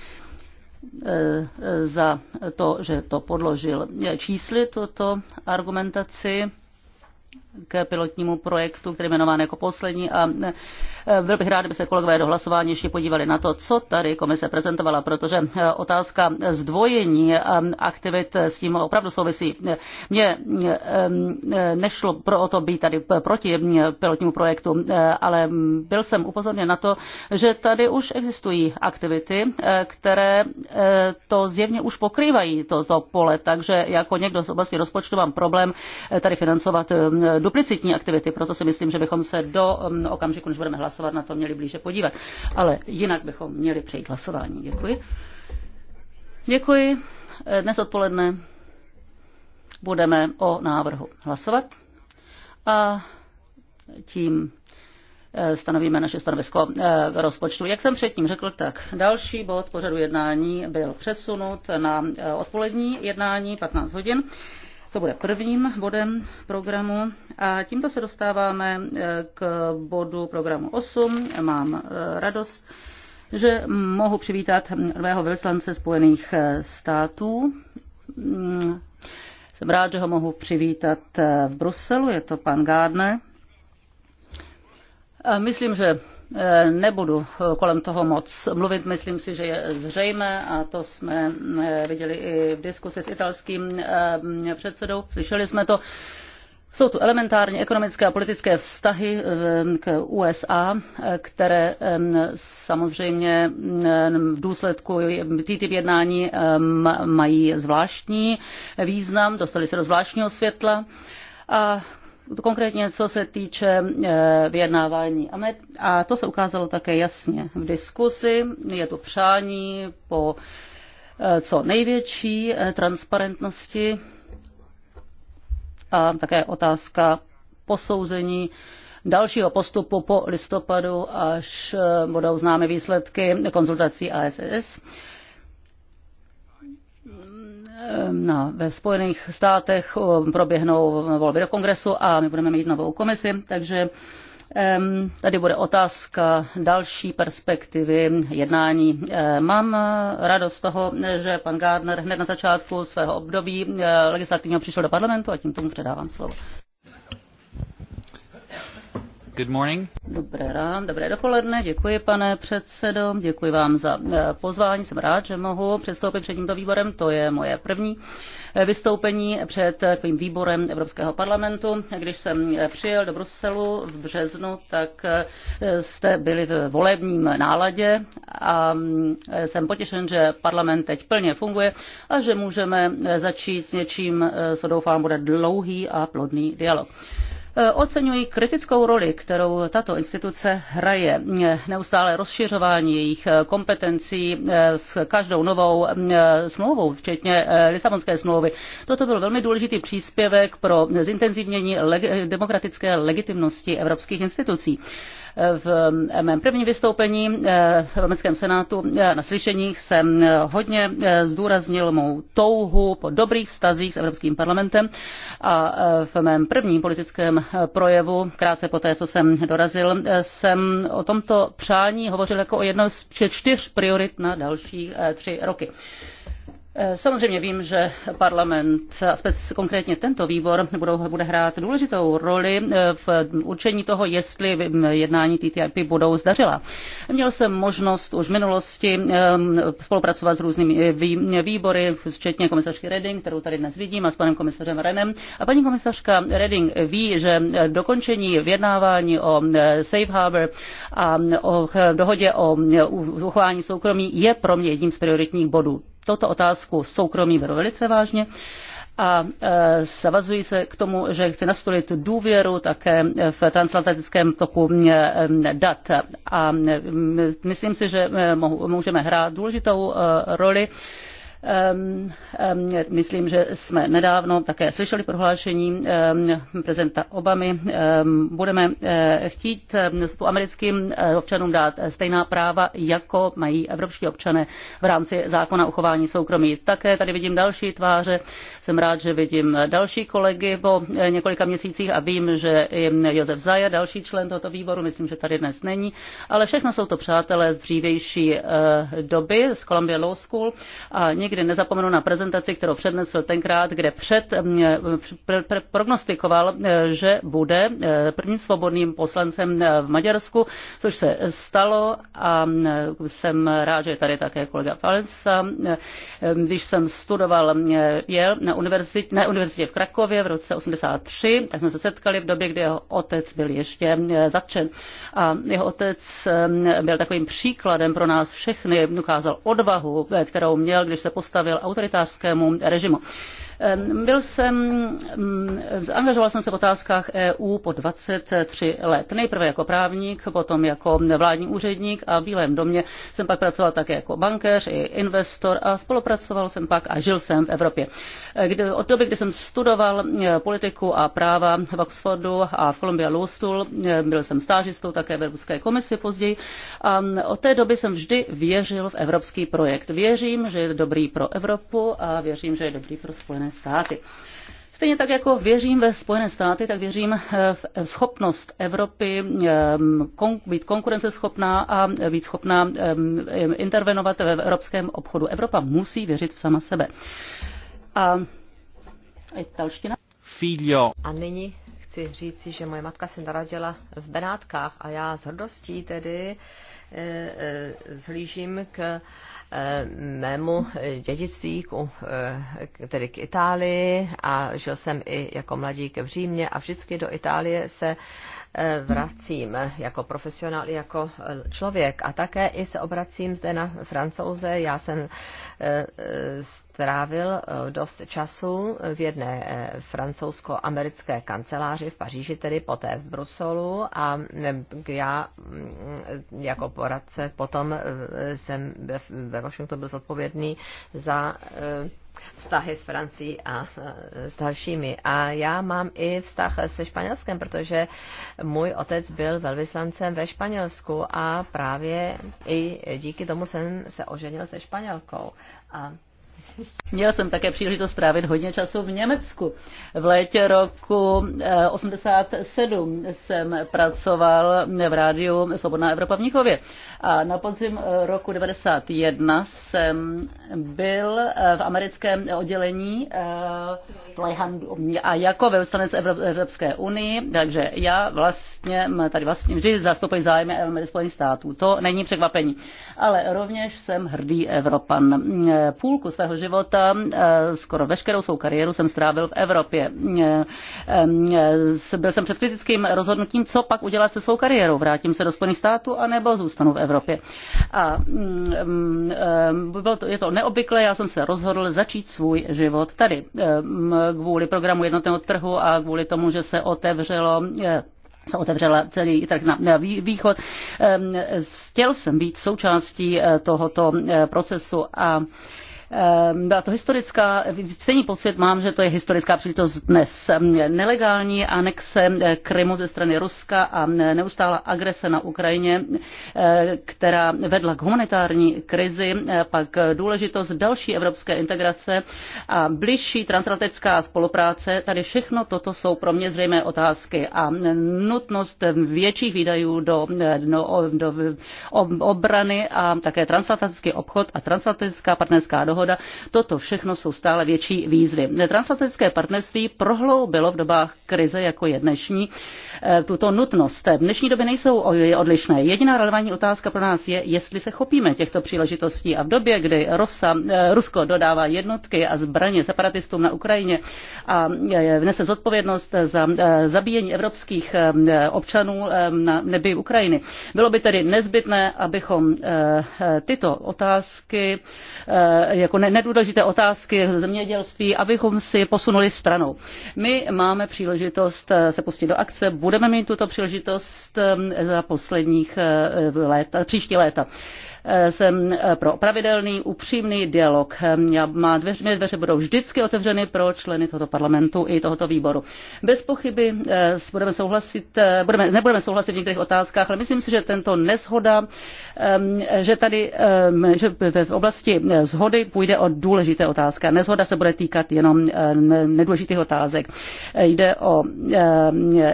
eh, eh, za to, že to podložil čísly, tuto argumentaci k pilotnímu projektu, který je jmenován jako poslední. A e, byl bych rád, kdyby se kolegové do hlasování ještě podívali na to, co tady komise prezentovala, protože e, otázka zdvojení e, aktivit s tím opravdu souvisí. Mně nešlo pro o to být tady proti pilotnímu projektu, ale byl jsem upozorněn na to, že tady už existují aktivity, které to zjevně už pokrývají, toto to pole. Takže jako někdo z oblasti rozpočtu mám problém tady financovat duplicitní aktivity, proto si myslím, že bychom se do um, okamžiku, než budeme hlasovat, na to měli blíže podívat. Ale jinak bychom měli přejít hlasování. Děkuji. Děkuji. Dnes odpoledne budeme o návrhu hlasovat a tím eh, stanovíme naše stanovisko eh, k rozpočtu. Jak jsem předtím řekl, tak další bod pořadu jednání byl přesunut na eh, odpolední jednání 15 hodin. To bude prvním bodem programu a tímto se dostáváme eh, k bodu programu 8. Mám eh, radost, že mohu přivítat nového vyslance Spojených eh, států. Mm, jsem rád, že ho mohu přivítat v Bruselu, je to pan Gardner. Myslím, že Eh, nebudu eh, kolem toho moc mluvit, myslím si, že je zřejmé a to jsme eh, viděli i v diskusi s italským předsedou, slyšeli jsme to. Jsou tu elementární ekonomické a politické vztahy k USA, které samozřejmě v důsledku TTIP jednání mají zvláštní význam, dostali se do zvláštního světla. A konkrétně co se týče eh, vyjednávání A to se ukázalo také jasně v diskusi. Je to přání po eh, co největší eh, transparentnosti a také otázka posouzení dalšího postupu po listopadu, až budou známy výsledky konzultací ASS na, ve Spojených státech proběhnou volby do kongresu a my budeme mít novou komisi, takže Tady bude otázka další perspektivy jednání. Mám radost z toho, že pan Gardner hned na začátku svého období eh, legislativního přišel do parlamentu a tím tomu předávám slovo. Good morning. Dobré ráno, dobré dopoledne, děkuji pane předsedo, děkuji vám za eh, pozvání, jsem rád, že mohu přestoupit před tímto výborem, to je moje první eh, vystoupení před eh, takovým výborem Evropského parlamentu. Když jsem přijel do Bruselu v březnu, tak jste byli v volebním náladě a mm, jsem potěšen, že parlament teď plně funguje a že můžeme začít s něčím, co doufám bude dlouhý a plodný dialog. Eh, oceňuji kritickou roli, kterou tato instituce hraje. Eh, neustále rozšiřování jejich eh, kompetencí s každou novou smlouvou, včetně Lisabonské smlouvy. Toto byl velmi důležitý příspěvek pro zintenzivnění demokratické legitimnosti evropských institucí. V mém prvním vystoupení eh, v Romeckém senátu eh, na slyšeních jsem eh, hodně zdůraznil mou touhu po dobrých vztazích s Evropským parlamentem a v mém prvním politickém projevu, krátce po té, co jsem dorazil, jsem o tomto přání hovořil jako o jedno z čtyř priorit na další tři roky. Eh, samozřejmě vím, že parlament, a konkrétně tento výbor, bude hrát důležitou roli eh, v určení toho, jestli mm, jednání TTIP budou zdařila. Měl jsem možnost už v minulosti eh, spolupracovat s různými výbory, včetně komisařky Reding, kterou tady dnes vidím, a s panem komisařem Renem. A paní komisařka Reding ví, že dokončení vyjednávání o Safe Harbor a o dohodě o uchování soukromí je pro mě jedním z prioritních bodů toto otázku soukromí beru velice vážně a zavazují e, se k tomu, že chci nastolit důvěru také v transatlantickém toku e, dat. A myslím si, že e, můžeme hrát důležitou roli Ehm, ehm, myslím, že jsme nedávno také slyšeli prohlášení ehm, prezidenta Obamy. Budeme eh, chtít americkým eh, občanům dát eh, stejná práva, jako mají evropští občané v rámci zákona uchování soukromí. Také tady vidím další tváře. Jsem rád, že vidím další kolegy po několika měsících a vím, že i hm, Josef Zajer, další člen tohoto výboru, myslím, že tady dnes není, ale všechno jsou to přátelé z dřívější doby, z Columbia Law School a někdy nikdy nezapomenu na prezentaci, kterou přednesl tenkrát, kde před prognostikoval, e, že bude e, prvním svobodným poslancem e, v Maďarsku, což se stalo a jsem rád, že je tady také kolega Falensa. Když jsem studoval Yale na univerzitě, na univerzitě v Krakově v roce 83, tak jsme se setkali v době, kdy jeho otec byl ještě zatčen. A jeho otec byl takovým příkladem pro nás všechny, ukázal odvahu, kterou měl, když se postavil autoritářskému režimu. Byl jsem, angažoval jsem se v otázkách EU po 23 let. Nejprve jako právník, potom jako vládní úředník a v Bílém domě jsem pak pracoval také jako bankéř i investor a spolupracoval jsem pak a žil jsem v Evropě. Kdy, od doby, kdy jsem studoval e, politiku a práva v Oxfordu a v Columbia Law School, e, byl jsem stážistou také ve Evropské komisi později a od té doby jsem vždy věřil v evropský projekt. Věřím, že je dobrý pro Evropu a věřím, že je dobrý pro Spojené Spojené státy. Stejně tak jako věřím ve Spojené státy, tak věřím eh, v schopnost Evropy eh, být konkurenceschopná a být schopná eh, intervenovat ve evropském obchodu. Evropa musí věřit v sama sebe. A italština. Figlio. A nyní chci říci, že moje matka se narodila v Benátkách a já s hrdostí tedy e, e, zhlížím k Eh, mému dědictví, eh, tedy k Itálii a žil jsem i jako mladík v Římě a vždycky do Itálie se Eh, vracím jako profesionál jako eh, člověk. A také i se obracím zde na francouze. Já jsem eh, strávil dost času v jedné francouzsko-americké kanceláři v Paříži, tedy poté v Bruselu a já mm, jako poradce potom jsem ve Washingtonu byl zodpovědný za vztahy s Francií a e, s dalšími. A já mám i vztah se Španělskem, protože můj otec byl velvyslancem ve Španělsku a právě i díky tomu jsem se oženil se Španělkou. A Měl jsem také příležitost strávit hodně času v Německu. V létě roku 87 eh, jsem pracoval v rádiu Svobodná Evropa v Mnichově. A na podzim eh, roku 91 jsem byl eh, v americkém oddělení a jako velstanec Evropské unii, takže já vlastně tady vlastně vždy zastupuji zájmy Spojených států. To není překvapení. Ale rovněž jsem hrdý Evropan. Půlku svého života života. Eh, skoro veškerou svou kariéru jsem strávil v Evropě. Eh, eh, byl jsem před kritickým rozhodnutím, co pak udělat se svou kariérou. Vrátím se do Spojených států anebo zůstanu v Evropě. A mm, je to neobvyklé, já jsem se rozhodl začít svůj život tady mm, kvůli programu jednotného trhu a kvůli tomu, že se otevřelo se otevřela celý trh na východ. Mm, chtěl jsem být součástí tohoto procesu a Ehm, byla to historická, stejný pocit mám, že to je historická příležitost dnes. Ehm, nelegální anexe eh, Krymu ze strany Ruska a eh, neustála agrese na Ukrajině, eh, která vedla k humanitární krizi, pak důležitost další evropské integrace a blížší transatlantická spolupráce. Tady všechno toto jsou pro mě zřejmé otázky a nutnost větších výdajů do, do, do obrany a také transatlantický obchod a transatlantická partnerská dohoda dohoda. Toto všechno jsou stále větší výzvy. Transatlantické partnerství prohloubilo v dobách krize, jako je dnešní, eh, tuto nutnost. V dnešní době nejsou odlišné. Jediná relevantní otázka pro nás je, jestli se chopíme těchto příležitostí a v době, kdy Rosa, eh, Rusko dodává jednotky a zbraně separatistům na Ukrajině a eh, nese zodpovědnost za zabíjení evropských občanů na nebi Ukrajiny. Bylo by tedy nezbytné, abychom tyto otázky jako nedůležité otázky zemědělství, abychom si posunuli stranou. My máme příležitost eh, se pustit do akce, budeme mít tuto příležitost ehm, za posledních eh, let, příští léta jsem eh, pro pravidelný, upřímný dialog. Já má dveř, mé dveře budou vždycky otevřeny pro členy tohoto parlamentu i tohoto výboru. Bez pochyby eh, budeme souhlasit, eh, budeme, nebudeme souhlasit v některých otázkách, ale myslím si, že tento neshoda, že tady že v oblasti zhody půjde o důležité otázky. Nezhoda se bude týkat jenom nedůležitých otázek. Jde o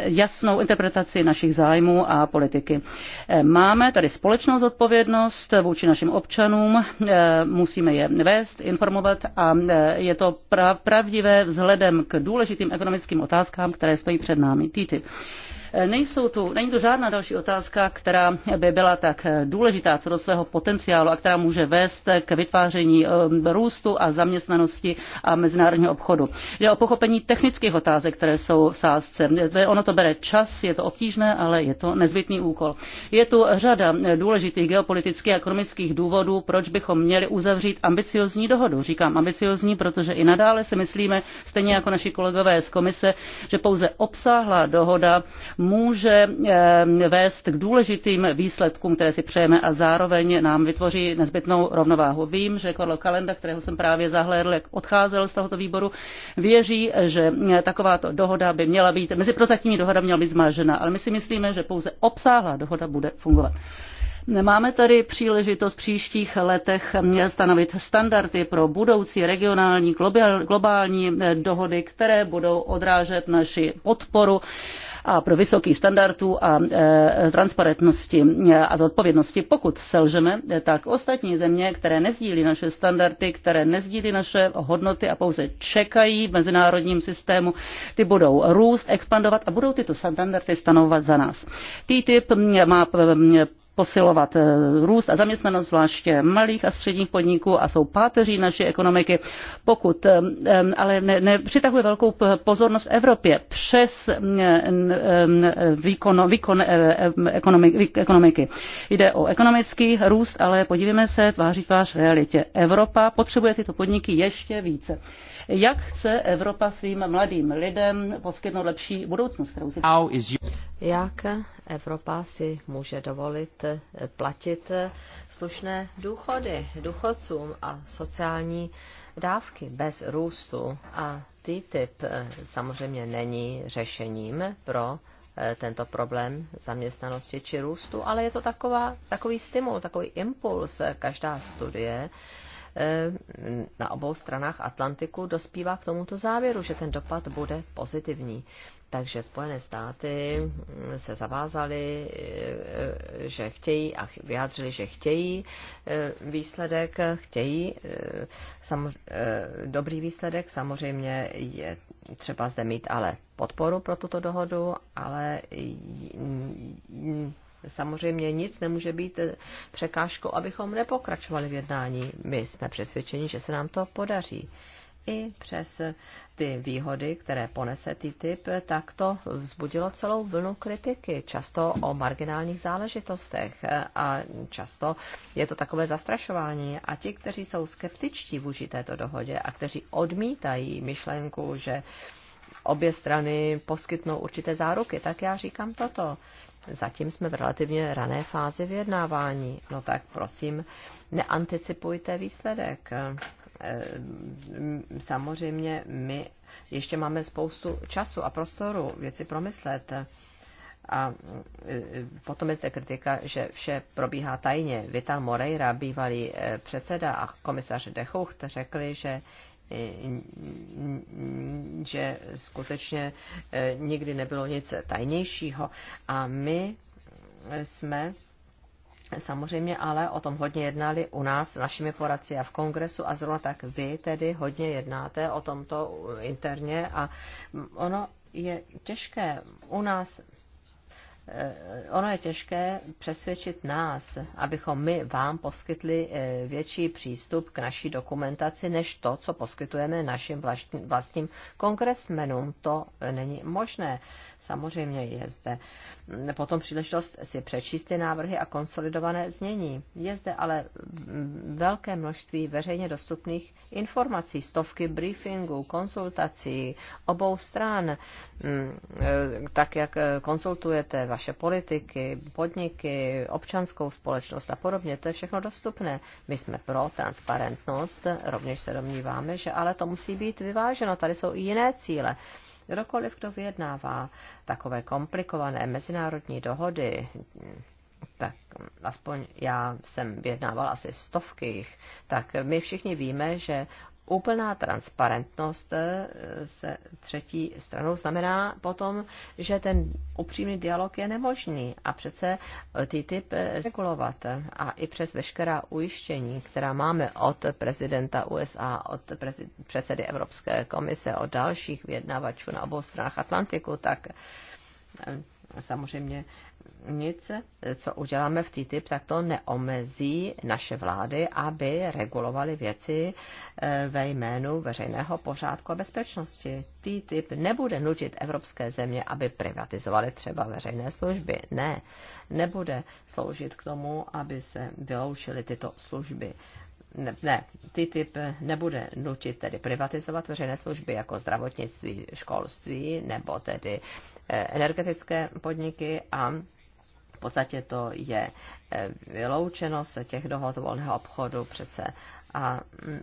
jasnou interpretaci našich zájmů a politiky. Máme tady společnou zodpovědnost vůči našim občanům, eh, musíme je vést, informovat a eh, je to pravdivé vzhledem k důležitým ekonomickým otázkám, které stojí před námi. TTIP. Nejsou tu, není tu žádná další otázka, která by byla tak důležitá co do svého potenciálu a která může vést k vytváření eh, růstu a zaměstnanosti a mezinárodního obchodu. Jde o pochopení technických otázek, které jsou v sázce. Eh, ono to bere čas, je to obtížné, ale je to nezbytný úkol. Je tu řada důležitých geopolitických a ekonomických důvodů, proč bychom měli uzavřít ambiciozní dohodu. Říkám ambiciozní, protože i nadále si myslíme, stejně jako naši kolegové z komise, že pouze obsáhlá dohoda může eh, vést k důležitým výsledkům, které si přejeme a zároveň nám vytvoří nezbytnou rovnováhu. Vím, že Karlo Kalenda, kterého jsem právě zahlédl, jak odcházel z tohoto výboru, věří, že eh, takováto dohoda by měla být, mezi prozatímní dohoda měla být zmážena, ale my si myslíme, že pouze obsáhlá dohoda bude fungovat. Máme tady příležitost v příštích letech eh, stanovit standardy pro budoucí regionální globální dohody, které budou odrážet naši podporu a pro vysoký standardů a e, transparentnosti a zodpovědnosti. Pokud selžeme, tak ostatní země, které nezdílí naše standardy, které nezdílí naše hodnoty a pouze čekají v mezinárodním systému, ty budou růst, expandovat a budou tyto standardy stanovovat za nás. TTIP má posilovat eh, růst a zaměstnanost zvláště malých a středních podniků a jsou páteří naší ekonomiky. Pokud eh, eh, ale ne, ne přitahuje velkou pozornost v Evropě přes výkon, výkon ekonomiky. Jde o ekonomický růst, ale podívejme se tváří tvář realitě. Evropa potřebuje tyto podniky ještě více jak chce Evropa svým mladým lidem poskytnout lepší budoucnost, kterou si... Jak Evropa si může dovolit platit slušné důchody důchodcům a sociální dávky bez růstu a TTIP eh, samozřejmě není řešením pro eh, tento problém zaměstnanosti či růstu, ale je to taková, takový stimul, takový impuls. Každá studie Eh, na obou stranách Atlantiku dospívá k tomuto závěru, že ten dopad bude pozitivní. Takže Spojené státy hm, se zavázaly, eh, že chtějí a vyjádřili, že chtějí eh, výsledek, chtějí dobrý výsledek. Samozřejmě je třeba zde mít ale podporu pro tuto dohodu, ale samozřejmě nic nemůže být eh, překážkou, abychom nepokračovali v jednání. My jsme přesvědčeni, že se nám to podaří. I přes ty výhody, které ponese TTIP, tak to vzbudilo celou vlnu kritiky, často o marginálních záležitostech a často je to takové zastrašování. A ti, kteří jsou skeptičtí vůči této dohodě a kteří odmítají myšlenku, že obě strany poskytnou určité záruky, tak já říkám toto zatím jsme v relativně rané fázi vyjednávání. No tak prosím, neanticipujte výsledek. E, samozřejmě my ještě máme spoustu času a prostoru věci promyslet. A e, potom je zde kritika, že vše probíhá tajně. Vital Moreira, bývalý e, předseda a komisař Dechucht, řekli, že že skutečně e, nikdy nebylo nic tajnějšího. A my jsme samozřejmě ale o tom hodně jednali u nás našimi poradci a v kongresu a zrovna tak vy tedy hodně jednáte o tomto interně a ono je těžké u nás Eh, ono je těžké přesvědčit nás, abychom my vám poskytli eh, větší přístup k naší dokumentaci, než to, co poskytujeme našim vlastním kongresmenům. To není možné. Samozřejmě je zde potom příležitost si přečíst ty návrhy a konsolidované znění. Je zde ale velké množství veřejně dostupných informací, stovky briefingů, konzultací obou stran, mm, e, tak jak konzultujete vaše politiky, podniky, občanskou společnost a podobně. To je všechno dostupné. My jsme pro transparentnost, rovněž se domníváme, že ale to musí být vyváženo. Tady jsou i jiné cíle. Kdokoliv, kdo vyjednává takové komplikované mezinárodní dohody, tak aspoň já jsem vyjednával asi stovky jich, tak my všichni víme, že úplná transparentnost eh, se třetí stranou znamená potom, že ten upřímný dialog je nemožný a přece eh, TTIP regulovat eh, a i přes veškerá ujištění, která máme od prezidenta USA, od předsedy Evropské komise, od dalších vyjednavačů na obou stranách Atlantiku, tak samozřejmě nic, co uděláme v TTIP, tak to neomezí naše vlády, aby regulovaly věci eh, ve jménu veřejného pořádku a bezpečnosti. TTIP nebude nutit evropské země, aby privatizovaly třeba veřejné služby. Ne, nebude sloužit k tomu, aby se vyloučily tyto služby ne, ne, TTIP nebude nutit tedy privatizovat veřejné služby jako zdravotnictví, školství nebo tedy Eh, energetické podniky a v podstatě to je eh, vyloučeno z těch dohod volného obchodu přece a mm,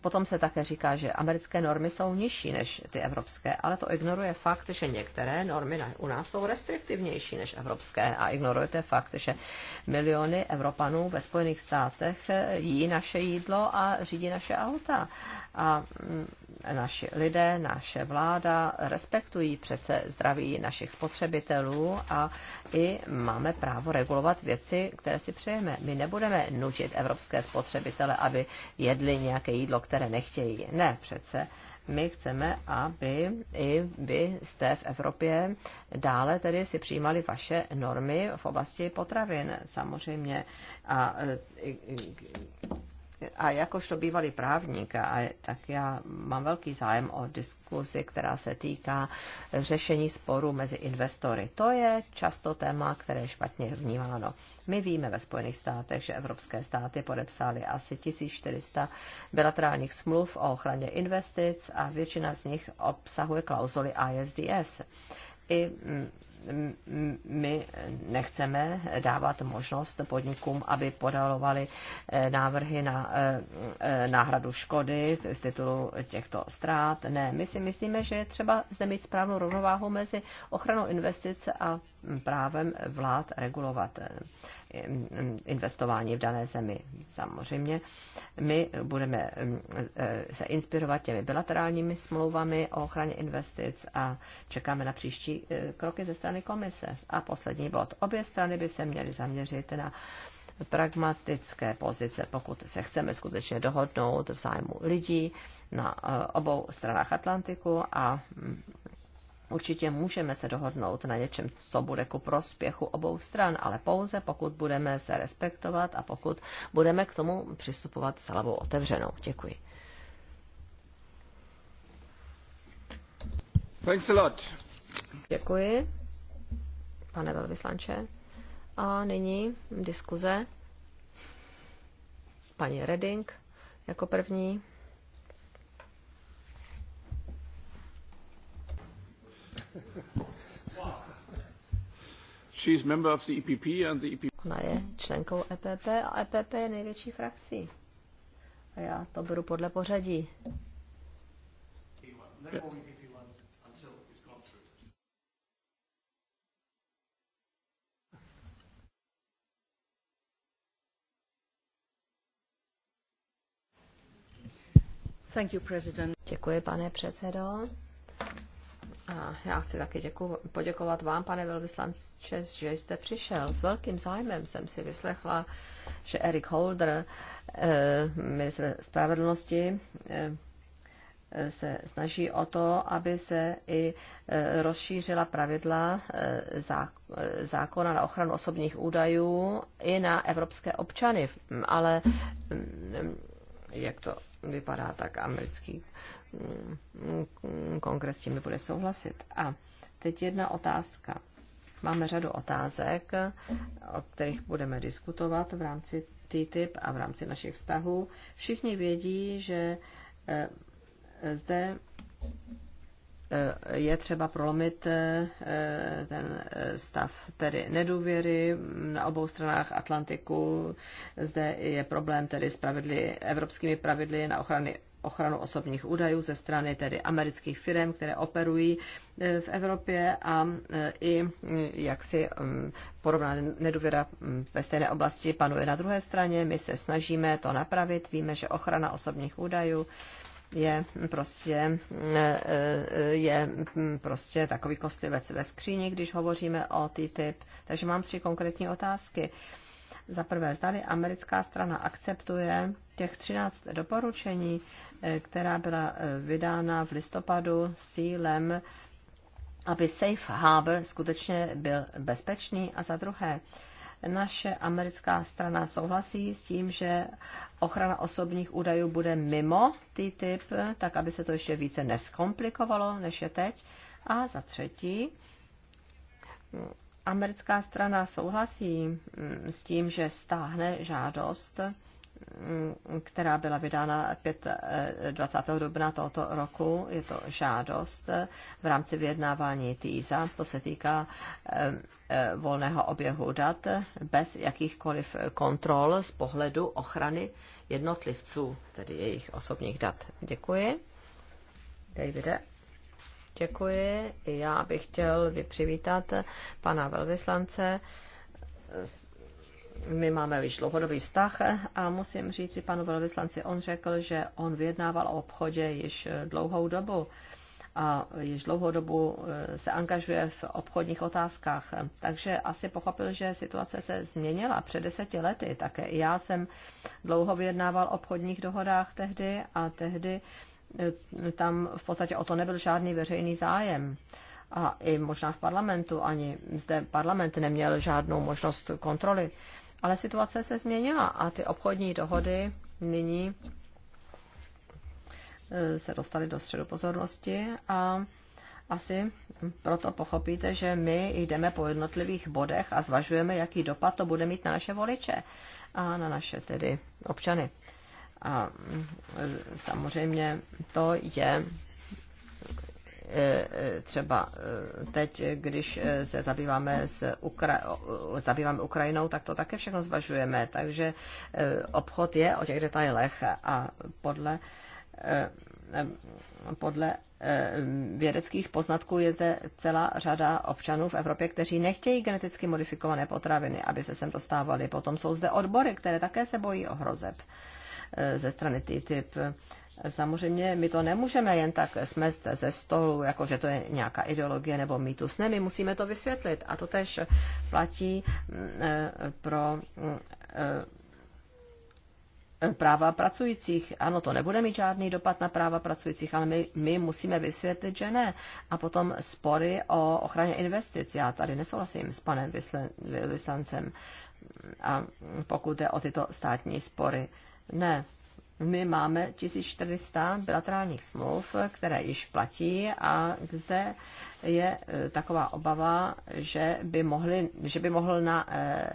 potom se také říká, že americké normy jsou nižší než ty evropské, ale to ignoruje fakt, že některé normy u nás jsou restriktivnější než evropské a ignorujete fakt, že miliony Evropanů ve Spojených státech eh, jí naše jídlo a řídí naše auta. A mm, naši lidé, naše vláda respektují přece zdraví našich spotřebitelů a i máme právo regulovat věci, které si přejeme. My nebudeme nutit evropské spotřebitele, aby jedli nějaké jídlo, které nechtějí. Ne, přece my chceme, aby i vy jste v Evropě dále tedy si přijímali vaše normy v oblasti potravin samozřejmě. A e, e, a jakožto bývalý právník, a tak já mám velký zájem o diskuzi, která se týká řešení sporů mezi investory. To je často téma, které je špatně vnímáno. My víme ve Spojených státech, že evropské státy podepsaly asi 1400 bilaterálních smluv o ochraně investic a většina z nich obsahuje klauzuly ISDS. I my nechceme dávat možnost podnikům, aby podalovali eh, návrhy na eh, eh, náhradu škody z titulu těchto ztrát. Ne, my si myslíme, že je třeba zde mít správnou rovnováhu mezi ochranou investice a právem vlád regulovat investování v dané zemi. Samozřejmě my budeme mm, se inspirovat těmi bilaterálními smlouvami o ochraně investic a čekáme na příští kroky ze strany strany komise. A poslední bod. Obě strany by se měly zaměřit na pragmatické pozice, pokud se chceme skutečně dohodnout v zájmu lidí na eh, obou stranách Atlantiku a mm, Určitě můžeme se dohodnout na něčem, co bude ku prospěchu obou stran, ale pouze pokud budeme se respektovat a pokud budeme k tomu přistupovat s hlavou otevřenou. Děkuji. Thanks a lot. Děkuji pane velvyslanče. A nyní diskuze. Paní Reding jako první. She's member of the EPP and the EPP. Ona je členkou EPP a EPP je největší frakcí. A já to beru podle pořadí. Yeah. Thank you, President. Děkuji, pane předsedo. A já chci taky děku, poděkovat vám, pane velvyslanče, že jste přišel. S velkým zájmem jsem si vyslechla, že Erik Holder, eh, ministr spravedlnosti, eh, se snaží o to, aby se i eh, rozšířila pravidla zákona na ochranu osobních údajů i na evropské občany. Ale mm, jak to vypadá tak americký mm, kongres tím bude souhlasit. A teď jedna otázka. Máme řadu otázek, o kterých budeme diskutovat v rámci TTIP a v rámci našich vztahů. Všichni vědí, že eh, zde Eh, je třeba prolomit eh, eh, ten stav tedy nedůvěry na obou stranách Atlantiku. Zde je problém tedy s pravidly, evropskými pravidly na ochrany ochranu osobních údajů ze strany tedy amerických firm, které operují v Evropě a i jak si mm, porovná nedůvěra mm, ve stejné oblasti panuje na druhé straně. My se snažíme to napravit. Víme, že ochrana osobních údajů je prostě, je prostě takový kostlivec ve skříni, když hovoříme o TTIP. Takže mám tři konkrétní otázky. Za prvé, zdali americká strana akceptuje těch 13 doporučení, která byla vydána v listopadu s cílem, aby Safe Harbor skutečně byl bezpečný. A za druhé, naše americká strana souhlasí s tím, že ochrana osobních údajů bude mimo TTIP, tak aby se to ještě více neskomplikovalo, než je teď. A za třetí, americká strana souhlasí mm, s tím, že stáhne žádost Mm, která byla vydána 20. Eh, dubna tohoto roku. Je to žádost eh, v rámci vyjednávání TISA. To se týká eh, volného oběhu dat bez jakýchkoliv kontrol z pohledu ochrany jednotlivců, tedy jejich osobních dat. Děkuji. Davide. Děkuji. Já bych chtěl vypřivítat pana velvyslance z my máme již dlouhodobý vztah a musím říct si panu velvyslanci, on řekl, že on vyjednával o obchodě již dlouhou dobu a již dlouhou dobu eh, se angažuje v obchodních otázkách. Takže asi pochopil, že situace se změnila před deseti lety také. já jsem dlouho vyjednával o obchodních dohodách tehdy a tehdy eh, tam v podstatě o to nebyl žádný veřejný zájem a i možná v parlamentu, ani zde parlament neměl žádnou možnost kontroly. Ale situace se změnila a ty obchodní dohody nyní e, se dostaly do středu pozornosti a asi proto pochopíte, že my jdeme po jednotlivých bodech a zvažujeme, jaký dopad to bude mít na naše voliče a na naše tedy občany. A e, samozřejmě to je E, e, třeba e, teď, když se zabýváme, s Ukra- zabýváme Ukrajinou, tak to také všechno zvažujeme. Takže obchod je o těch detailech a podle podle vědeckých poznatků je zde celá řada občanů v Evropě, kteří nechtějí geneticky modifikované potraviny, aby se sem dostávali. Potom jsou zde odbory, které také se bojí o hrozeb ze strany TTIP. typ Samozřejmě my to nemůžeme jen tak smést ze stolu, jako že to je nějaká ideologie nebo mýtus. Ne, my musíme to vysvětlit. A to tež platí mm, e, pro mm, e, práva pracujících. Ano, to nebude mít žádný dopad na práva pracujících, ale my, my musíme vysvětlit, že ne. A potom spory o ochraně investic. Já tady nesouhlasím s panem vyslancem, a pokud je o tyto státní spory. Ne, my máme 1400 bilaterálních smluv, které již platí a kde je e, taková obava, že by, mohli, že by mohl na, e,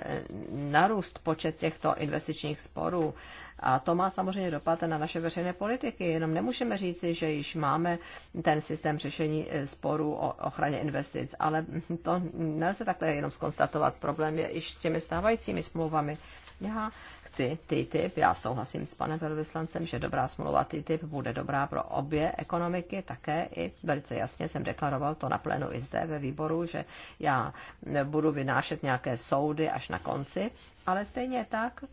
narůst počet těchto investičních sporů. A to má samozřejmě dopad na naše veřejné politiky. Jenom nemůžeme říci, že již máme ten systém řešení e, sporů o ochraně investic, ale to nelze takhle jenom skonstatovat. Problém je i s těmi stávajícími smlouvami. Já chci TTIP, já souhlasím s panem velvyslancem, že dobrá smlouva TTIP bude dobrá pro obě ekonomiky, také i velice jasně jsem deklaroval to na plénu i zde ve výboru, že já budu vynášet nějaké soudy až na konci, ale stejně tak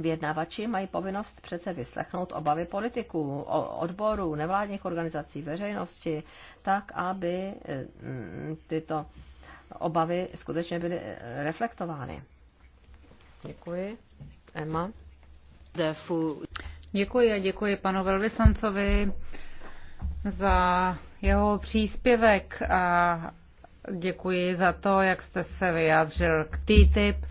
Vyjednavači mají povinnost přece vyslechnout obavy politiků, odborů, nevládních organizací, veřejnosti, tak, aby eh, tyto obavy skutečně byly eh, reflektovány. Děkuji. Emma. Děkuji a děkuji panu velvyslancovi za jeho příspěvek a děkuji za to, jak jste se vyjádřil k TTIP.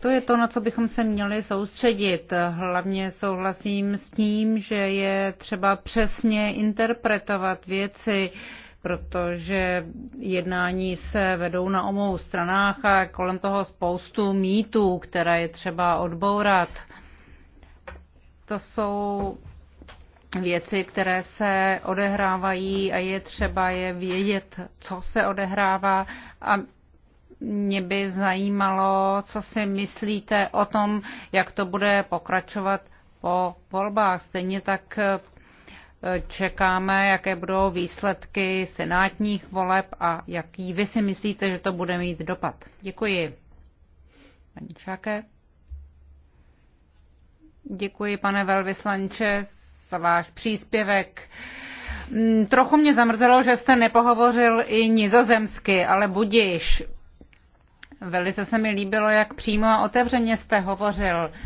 To je to, na co bychom se měli soustředit. Hlavně souhlasím s tím, že je třeba přesně interpretovat věci, protože jednání se vedou na omou stranách a kolem toho spoustu mýtů, které je třeba odbourat. To jsou věci, které se odehrávají a je třeba je vědět, co se odehrává a mě by zajímalo, co si myslíte o tom, jak to bude pokračovat po volbách. Stejně tak Čekáme, jaké budou výsledky senátních voleb a jaký vy si myslíte, že to bude mít dopad. Děkuji. Paní Čáke. Děkuji, pane velvyslanče, za váš příspěvek. Mm, trochu mě zamrzelo, že jste nepohovořil i nizozemsky, ale budíš. Velice se mi líbilo, jak přímo a otevřeně jste hovořil. Uh,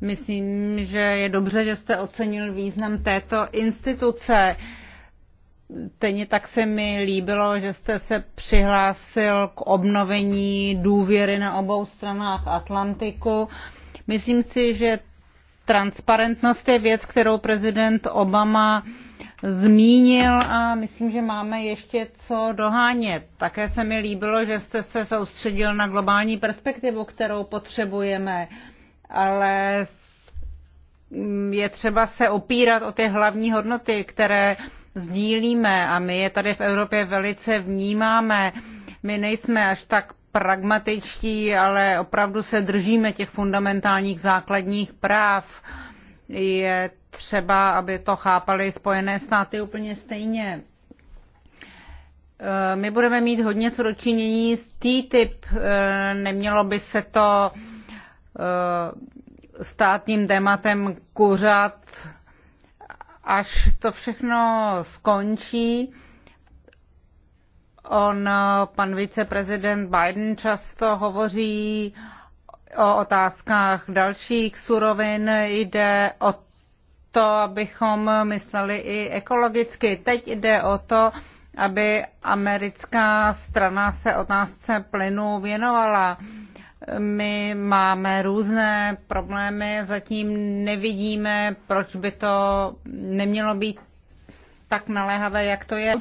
Myslím, že je dobře, že jste ocenil význam této instituce. Stejně tak se mi líbilo, že jste se přihlásil k obnovení důvěry na obou stranách Atlantiku. Myslím si, že transparentnost je věc, kterou prezident Obama zmínil a myslím, že máme ještě co dohánět. Také se mi líbilo, že jste se soustředil na globální perspektivu, kterou potřebujeme ale je třeba se opírat o ty hlavní hodnoty, které sdílíme a my je tady v Evropě velice vnímáme. My nejsme až tak pragmatičtí, ale opravdu se držíme těch fundamentálních základních práv. Je třeba, aby to chápali Spojené státy úplně stejně. E, my budeme mít hodně co dočinění s TTIP. E, nemělo by se to Eh, státním tématem kuřat, až to všechno skončí. On, pan viceprezident Biden, často hovoří o otázkách dalších surovin. Jde o to, abychom mysleli i ekologicky. Teď jde o to, aby americká strana se otázce plynu věnovala. Uh, my máme různé problémy, zatím nevidíme, proč by to nemělo být tak naléhavé, jak to je.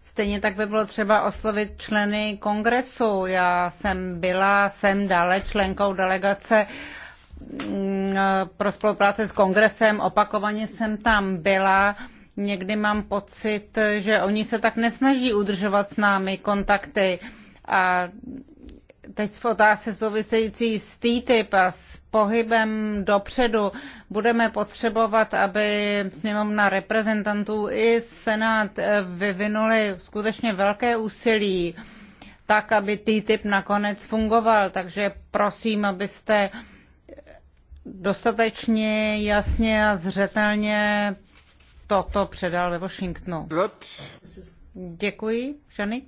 Stejně tak by bylo třeba oslovit členy kongresu. Já jsem byla, jsem dále členkou delegace mm, pro spolupráci s kongresem, opakovaně jsem tam byla. Někdy mám pocit, že oni se tak nesnaží udržovat s námi kontakty. A teď v otázce související s TTIP a s pohybem dopředu budeme potřebovat, aby sněmovna reprezentantů i senát eh, vyvinuli skutečně velké úsilí tak, aby TTIP nakonec fungoval. Takže prosím, abyste dostatečně jasně a zřetelně toto předal ve Washingtonu. Děkuji, Žany.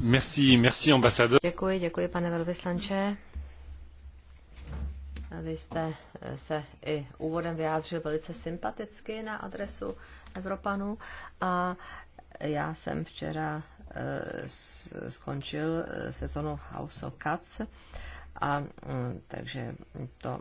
Merci, merci, ambassadeur. Děkuji, děkuji, pane velvyslanče. Vy jste eh, se i úvodem vyjádřil velice sympaticky na adresu Evropanů a já jsem včera eh, skončil eh, sezonu House of Cuts, a mm, takže to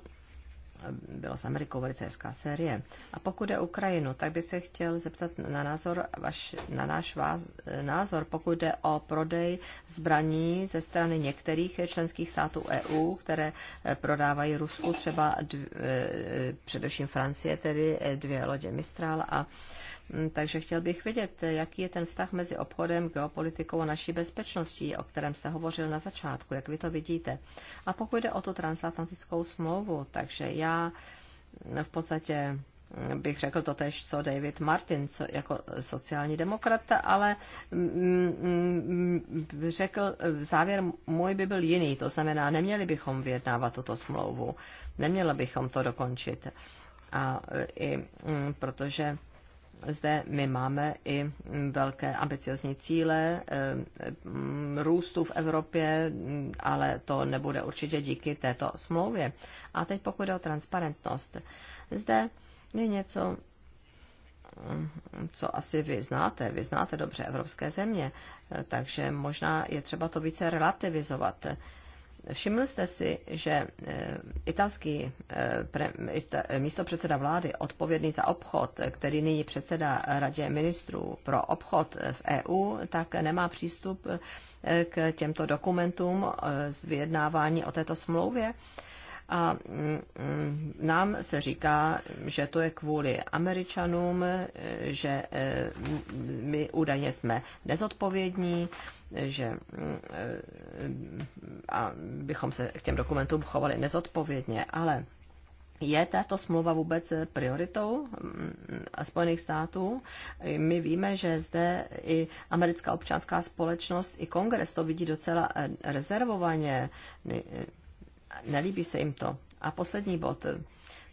bylo s Amerikou velice hezká série. A pokud je Ukrajinu, tak bych se chtěl zeptat na, názor, vaš, na náš vás, názor, pokud jde o prodej zbraní ze strany některých členských států EU, které eh, prodávají Rusku, třeba dv, eh, především Francie, tedy eh, dvě lodě Mistral a Hm, takže chtěl bych vědět, jaký je ten vztah mezi obchodem, geopolitikou a naší bezpečností, o kterém jste hovořil na začátku, jak vy to vidíte. A pokud jde o tu transatlantickou smlouvu, takže já hm, v podstatě hm, bych řekl to tež, co David Martin, co, jako sociální demokrat, ale mm, mm, řekl, závěr můj by byl jiný, to znamená, neměli bychom vyjednávat tuto smlouvu, neměli bychom to dokončit. A i mm, protože zde my máme i velké ambiciozní cíle eh, růstu v Evropě, ale to nebude určitě díky této smlouvě. A teď pokud jde o transparentnost. Zde je něco, eh, co asi vy znáte, vy znáte dobře evropské země, eh, takže možná je třeba to více relativizovat. Všiml jste si, že eh, italský eh, eh, místo předseda vlády, odpovědný za obchod, který nyní předseda Radě ministrů pro obchod v EU, tak nemá přístup k těmto dokumentům z vyjednávání o této smlouvě? A mm, mm, nám se říká, že to je kvůli Američanům, že e, my údajně jsme nezodpovědní, že mm, e, a bychom se k těm dokumentům chovali nezodpovědně, ale je tato smlouva vůbec prioritou Spojených států? My víme, že zde i americká občanská společnost, i kongres to vidí docela rezervovaně. Nelíbí se jim to. A poslední bod.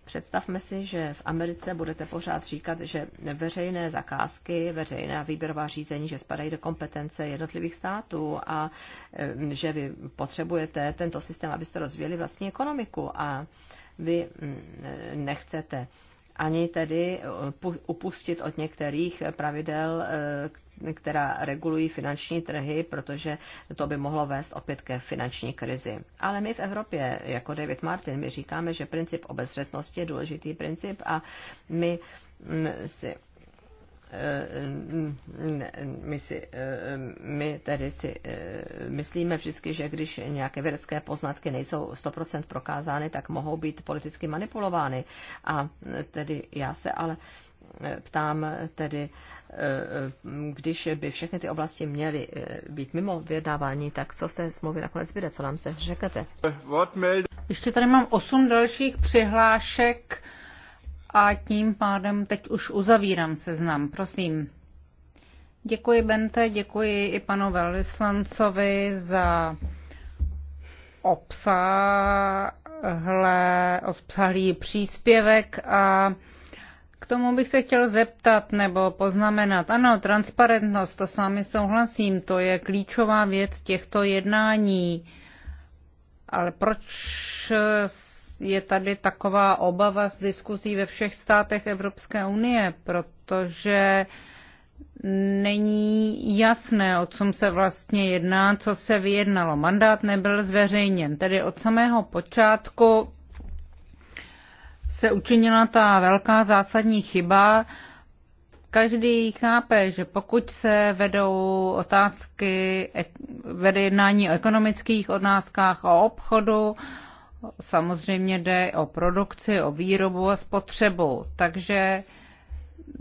Představme si, že v Americe budete pořád říkat, že veřejné zakázky, veřejná výběrová řízení, že spadají do kompetence jednotlivých států a e, že vy potřebujete tento systém, abyste rozvíjeli vlastní ekonomiku a vy mm, e, nechcete ani tedy eh, upustit od některých eh, pravidel, eh, která regulují finanční trhy, protože to by mohlo vést opět ke finanční krizi. Ale my v Evropě, jako David Martin, my říkáme, že princip obezřetnosti je důležitý princip a my mm, si Eh, eh, my, si, eh, my tedy si myslíme vždycky, že když nějaké vědecké poznatky nejsou 100% prokázány, tak mohou být politicky manipulovány. A tedy já se ale ptám tedy, když by všechny ty oblasti měly být mimo vyjednávání, tak co se smlouvy nakonec vyjde, co nám se řeknete? Ještě tady mám osm dalších přihlášek a tím pádem teď už uzavírám seznam, prosím. Děkuji Bente, děkuji i panu velvyslancovi za obsáhlé, obsáhlý příspěvek a k tomu bych se chtěl zeptat nebo poznamenat. Ano, transparentnost, to s vámi souhlasím, to je klíčová věc těchto jednání. Ale proč je tady taková obava z diskuzí ve všech státech Evropské unie, protože není jasné, o čem se vlastně jedná, co se vyjednalo. Mandát nebyl zveřejněn, tedy od samého počátku se učinila ta velká zásadní chyba. Každý chápe, že pokud se vedou otázky, vede jednání o ekonomických otázkách, o obchodu, Samozřejmě jde o produkci, o výrobu a spotřebu. Takže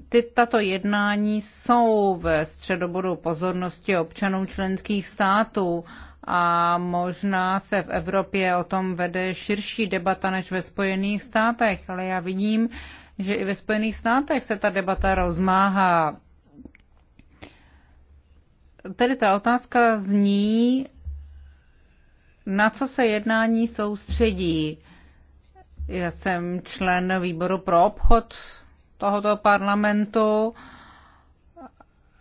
ty, tato jednání jsou ve středobodu pozornosti občanů členských států a možná se v Evropě o tom vede širší debata než ve Spojených státech, ale já vidím, že i ve Spojených státech se ta debata rozmáhá. Tedy ta otázka zní, na co se jednání soustředí. Já jsem člen výboru pro obchod tohoto parlamentu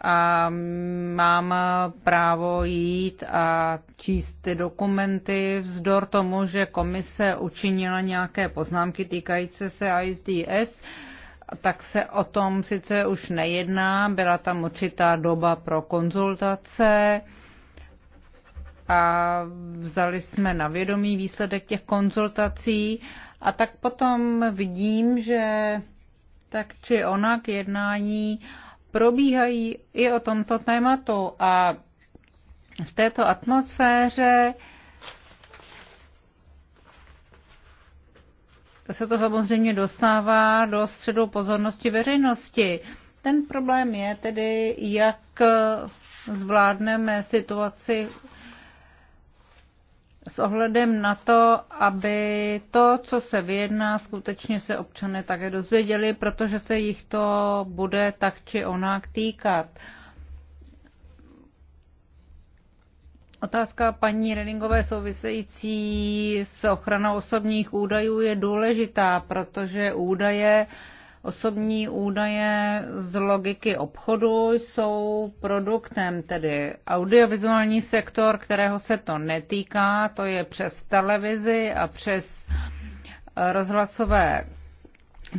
a mám právo jít a číst ty dokumenty vzdor tomu, že komise učinila nějaké poznámky týkající se ISDS, tak se o tom sice už nejedná, byla tam určitá doba pro konzultace, a vzali jsme na vědomí výsledek těch konzultací a tak potom vidím, že tak či onak jednání probíhají i o tomto tématu a v této atmosféře se to samozřejmě dostává do středu pozornosti veřejnosti. Ten problém je tedy, jak zvládneme situaci s ohledem na to, aby to, co se vyjedná, skutečně se občané také dozvěděli, protože se jich to bude tak či onak týkat. Otázka paní Redingové související s ochranou osobních údajů je důležitá, protože údaje uh, Osobní údaje z logiky obchodu jsou produktem, tedy audiovizuální sektor, kterého se to netýká, to je přes televizi a přes eh, rozhlasové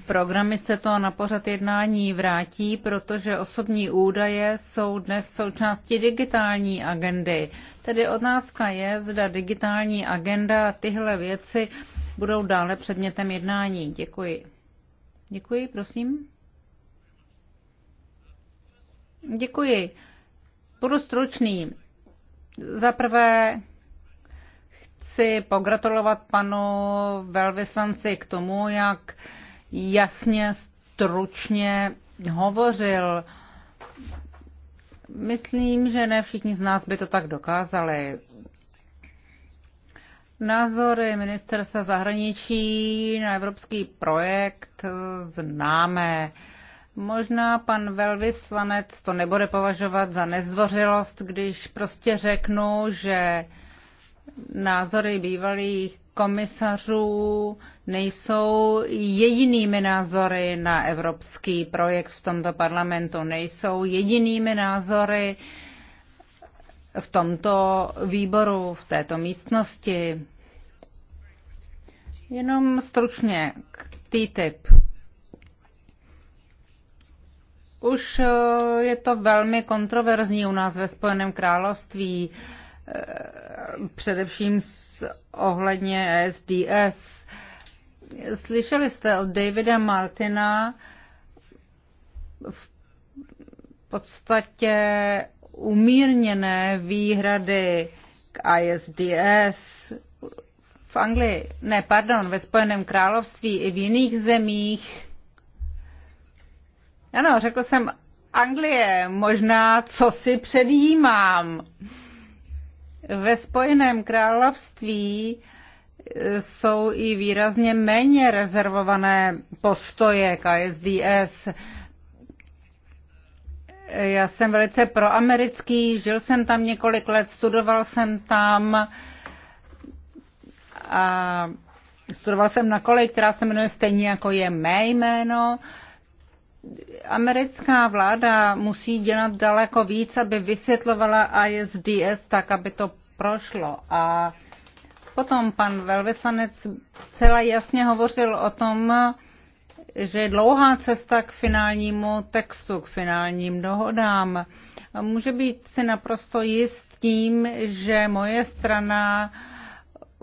programy se to na pořad jednání vrátí, protože osobní údaje jsou dnes součástí digitální agendy. Tedy otázka je, zda digitální agenda a tyhle věci budou dále předmětem jednání. Děkuji. Děkuji, prosím. Děkuji. Budu stručný. Za prvé chci pogratulovat panu velvyslanci k tomu, jak jasně, stručně hovořil. Myslím, že ne všichni z nás by to tak dokázali. Názory ministerstva zahraničí na evropský projekt známe. Možná pan velvyslanec to nebude považovat za nezdvořilost, když prostě řeknu, že názory bývalých komisařů nejsou jedinými názory na evropský projekt v tomto parlamentu, nejsou jedinými názory uh, v tomto výboru, v této místnosti. Jenom stručně k TTIP. Už eh, je to velmi kontroverzní u nás ve Spojeném království, eh, především ohledně SDS. Slyšeli jste od Davida Martina v podstatě umírněné výhrady k ISDS v Anglii, ne, pardon, ve Spojeném království i v jiných zemích. Ano, řekl jsem Anglie, možná co si předjímám. Ve Spojeném království eh, jsou i výrazně méně rezervované postoje k ISDS já jsem velice proamerický, žil jsem tam několik let, studoval jsem tam a studoval jsem na koleji, která se jmenuje stejně jako je mé jméno. Americká vláda musí dělat daleko víc, aby vysvětlovala ISDS tak, aby to prošlo. A potom pan velvyslanec celá jasně hovořil o tom, že je dlouhá cesta k finálnímu textu, k finálním dohodám. Může být si naprosto jist tím, že moje strana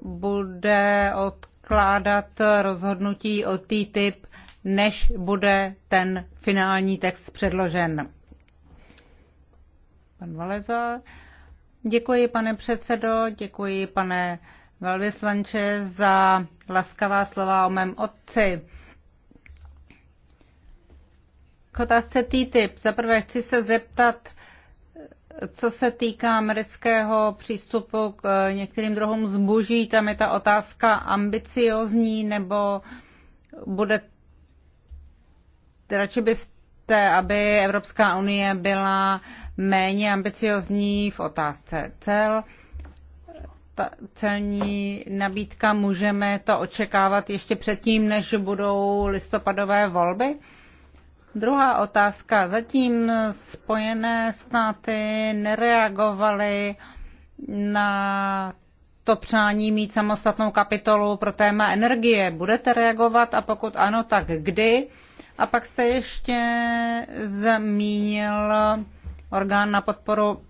bude odkládat rozhodnutí o TTIP, než bude ten finální text předložen. Pan Valeza. Děkuji, pane předsedo, děkuji, pane velvyslanče, za laskavá slova o mém otci. K otázce TTIP. Zaprvé chci se zeptat, co se týká amerického přístupu k eh, některým druhům zboží, tam je ta otázka ambiciozní, nebo bude radši byste, aby Evropská unie byla méně ambiciozní v otázce cel. Ta celní nabídka, můžeme to očekávat ještě předtím, než budou listopadové volby? Druhá otázka. Zatím Spojené státy nereagovaly na to přání mít samostatnou kapitolu pro téma energie. Budete reagovat a pokud ano, tak kdy? A pak jste ještě zmínil orgán na podporu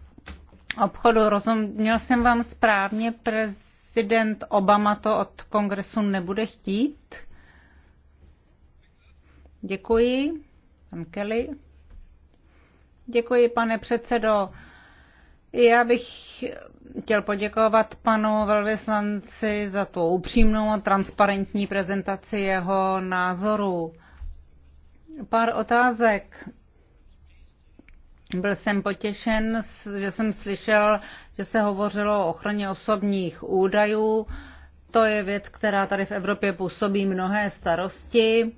obchodu. Rozuměl jsem vám správně, prezident Obama to od kongresu nebude chtít? Děkuji. Pan Kelly. Děkuji, pane předsedo. Já bych chtěl poděkovat panu velvyslanci za tu upřímnou a transparentní prezentaci jeho názoru. Pár otázek. Byl jsem potěšen, že jsem slyšel, že se hovořilo o ochraně osobních údajů. To je věc, která tady v Evropě působí mnohé starosti.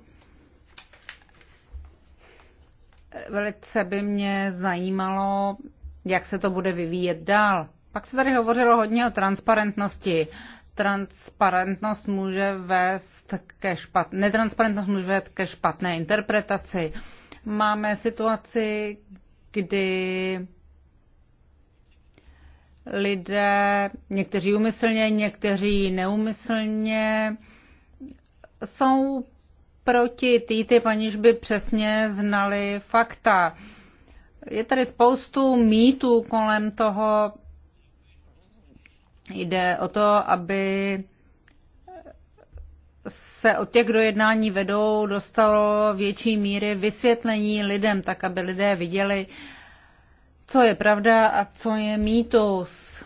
Velice by mě zajímalo, jak se to bude vyvíjet dál. Pak se tady hovořilo hodně o transparentnosti. Transparentnost může vést ke špat... Netransparentnost může vést ke špatné interpretaci. Máme situaci, kdy lidé, někteří umyslně, někteří neumyslně, jsou proti TTIP, aniž by přesně znali fakta. Je tady spoustu mýtů kolem toho. Jde o to, aby se od těch, kdo jednání vedou, dostalo větší míry vysvětlení lidem, tak aby lidé viděli, co je pravda a co je mýtus.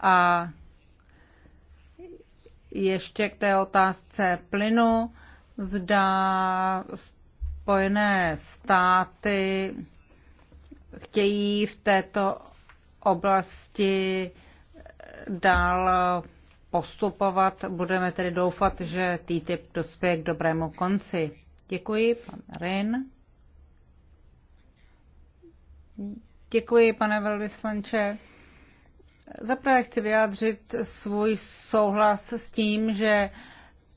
A ještě k té otázce plynu zda Spojené státy chtějí v této oblasti dál postupovat. Budeme tedy doufat, že TTIP dospěje k dobrému konci. Děkuji, pan Rin. Děkuji, pane velvyslanče. Zaprvé chci vyjádřit svůj souhlas s tím, že uh,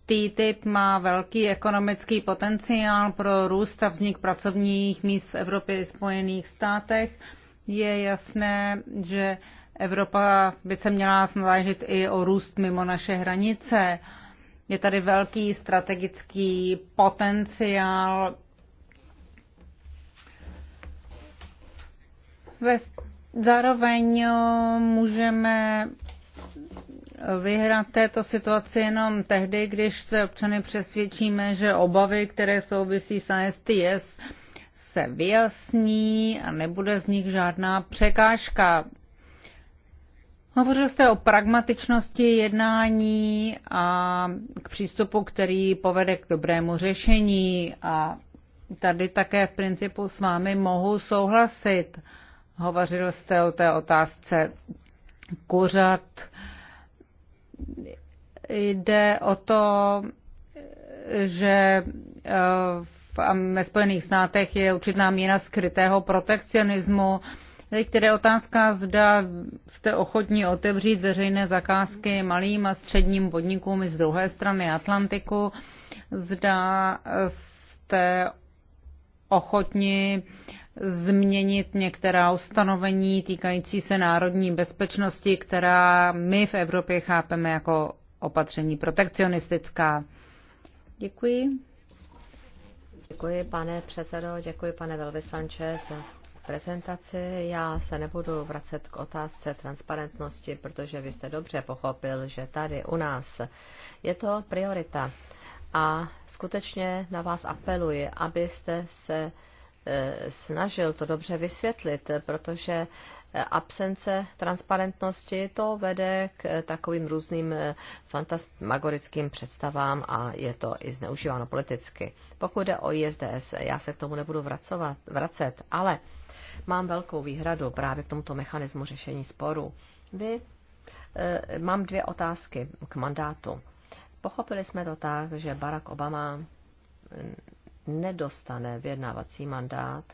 TTIP má velký ekonomický potenciál pro růst a vznik pracovních míst v Evropě i Spojených státech. Je jasné, že Evropa by se měla snažit i o růst mimo naše hranice. Je tady velký strategický potenciál Zároveň eh, můžeme vyhrát této situaci jenom tehdy, když své občany přesvědčíme, že obavy, které souvisí s ASTS, se vyjasní a nebude z nich žádná překážka. Hovořil jste o pragmatičnosti jednání a k přístupu, který povede k dobrému řešení a tady také v principu s vámi mohu souhlasit. Hovořil jste o té otázce kuřat, jde o to, že eh, v Spojených státech je určitá míra skrytého protekcionismu. Teď tedy otázka, zda jste ochotní otevřít veřejné zakázky malým a středním podnikům i z druhé strany Atlantiku. Zda jste ochotni změnit některá ustanovení týkající se národní bezpečnosti, která my v Evropě chápeme jako opatření protekcionistická. Děkuji. Děkuji, pane předsedo, děkuji, pane velvyslanče, za prezentaci. Já se nebudu vracet k otázce transparentnosti, protože vy jste dobře pochopil, že tady u nás je to priorita. A skutečně na vás apeluji, abyste se Eh, snažil to dobře vysvětlit, protože eh, absence transparentnosti to vede k eh, takovým různým fantasmagorickým představám a je to i zneužíváno politicky. Pokud jde o ISDS, já se k tomu nebudu vracovat, vracet, ale mám velkou výhradu právě k tomuto mechanismu řešení sporu. Vy, e, mám dvě otázky k mandátu. Pochopili jsme to tak, že Barack Obama nedostane vyjednávací mandát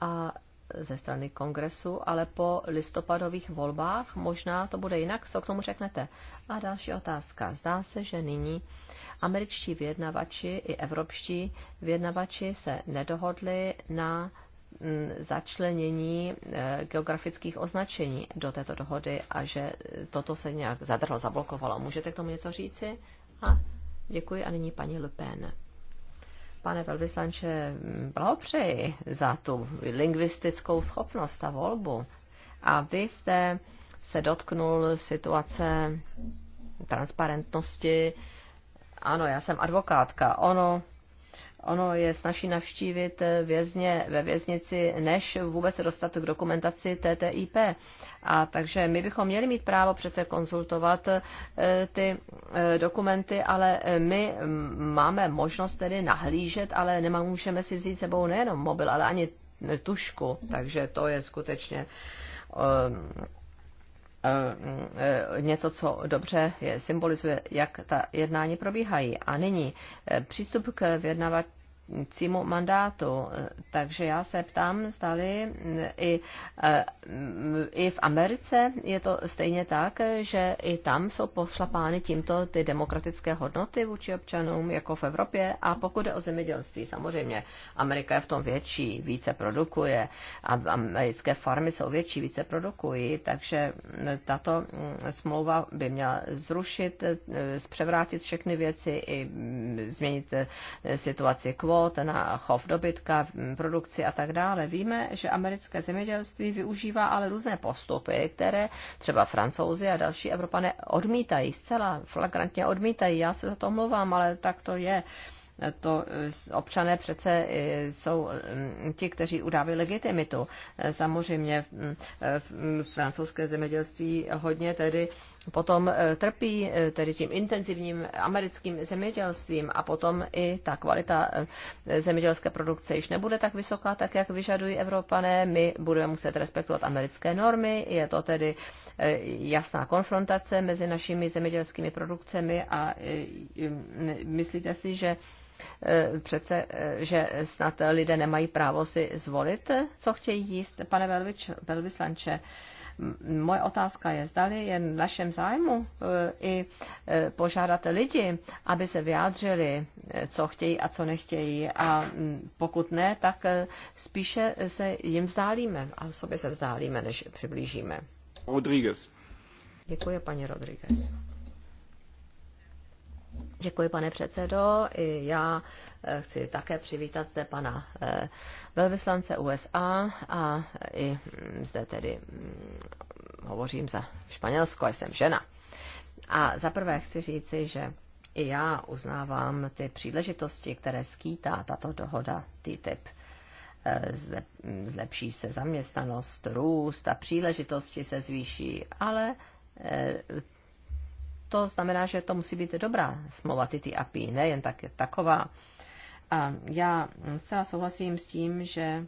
a ze strany kongresu, ale po listopadových volbách možná to bude jinak. Co k tomu řeknete? A další otázka. Zdá se, že nyní američtí vyjednavači i evropští vyjednavači se nedohodli na mm, začlenění e, geografických označení do této dohody a že toto se nějak zadrhlo, zablokovalo. Můžete k tomu něco říci? A děkuji a nyní paní Le Pen pane velvyslanče, blahopřeji za tu lingvistickou schopnost a volbu. A vy jste se dotknul situace transparentnosti. Ano, já jsem advokátka. Ono ono je snaží navštívit eh, vězně ve věznici, než vůbec dostat k dokumentaci TTIP. A takže my bychom měli mít právo přece konzultovat eh, ty eh, dokumenty, ale my mm, máme možnost tedy nahlížet, ale nemůžeme si vzít sebou nejenom mobil, ale ani tušku, takže to je skutečně Eh, eh, něco, co dobře symbolizuje, jak ta jednání probíhají. A nyní eh, přístup k vyjednavač címu mandátu. Takže já se ptám, stali i, i v Americe je to stejně tak, že i tam jsou pošlapány tímto ty demokratické hodnoty vůči občanům, jako v Evropě. A pokud je o zemědělství, samozřejmě Amerika je v tom větší, více produkuje. A americké farmy jsou větší, více produkují. Takže tato smlouva by měla zrušit, převrátit všechny věci i změnit eh, situaci kvůli kvót na chov dobytka, produkci a tak dále. Víme, že americké zemědělství využívá ale různé postupy, které třeba francouzi a další Evropané odmítají, zcela flagrantně odmítají. Já se za to mluvám, ale tak to je to eh, občané přece eh, jsou mm, ti, kteří udávají legitimitu. Eh, samozřejmě mm, mm, francouzské zemědělství hodně tedy potom e, trpí e, tedy tím intenzivním americkým zemědělstvím a potom i ta kvalita e, zemědělské produkce již nebude tak vysoká, tak jak vyžadují Evropané. My budeme muset respektovat americké normy, je to tedy jasná konfrontace mezi našimi zemědělskými produkcemi a myslíte si, že přece, že snad lidé nemají právo si zvolit, co chtějí jíst. Pane velvyslanče, Moje otázka je, zdali je v našem zájmu e, i e, požádat lidi, aby se vyjádřili, e, co chtějí a co nechtějí. A pokud ne, tak spíše se jim vzdálíme a sobě se vzdálíme, než přiblížíme. Rodriguez. Děkuji, paní Rodriguez. Děkuji, pane předsedo. I já eh, chci také přivítat zde pana eh, velvyslance USA a eh, i mm, zde tedy mm, hovořím za Španělsko, jsem žena. A zaprvé chci říci, že i já uznávám ty příležitosti, které skýtá tato dohoda TTIP. Mm, zlepší se zaměstnanost, růst a příležitosti se zvýší, ale to znamená, že to musí být dobrá smlouva TTIP, ne jen tak, taková. A já zcela souhlasím s tím, že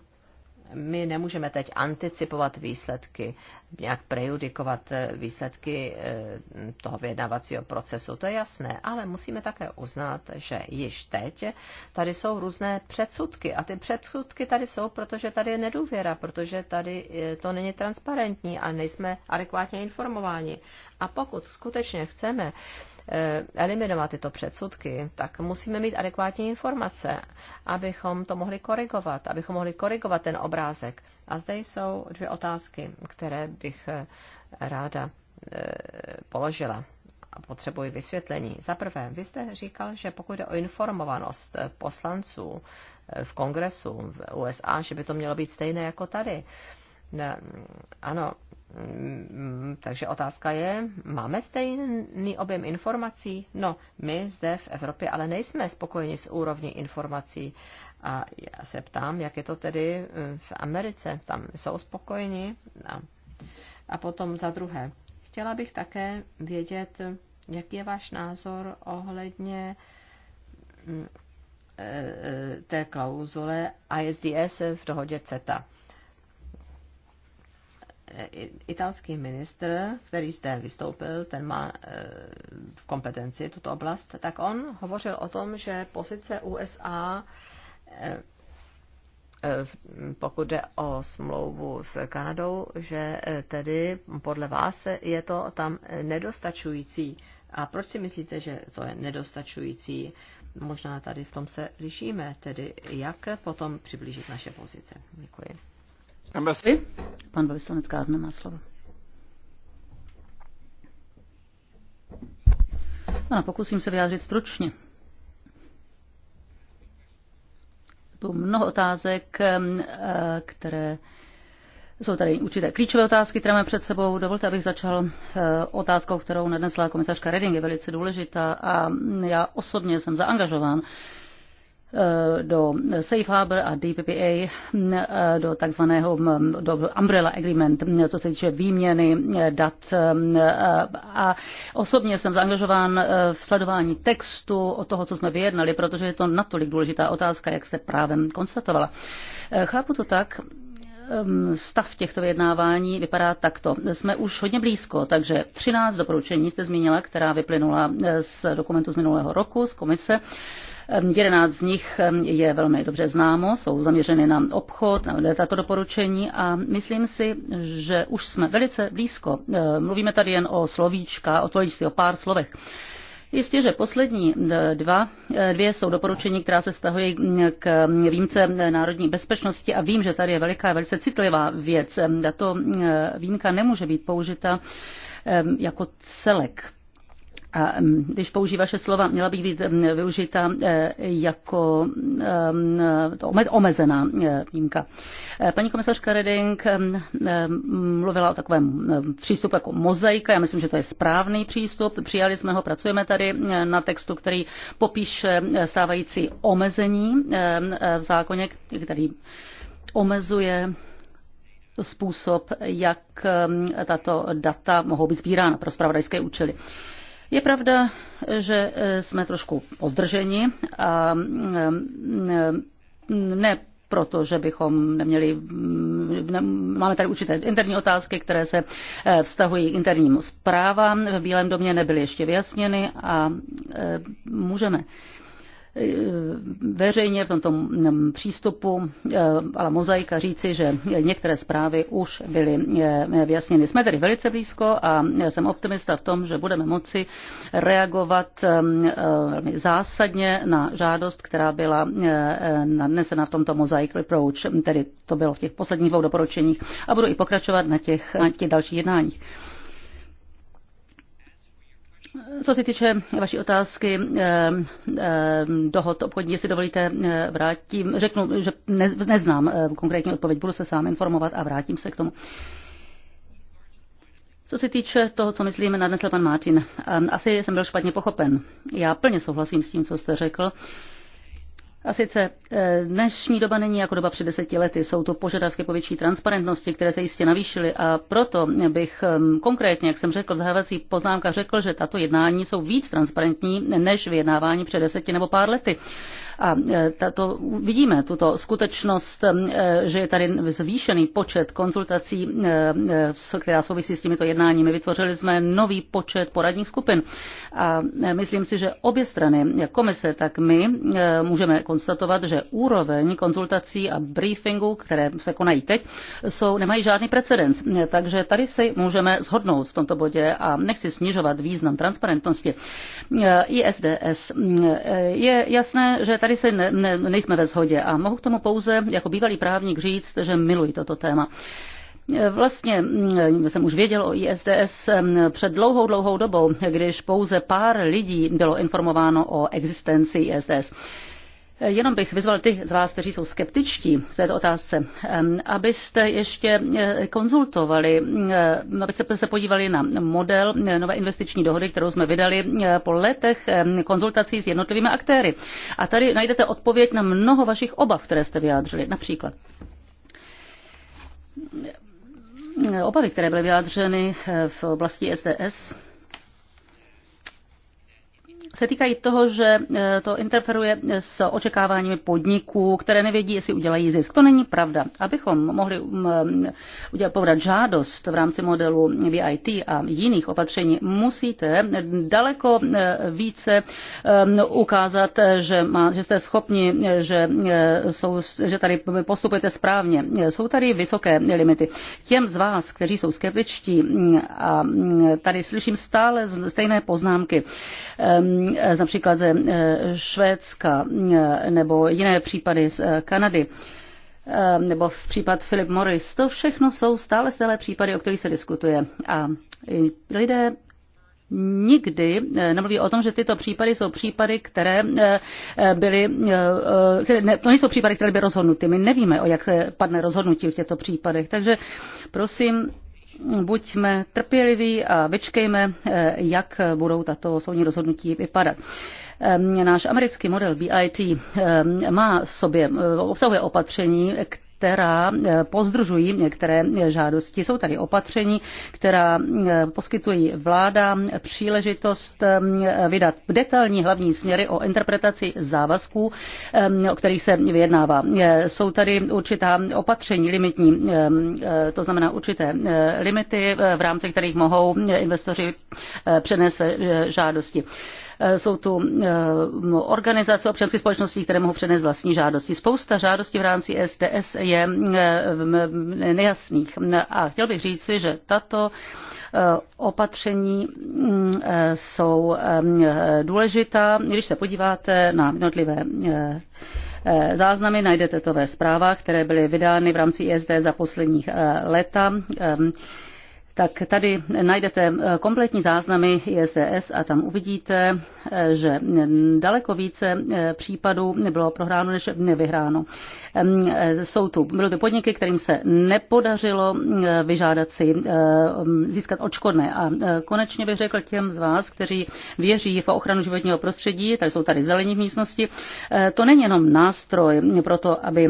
my nemůžeme teď anticipovat výsledky, nějak prejudikovat eh, výsledky eh, toho vyjednávacího procesu, to je jasné, ale musíme také uznat, že již teď tady jsou různé předsudky a ty předsudky tady jsou, protože tady je nedůvěra, protože tady eh, to není transparentní a nejsme adekvátně informováni. A pokud skutečně chceme eh, eliminovat tyto předsudky, tak musíme mít adekvátní informace, abychom to mohli korigovat, abychom mohli korigovat ten obrázek. A zde jsou dvě otázky, které bych eh, ráda eh, položila a potřebuji vysvětlení. Za prvé, vy jste říkal, že pokud jde o informovanost poslanců v kongresu v USA, že by to mělo být stejné jako tady. ano, Mm, takže otázka je, máme stejný objem informací? No, my zde v Evropě ale nejsme spokojeni s úrovní informací. A já se ptám, jak je to tedy eh, v Americe. Tam jsou spokojeni. A, a potom za druhé, chtěla bych také vědět, jaký je váš názor ohledně mm, eh, eh, té klauzule ISDS v dohodě CETA italský ministr, který zde vystoupil, ten má e, v kompetenci tuto oblast, tak on hovořil o tom, že pozice USA, e, e, pokud jde o smlouvu s Kanadou, že tedy podle vás je to tam nedostačující. A proč si myslíte, že to je nedostačující? Možná tady v tom se lišíme, tedy jak potom přiblížit naše pozice. Děkuji. Vy? Pan velvyslanec Gardner má slovo. Ano, pokusím se vyjádřit stručně. Tu mnoho otázek, e, které jsou tady určité klíčové otázky, které máme před sebou. Dovolte, abych začal e, otázkou, kterou nadnesla komisařka Reding, je velice důležitá a já osobně jsem zaangažován Eh, do Safe Harbor a DPPA eh, do takzvaného mm, do Umbrella Agreement, co se týče výměny eh, dat. A osobně jsem zaangažován v sledování textu o toho, co jsme vyjednali, protože je to natolik důležitá otázka, jak jste právem konstatovala. Chápu to tak, ehm, stav těchto vyjednávání vypadá takto. Jsme už hodně blízko, takže 13 doporučení jste zmínila, která vyplynula z dokumentu z minulého roku, z komise. Jedenáct z nich je velmi dobře známo, jsou zaměřeny na obchod, na tato doporučení a myslím si, že už jsme velice blízko. Mluvíme tady jen o slovíčka, o si o pár slovech. Jistě, že poslední dva, dvě jsou doporučení, která se stahují k výjimce národní bezpečnosti a vím, že tady je veliká, velice citlivá věc. Tato výjimka nemůže být použita jako celek a mm, když použiju vaše slova, měla bych být mm, využita e, jako e, mm, omezená e, výjimka. Paní komisařka Reding mluvila o takovém přístupu jako mozaika. Já myslím, že to je správný přístup. Přijali jsme ho, pracujeme tady na textu, který popíše stávající omezení v zákoně, který omezuje způsob, jak tato data mohou být sbírána pro spravodajské účely. Je pravda, že eh, jsme trošku pozdrženi a mm, eh, ne proto, že bychom neměli, mm, ne, máme tady určité interní otázky, které se eh, vztahují k interním zprávám, v Bílém domě nebyly ještě vyjasněny a můžeme Eh, veřejně v tomto mm, přístupu eh, ale mozaika říci, že některé zprávy už byly eh, vyjasněny. Jsme tedy velice blízko a jsem optimista v tom, že budeme moci reagovat velmi zásadně na žádost, která byla nadnesena v tomto mozaik approach, tedy to bylo v těch posledních dvou doporučeních a budu i pokračovat na těch, na těch dalších jednáních. Co se týče vaší otázky eh, eh, dohod obchodní, jestli dovolíte, eh, vrátím, řeknu, že neznám konkrétní odpověď, budu se sám informovat a vrátím se k tomu. Co se týče toho, co myslím, nadnesl pan Martin, asi jsem byl špatně pochopen. Já plně souhlasím s tím, co jste řekl. A sice eh, dnešní doba není jako doba před deseti lety, jsou to požadavky po větší transparentnosti, které se jistě navýšily a proto bych konkrétně, jak jsem řekl v zahávací poznámka řekl, že tato jednání jsou víc transparentní než vyjednávání před deseti nebo pár lety. A e, tato, vidíme tuto skutečnost, e, že je tady zvýšený počet konzultací, e, která souvisí s těmito jednáními. Vytvořili jsme nový počet poradních skupin. A myslím si, že obě strany, jak komise, tak my, můžeme konstatovat, že úroveň konzultací a briefingu, které se konají teď, jsou, nemají žádný precedens. Takže tady si můžeme shodnout v tomto bodě a nechci snižovat význam transparentnosti. ISDS je jasné, že tady tady se ne, ne, nejsme ve shodě a mohu k tomu pouze jako bývalý právník říct, že miluji toto téma. Vlastně mm, jsem už věděl o ISDS mm, před dlouhou, dlouhou dobou, když pouze pár lidí bylo informováno o existenci ISDS. Jenom bych vyzval ty z vás, kteří jsou skeptičtí v této otázce, abyste ještě eh, konzultovali, eh, abyste se podívali na model eh, nové investiční dohody, kterou jsme vydali po letech konzultací s jednotlivými aktéry. A tady najdete odpověď na mnoho vašich obav, které jste vyjádřili. Například obavy, které byly vyjádřeny v oblasti SDS, se týkají toho, že e, to interferuje s očekáváními podniků, které nevědí, jestli udělají zisk. To není pravda. Abychom mohli udělat povrat žádost v rámci modelu VIT a jiných opatření, musíte daleko e, více ukázat, že, má, že jste schopni, že, e, jsou, že tady postupujete správně. Jsou tady vysoké limity. Těm z vás, kteří jsou skeptičtí, a tady slyším stále stejné poznámky, například ze eh, Švédska eh, nebo jiné případy z eh, Kanady nebo v případ Philip Morris. To všechno jsou stále stále případy, o kterých se diskutuje. A lidé nikdy nemluví o tom, že tyto případy jsou případy, které byly, které ne, to nejsou případy, které byly rozhodnuty. My nevíme, o jak padne rozhodnutí v těchto případech. Takže prosím, buďme trpěliví a vyčkejme, eh, jak budou tato soudní rozhodnutí vypadat. Náš americký model BIT má sobě, eh, obsahuje opatření, která eh, pozdržují některé žádosti. Jsou tady opatření, která eh, poskytují vláda příležitost eh, vydat detailní hlavní směry o interpretaci závazků, o kterých se vyjednává. Jsou tady určitá opatření limitní, to znamená určité limity, v rámci kterých mohou investoři přenést žádosti. Eh, jsou tu eh, organizace občanské společnosti, které mohou přenést vlastní žádosti. Spousta žádostí v rámci SDS je eh, nejasných. A chtěl bych říci, že tato opatření jsou důležitá. Když se podíváte na jednotlivé záznamy, najdete to ve zprávách, které byly vydány v rámci ISD za posledních leta. Ehm, tak tady najdete eh, kompletní záznamy ISDS a tam uvidíte, eh, že mm, daleko více eh, případů nebylo prohráno než vyhráno. Jsou tu, byly to podniky, kterým se nepodařilo vyžádat si, získat očkodné. A konečně bych řekl těm z vás, kteří věří v ochranu životního prostředí, tady jsou tady zelení v místnosti, to není jenom nástroj pro to, aby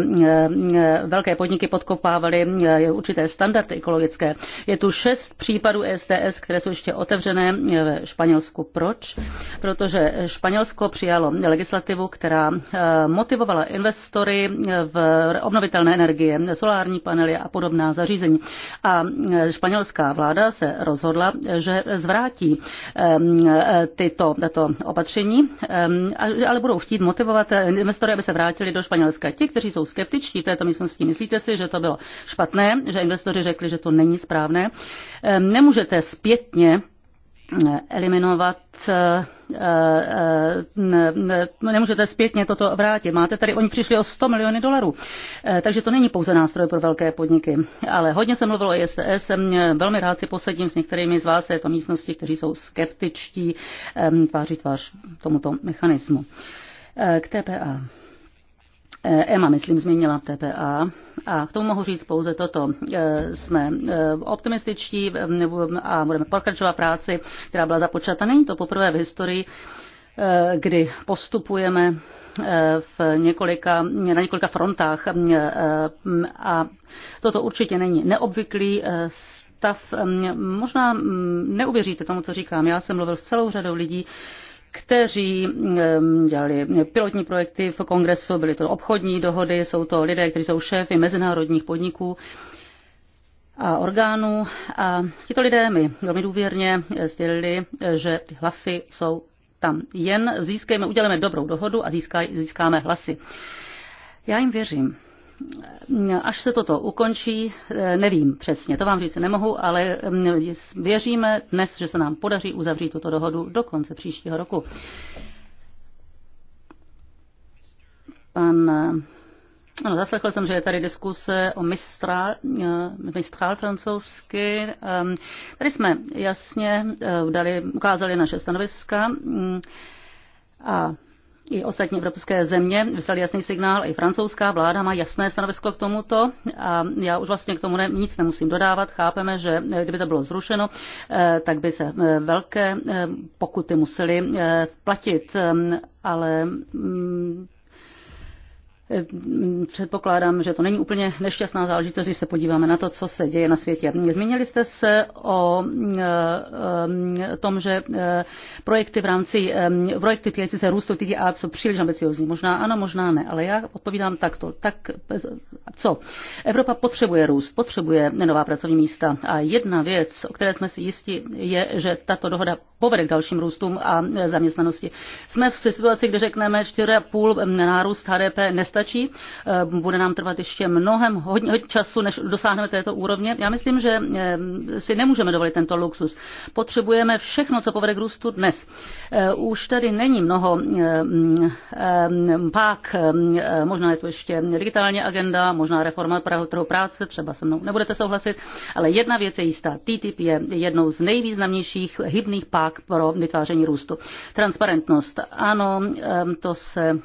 velké podniky podkopávaly určité standardy ekologické. Je tu šest šest případů STS, které jsou ještě otevřené ve Španělsku. Proč? Protože Španělsko přijalo legislativu, která eh, motivovala investory eh, v obnovitelné energie, solární panely a podobná zařízení. A eh, španělská vláda se rozhodla, že zvrátí tyto, tato opatření, ale budou chtít motivovat investory, aby se vrátili do Španělska. Ti, kteří jsou skeptičtí této místnosti, myslíte si, že to bylo špatné, že investoři řekli, že to není správné, Ehm, nemůžete zpětně ehm, eliminovat, ehm, nemůžete zpětně toto vrátit. Máte tady, oni přišli o 100 miliony dolarů. Eh, takže to není pouze nástroj pro velké podniky. Ale hodně se mluvilo o ISTS, jsem velmi rád si posedím s některými z vás této místnosti, kteří jsou skeptičtí tváří tvář tomuto mechanismu. Eh, k TPA. EMA, eh, myslím, změnila TPA. A k tomu mohu říct pouze toto. Eh, jsme eh, optimističtí a budeme pokračovat práci, která byla započata. Není to poprvé v historii, kdy postupujeme v několika, na několika frontách a toto určitě není neobvyklý stav. Hm, možná hm, neuvěříte tomu, co říkám. Já jsem mluvil s celou řadou lidí, kteří dělali pilotní projekty v kongresu, byly to obchodní dohody, jsou to lidé, kteří jsou šéfy mezinárodních podniků a orgánů. A tito lidé mi velmi důvěrně sdělili, že ty hlasy jsou tam. Jen získejme, uděláme dobrou dohodu a získáme hlasy. Já jim věřím až se toto ukončí, eh, nevím přesně, to vám říct nemohu, ale mm, věříme dnes, že se nám podaří uzavřít tuto dohodu do konce příštího roku. Pan, ano, zaslechl jsem, že je tady diskuse o Mistral, eh, Mistral francouzsky. Ehm, tady jsme jasně eh, dali, ukázali naše stanoviska mm, a i ostatní evropské země vyslali jasný signál, i francouzská vláda má jasné stanovisko k tomuto a já už vlastně k tomu ne, nic nemusím dodávat. Chápeme, že eh, kdyby to bylo zrušeno, eh, tak by se eh, velké pokuty musely platit, ehm, ale mm, Eh, předpokládám, že to není úplně nešťastná záležitost, když se podíváme na to, co se děje na světě. Zmínili jste se o eh, eh, tom, že projekty v rámci, projekty týkající se růstu TTA jsou příliš ambiciozní. Možná ano, možná ne, ale já odpovídám takto. Tak co? Evropa potřebuje růst, potřebuje nová pracovní místa a jedna věc, o které jsme si jisti, je, že tato dohoda povede k dalším růstům a e, zaměstnanosti. Jsme v situaci, kdy řekneme 4,5 nárůst HDP nestačí, e, bude nám trvat ještě mnohem hodně, hodně času, než dosáhneme této úrovně. Já myslím, že e, si nemůžeme dovolit tento luxus. Potřebujeme všechno, co povede k růstu dnes. Už tady není mnoho pák, možná je to ještě digitální agenda, možná reforma trhu práce, třeba se mnou nebudete souhlasit, ale jedna věc je jistá. TTIP je jednou z nejvýznamnějších hybných pák tlak pro vytváření růstu. Transparentnost. Ano, to se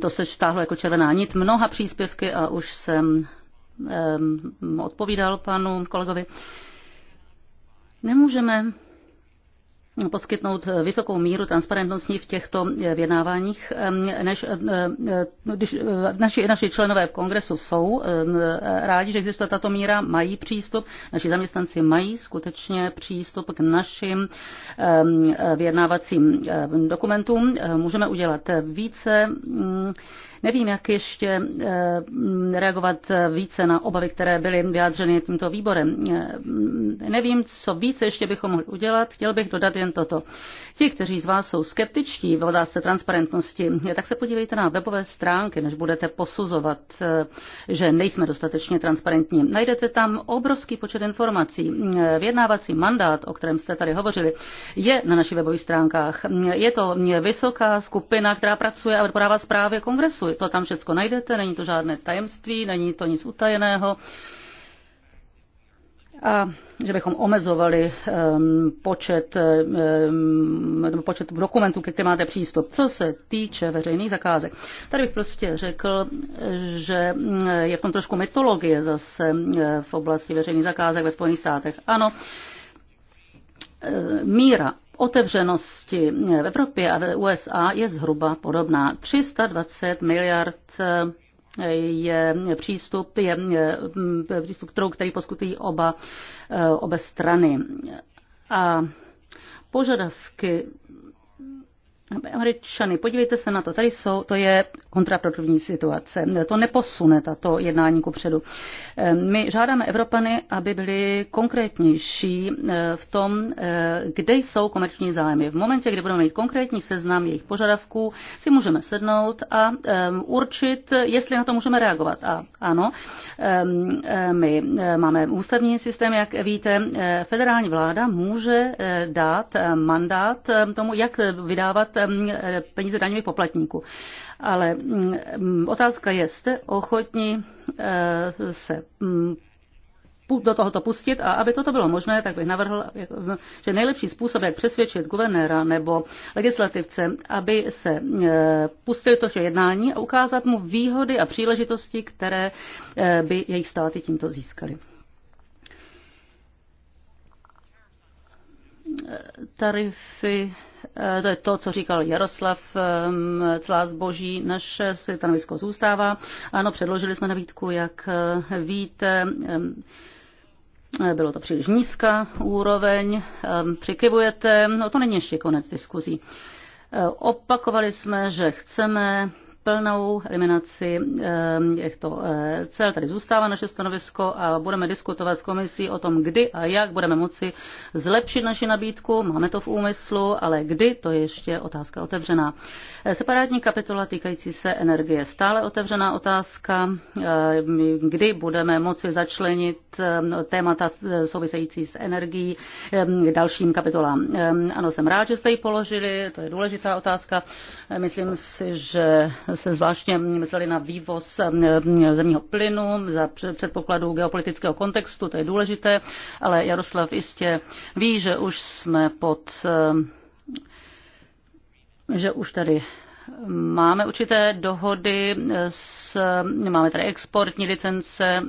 to se štáhlo jako červená nit mnoha příspěvky a už jsem odpovídal panu kolegovi. Nemůžeme poskytnout vysokou míru transparentnosti v těchto vyjednáváních, eh, než eh, eh, když naši, naši členové v kongresu jsou rádi, že existuje tato míra, mají přístup, naši zaměstnanci mají skutečně přístup k našim vyjednávacím dokumentům. Můžeme udělat více mm, Nevím, jak ještě eh, mm, reagovat více na obavy, které byly vyjádřeny tímto výborem. Eh, nevím, co více ještě bychom mohli udělat. Chtěl bych dodat jen toto. Ti, kteří z vás jsou skeptičtí v otázce transparentnosti, eh, tak se podívejte na webové stránky, než budete posuzovat, že nejsme dostatečně transparentní. Najdete tam obrovský počet informací. Vyjednávací mandát, o kterém jste tady hovořili, je na našich webových stránkách. Je to vysoká skupina, která pracuje a podává zprávy kongresu to tam všechno najdete, není to žádné tajemství, není to nic utajeného a že bychom omezovali um, počet, um, počet dokumentů, ke kterým máte přístup. Co se týče veřejných zakázek, tady bych prostě řekl, že eh, je v tom trošku mytologie zase eh, v oblasti veřejných zakázek ve Spojených státech. Ano, eh, míra otevřenosti v Evropě a v USA je zhruba podobná. 320 miliard eh, je přístup, je mm, eh, přístup, kterou, který poskutují oba, eh, obě strany. A požadavky Američany, podívejte se na to, tady jsou, to je kontraproduktivní situace. To neposune tato jednání ku předu. My žádáme Evropany, aby byli konkrétnější eh, v tom, eh, kde jsou komerční zájmy. V momentě, kdy budeme mít konkrétní seznam jejich požadavků, si můžeme sednout a určit, jestli na to můžeme reagovat. A ano, eh, my máme ústavní systém, jak víte, federální vláda může dát mandát tomu, jak vydávat Um, peníze daňových poplatníků. Ale um, otázka je, jste ochotni uh, se um, do tohoto pustit a aby toto bylo možné, tak bych navrhl, že nejlepší způsob, jak přesvědčit guvernéra nebo legislativce, aby se uh, pustili vše jednání a ukázat mu výhody a příležitosti, které uh, by jejich státy tímto získaly. Tarify Eh, to je to, co říkal Jaroslav celá zboží, naše stanovisko zůstává. Ano, předložili jsme nabídku, jak eh, víte, eh, bylo to příliš nízká úroveň, přikivujete, no to není ještě konec diskuzí. Opakovali jsme, že chceme plnou eliminaci těchto ehm, eh, cel. Tady zůstává naše stanovisko a budeme diskutovat s komisí o tom, kdy a jak budeme moci zlepšit naši nabídku. Máme to v úmyslu, ale kdy, to je ještě otázka otevřená. Eh, separátní kapitola týkající se energie. Stále otevřená otázka, ehm, kdy budeme moci začlenit ehm, témata eh, související s energií k dalším kapitolám. Ano, jsem rád, že jste ji položili, to je důležitá otázka. Myslím si, že se zvláště mysleli na vývoz eh, eh, zemního plynu za předpokladu geopolitického kontextu, to je důležité, ale Jaroslav jistě ví, že už jsme pod eh, že už tady máme určité dohody, s, máme tady exportní licence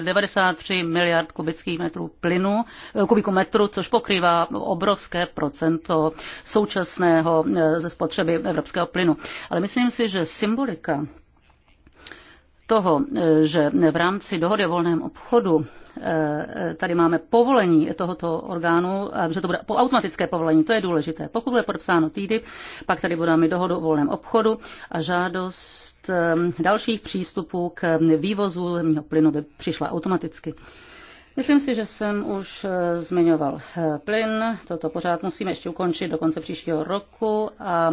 93 miliard kubických metrů plynu, kubiků metru, což pokrývá obrovské procento současného ze spotřeby evropského plynu. Ale myslím si, že symbolika toho, eh, že v rámci dohody o volném obchodu eh, eh, tady máme povolení tohoto orgánu, že to bude automatické povolení, to je důležité. Pokud bude podepsáno TTIP, pak tady budeme mít dohodu o volném obchodu a žádost dalších přístupů k vývozu zemního plynu by přišla automaticky. Myslím si, že jsem už zmiňoval plyn. Toto pořád musíme ještě ukončit do konce příštího roku a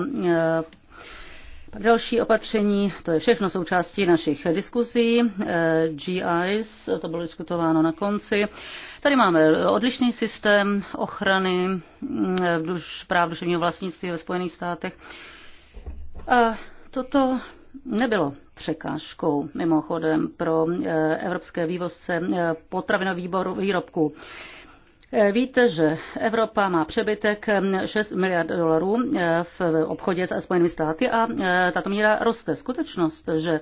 Další opatření, to je všechno součástí našich diskuzí. Eh, GIs, to bylo diskutováno na konci. Tady máme odlišný systém ochrany mm, eh, práv duševního vlastnictví ve Spojených státech. A toto nebylo překážkou mimochodem pro eh, evropské vývozce potravinových výrobků. Víte, že Evropa má přebytek 6 mm, miliard dolarů eh, v obchodě s Spojenými státy a eh, tato míra roste. Skutečnost, že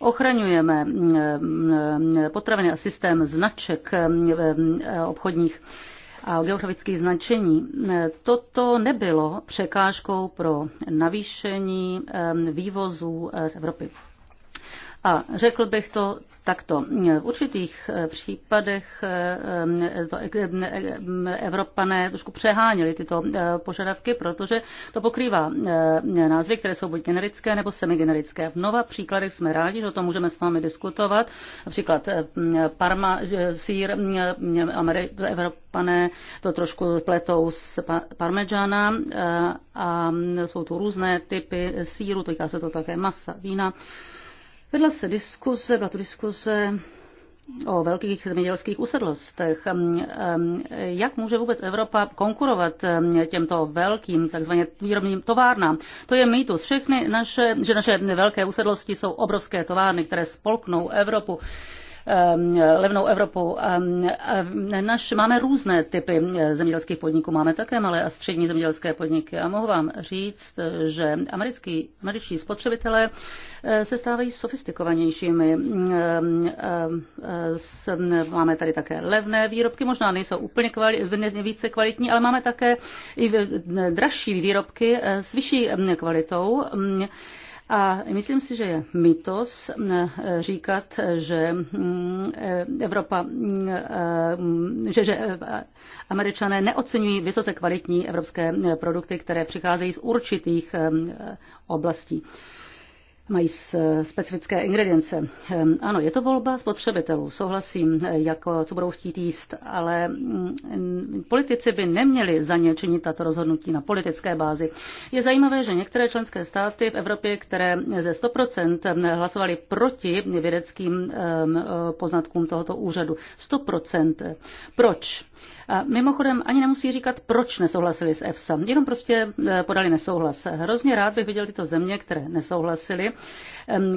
ochraňujeme mm, mm, potraviny a systém značek eh, obchodních a geografických značení. Toto nebylo překážkou pro navýšení vývozů z Evropy. A řekl bych to takto. V určitých eh, případech eh, eh, to Evropané trošku přeháněli tyto požadavky, protože to pokrývá názvy, které jsou buď generické nebo semigenerické. V mnoha příkladech jsme rádi, že o tom můžeme s vámi diskutovat. Například Parma, sír, Evropané to trošku pletou s parmeggiana a jsou tu různé typy síru, týká se to také masa, vína. Vedla se diskuse, byla tu diskuse o velkých zemědělských usedlostech. Jak může vůbec Evropa konkurovat těmto velkým takzvaně výrobním továrnám? To je mýtus. Všechny naše, že naše velké usedlosti jsou obrovské továrny, které spolknou Evropu. Um, levnou Evropu. Um, um, naš, máme různé typy eh, zemědělských podniků, máme také malé a střední zemědělské podniky a mohu vám říct, že americký, američní spotřebitelé eh, se stávají sofistikovanějšími. Máme tady také levné výrobky, možná nejsou úplně kvali, více kvalitní, ale máme také i dražší výrobky eh, s vyšší mm, kvalitou. Mm, a myslím si, že je mytos e, říkat, že e, Evropa, e, že, že američané neocenují vysoce kvalitní evropské produkty, které přicházejí z určitých oblastí mají specifické ingredience. Ehm, ano, je to volba spotřebitelů, souhlasím, eh, jako co budou chtít jíst, ale mm, politici by neměli za ně činit tato rozhodnutí na politické bázi. Je zajímavé, že některé členské státy v Evropě, které ze 100% ehm, hlasovali proti vědeckým ehm, eh, poznatkům tohoto úřadu, 100%. Proč? A mimochodem ani nemusí říkat, proč nesouhlasili s EFSA, jenom prostě e, podali nesouhlas. Hrozně rád bych viděl tyto země, které nesouhlasili,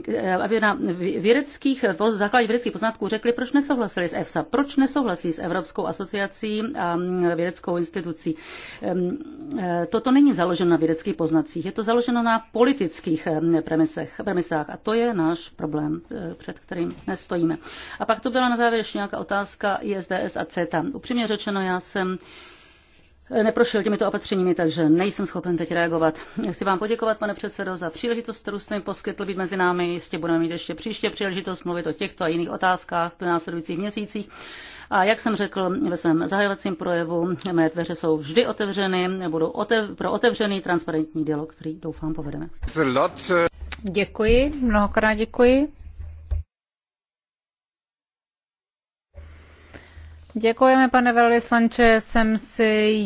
e, aby na vědeckých, základě vědeckých poznatků řekli, proč nesouhlasili s EFSA, proč nesouhlasí s Evropskou asociací a vědeckou institucí. E, toto není založeno na vědeckých poznacích, je to založeno na politických premisech, premisách a to je náš problém, před kterým nestojíme. A pak to byla na závěr ještě nějaká otázka ISDS a CETA. Upřímně řečeno, řečeno, já jsem eh, neprošel těmito opatřeními, takže nejsem schopen teď reagovat. Chci vám poděkovat, pane předsedo, za příležitost, kterou jste mi poskytl být mezi námi. Jistě budeme mít ještě příště příležitost mluvit o těchto a jiných otázkách v následujících měsících. A jak jsem řekl ve svém zahajovacím projevu, mé dveře jsou vždy otevřeny, budou otev, pro otevřený transparentní dialog, který doufám povedeme. Eh. Děkuji, mnohokrát děkuji. Děkujeme, pane velvyslanče. Jsem si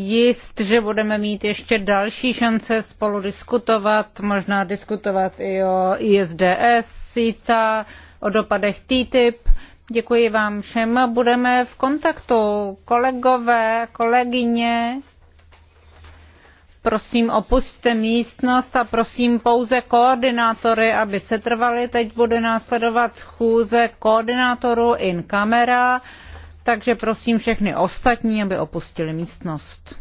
jist, že budeme mít ještě další šance spolu diskutovat, možná diskutovat i o ISDS, CETA, o dopadech TTIP. Děkuji vám všem. Budeme v kontaktu. Kolegové, kolegyně, prosím opuste místnost a prosím pouze koordinátory, aby se trvali. Teď bude následovat schůze koordinátorů in camera takže prosím všechny ostatní, aby opustili místnost.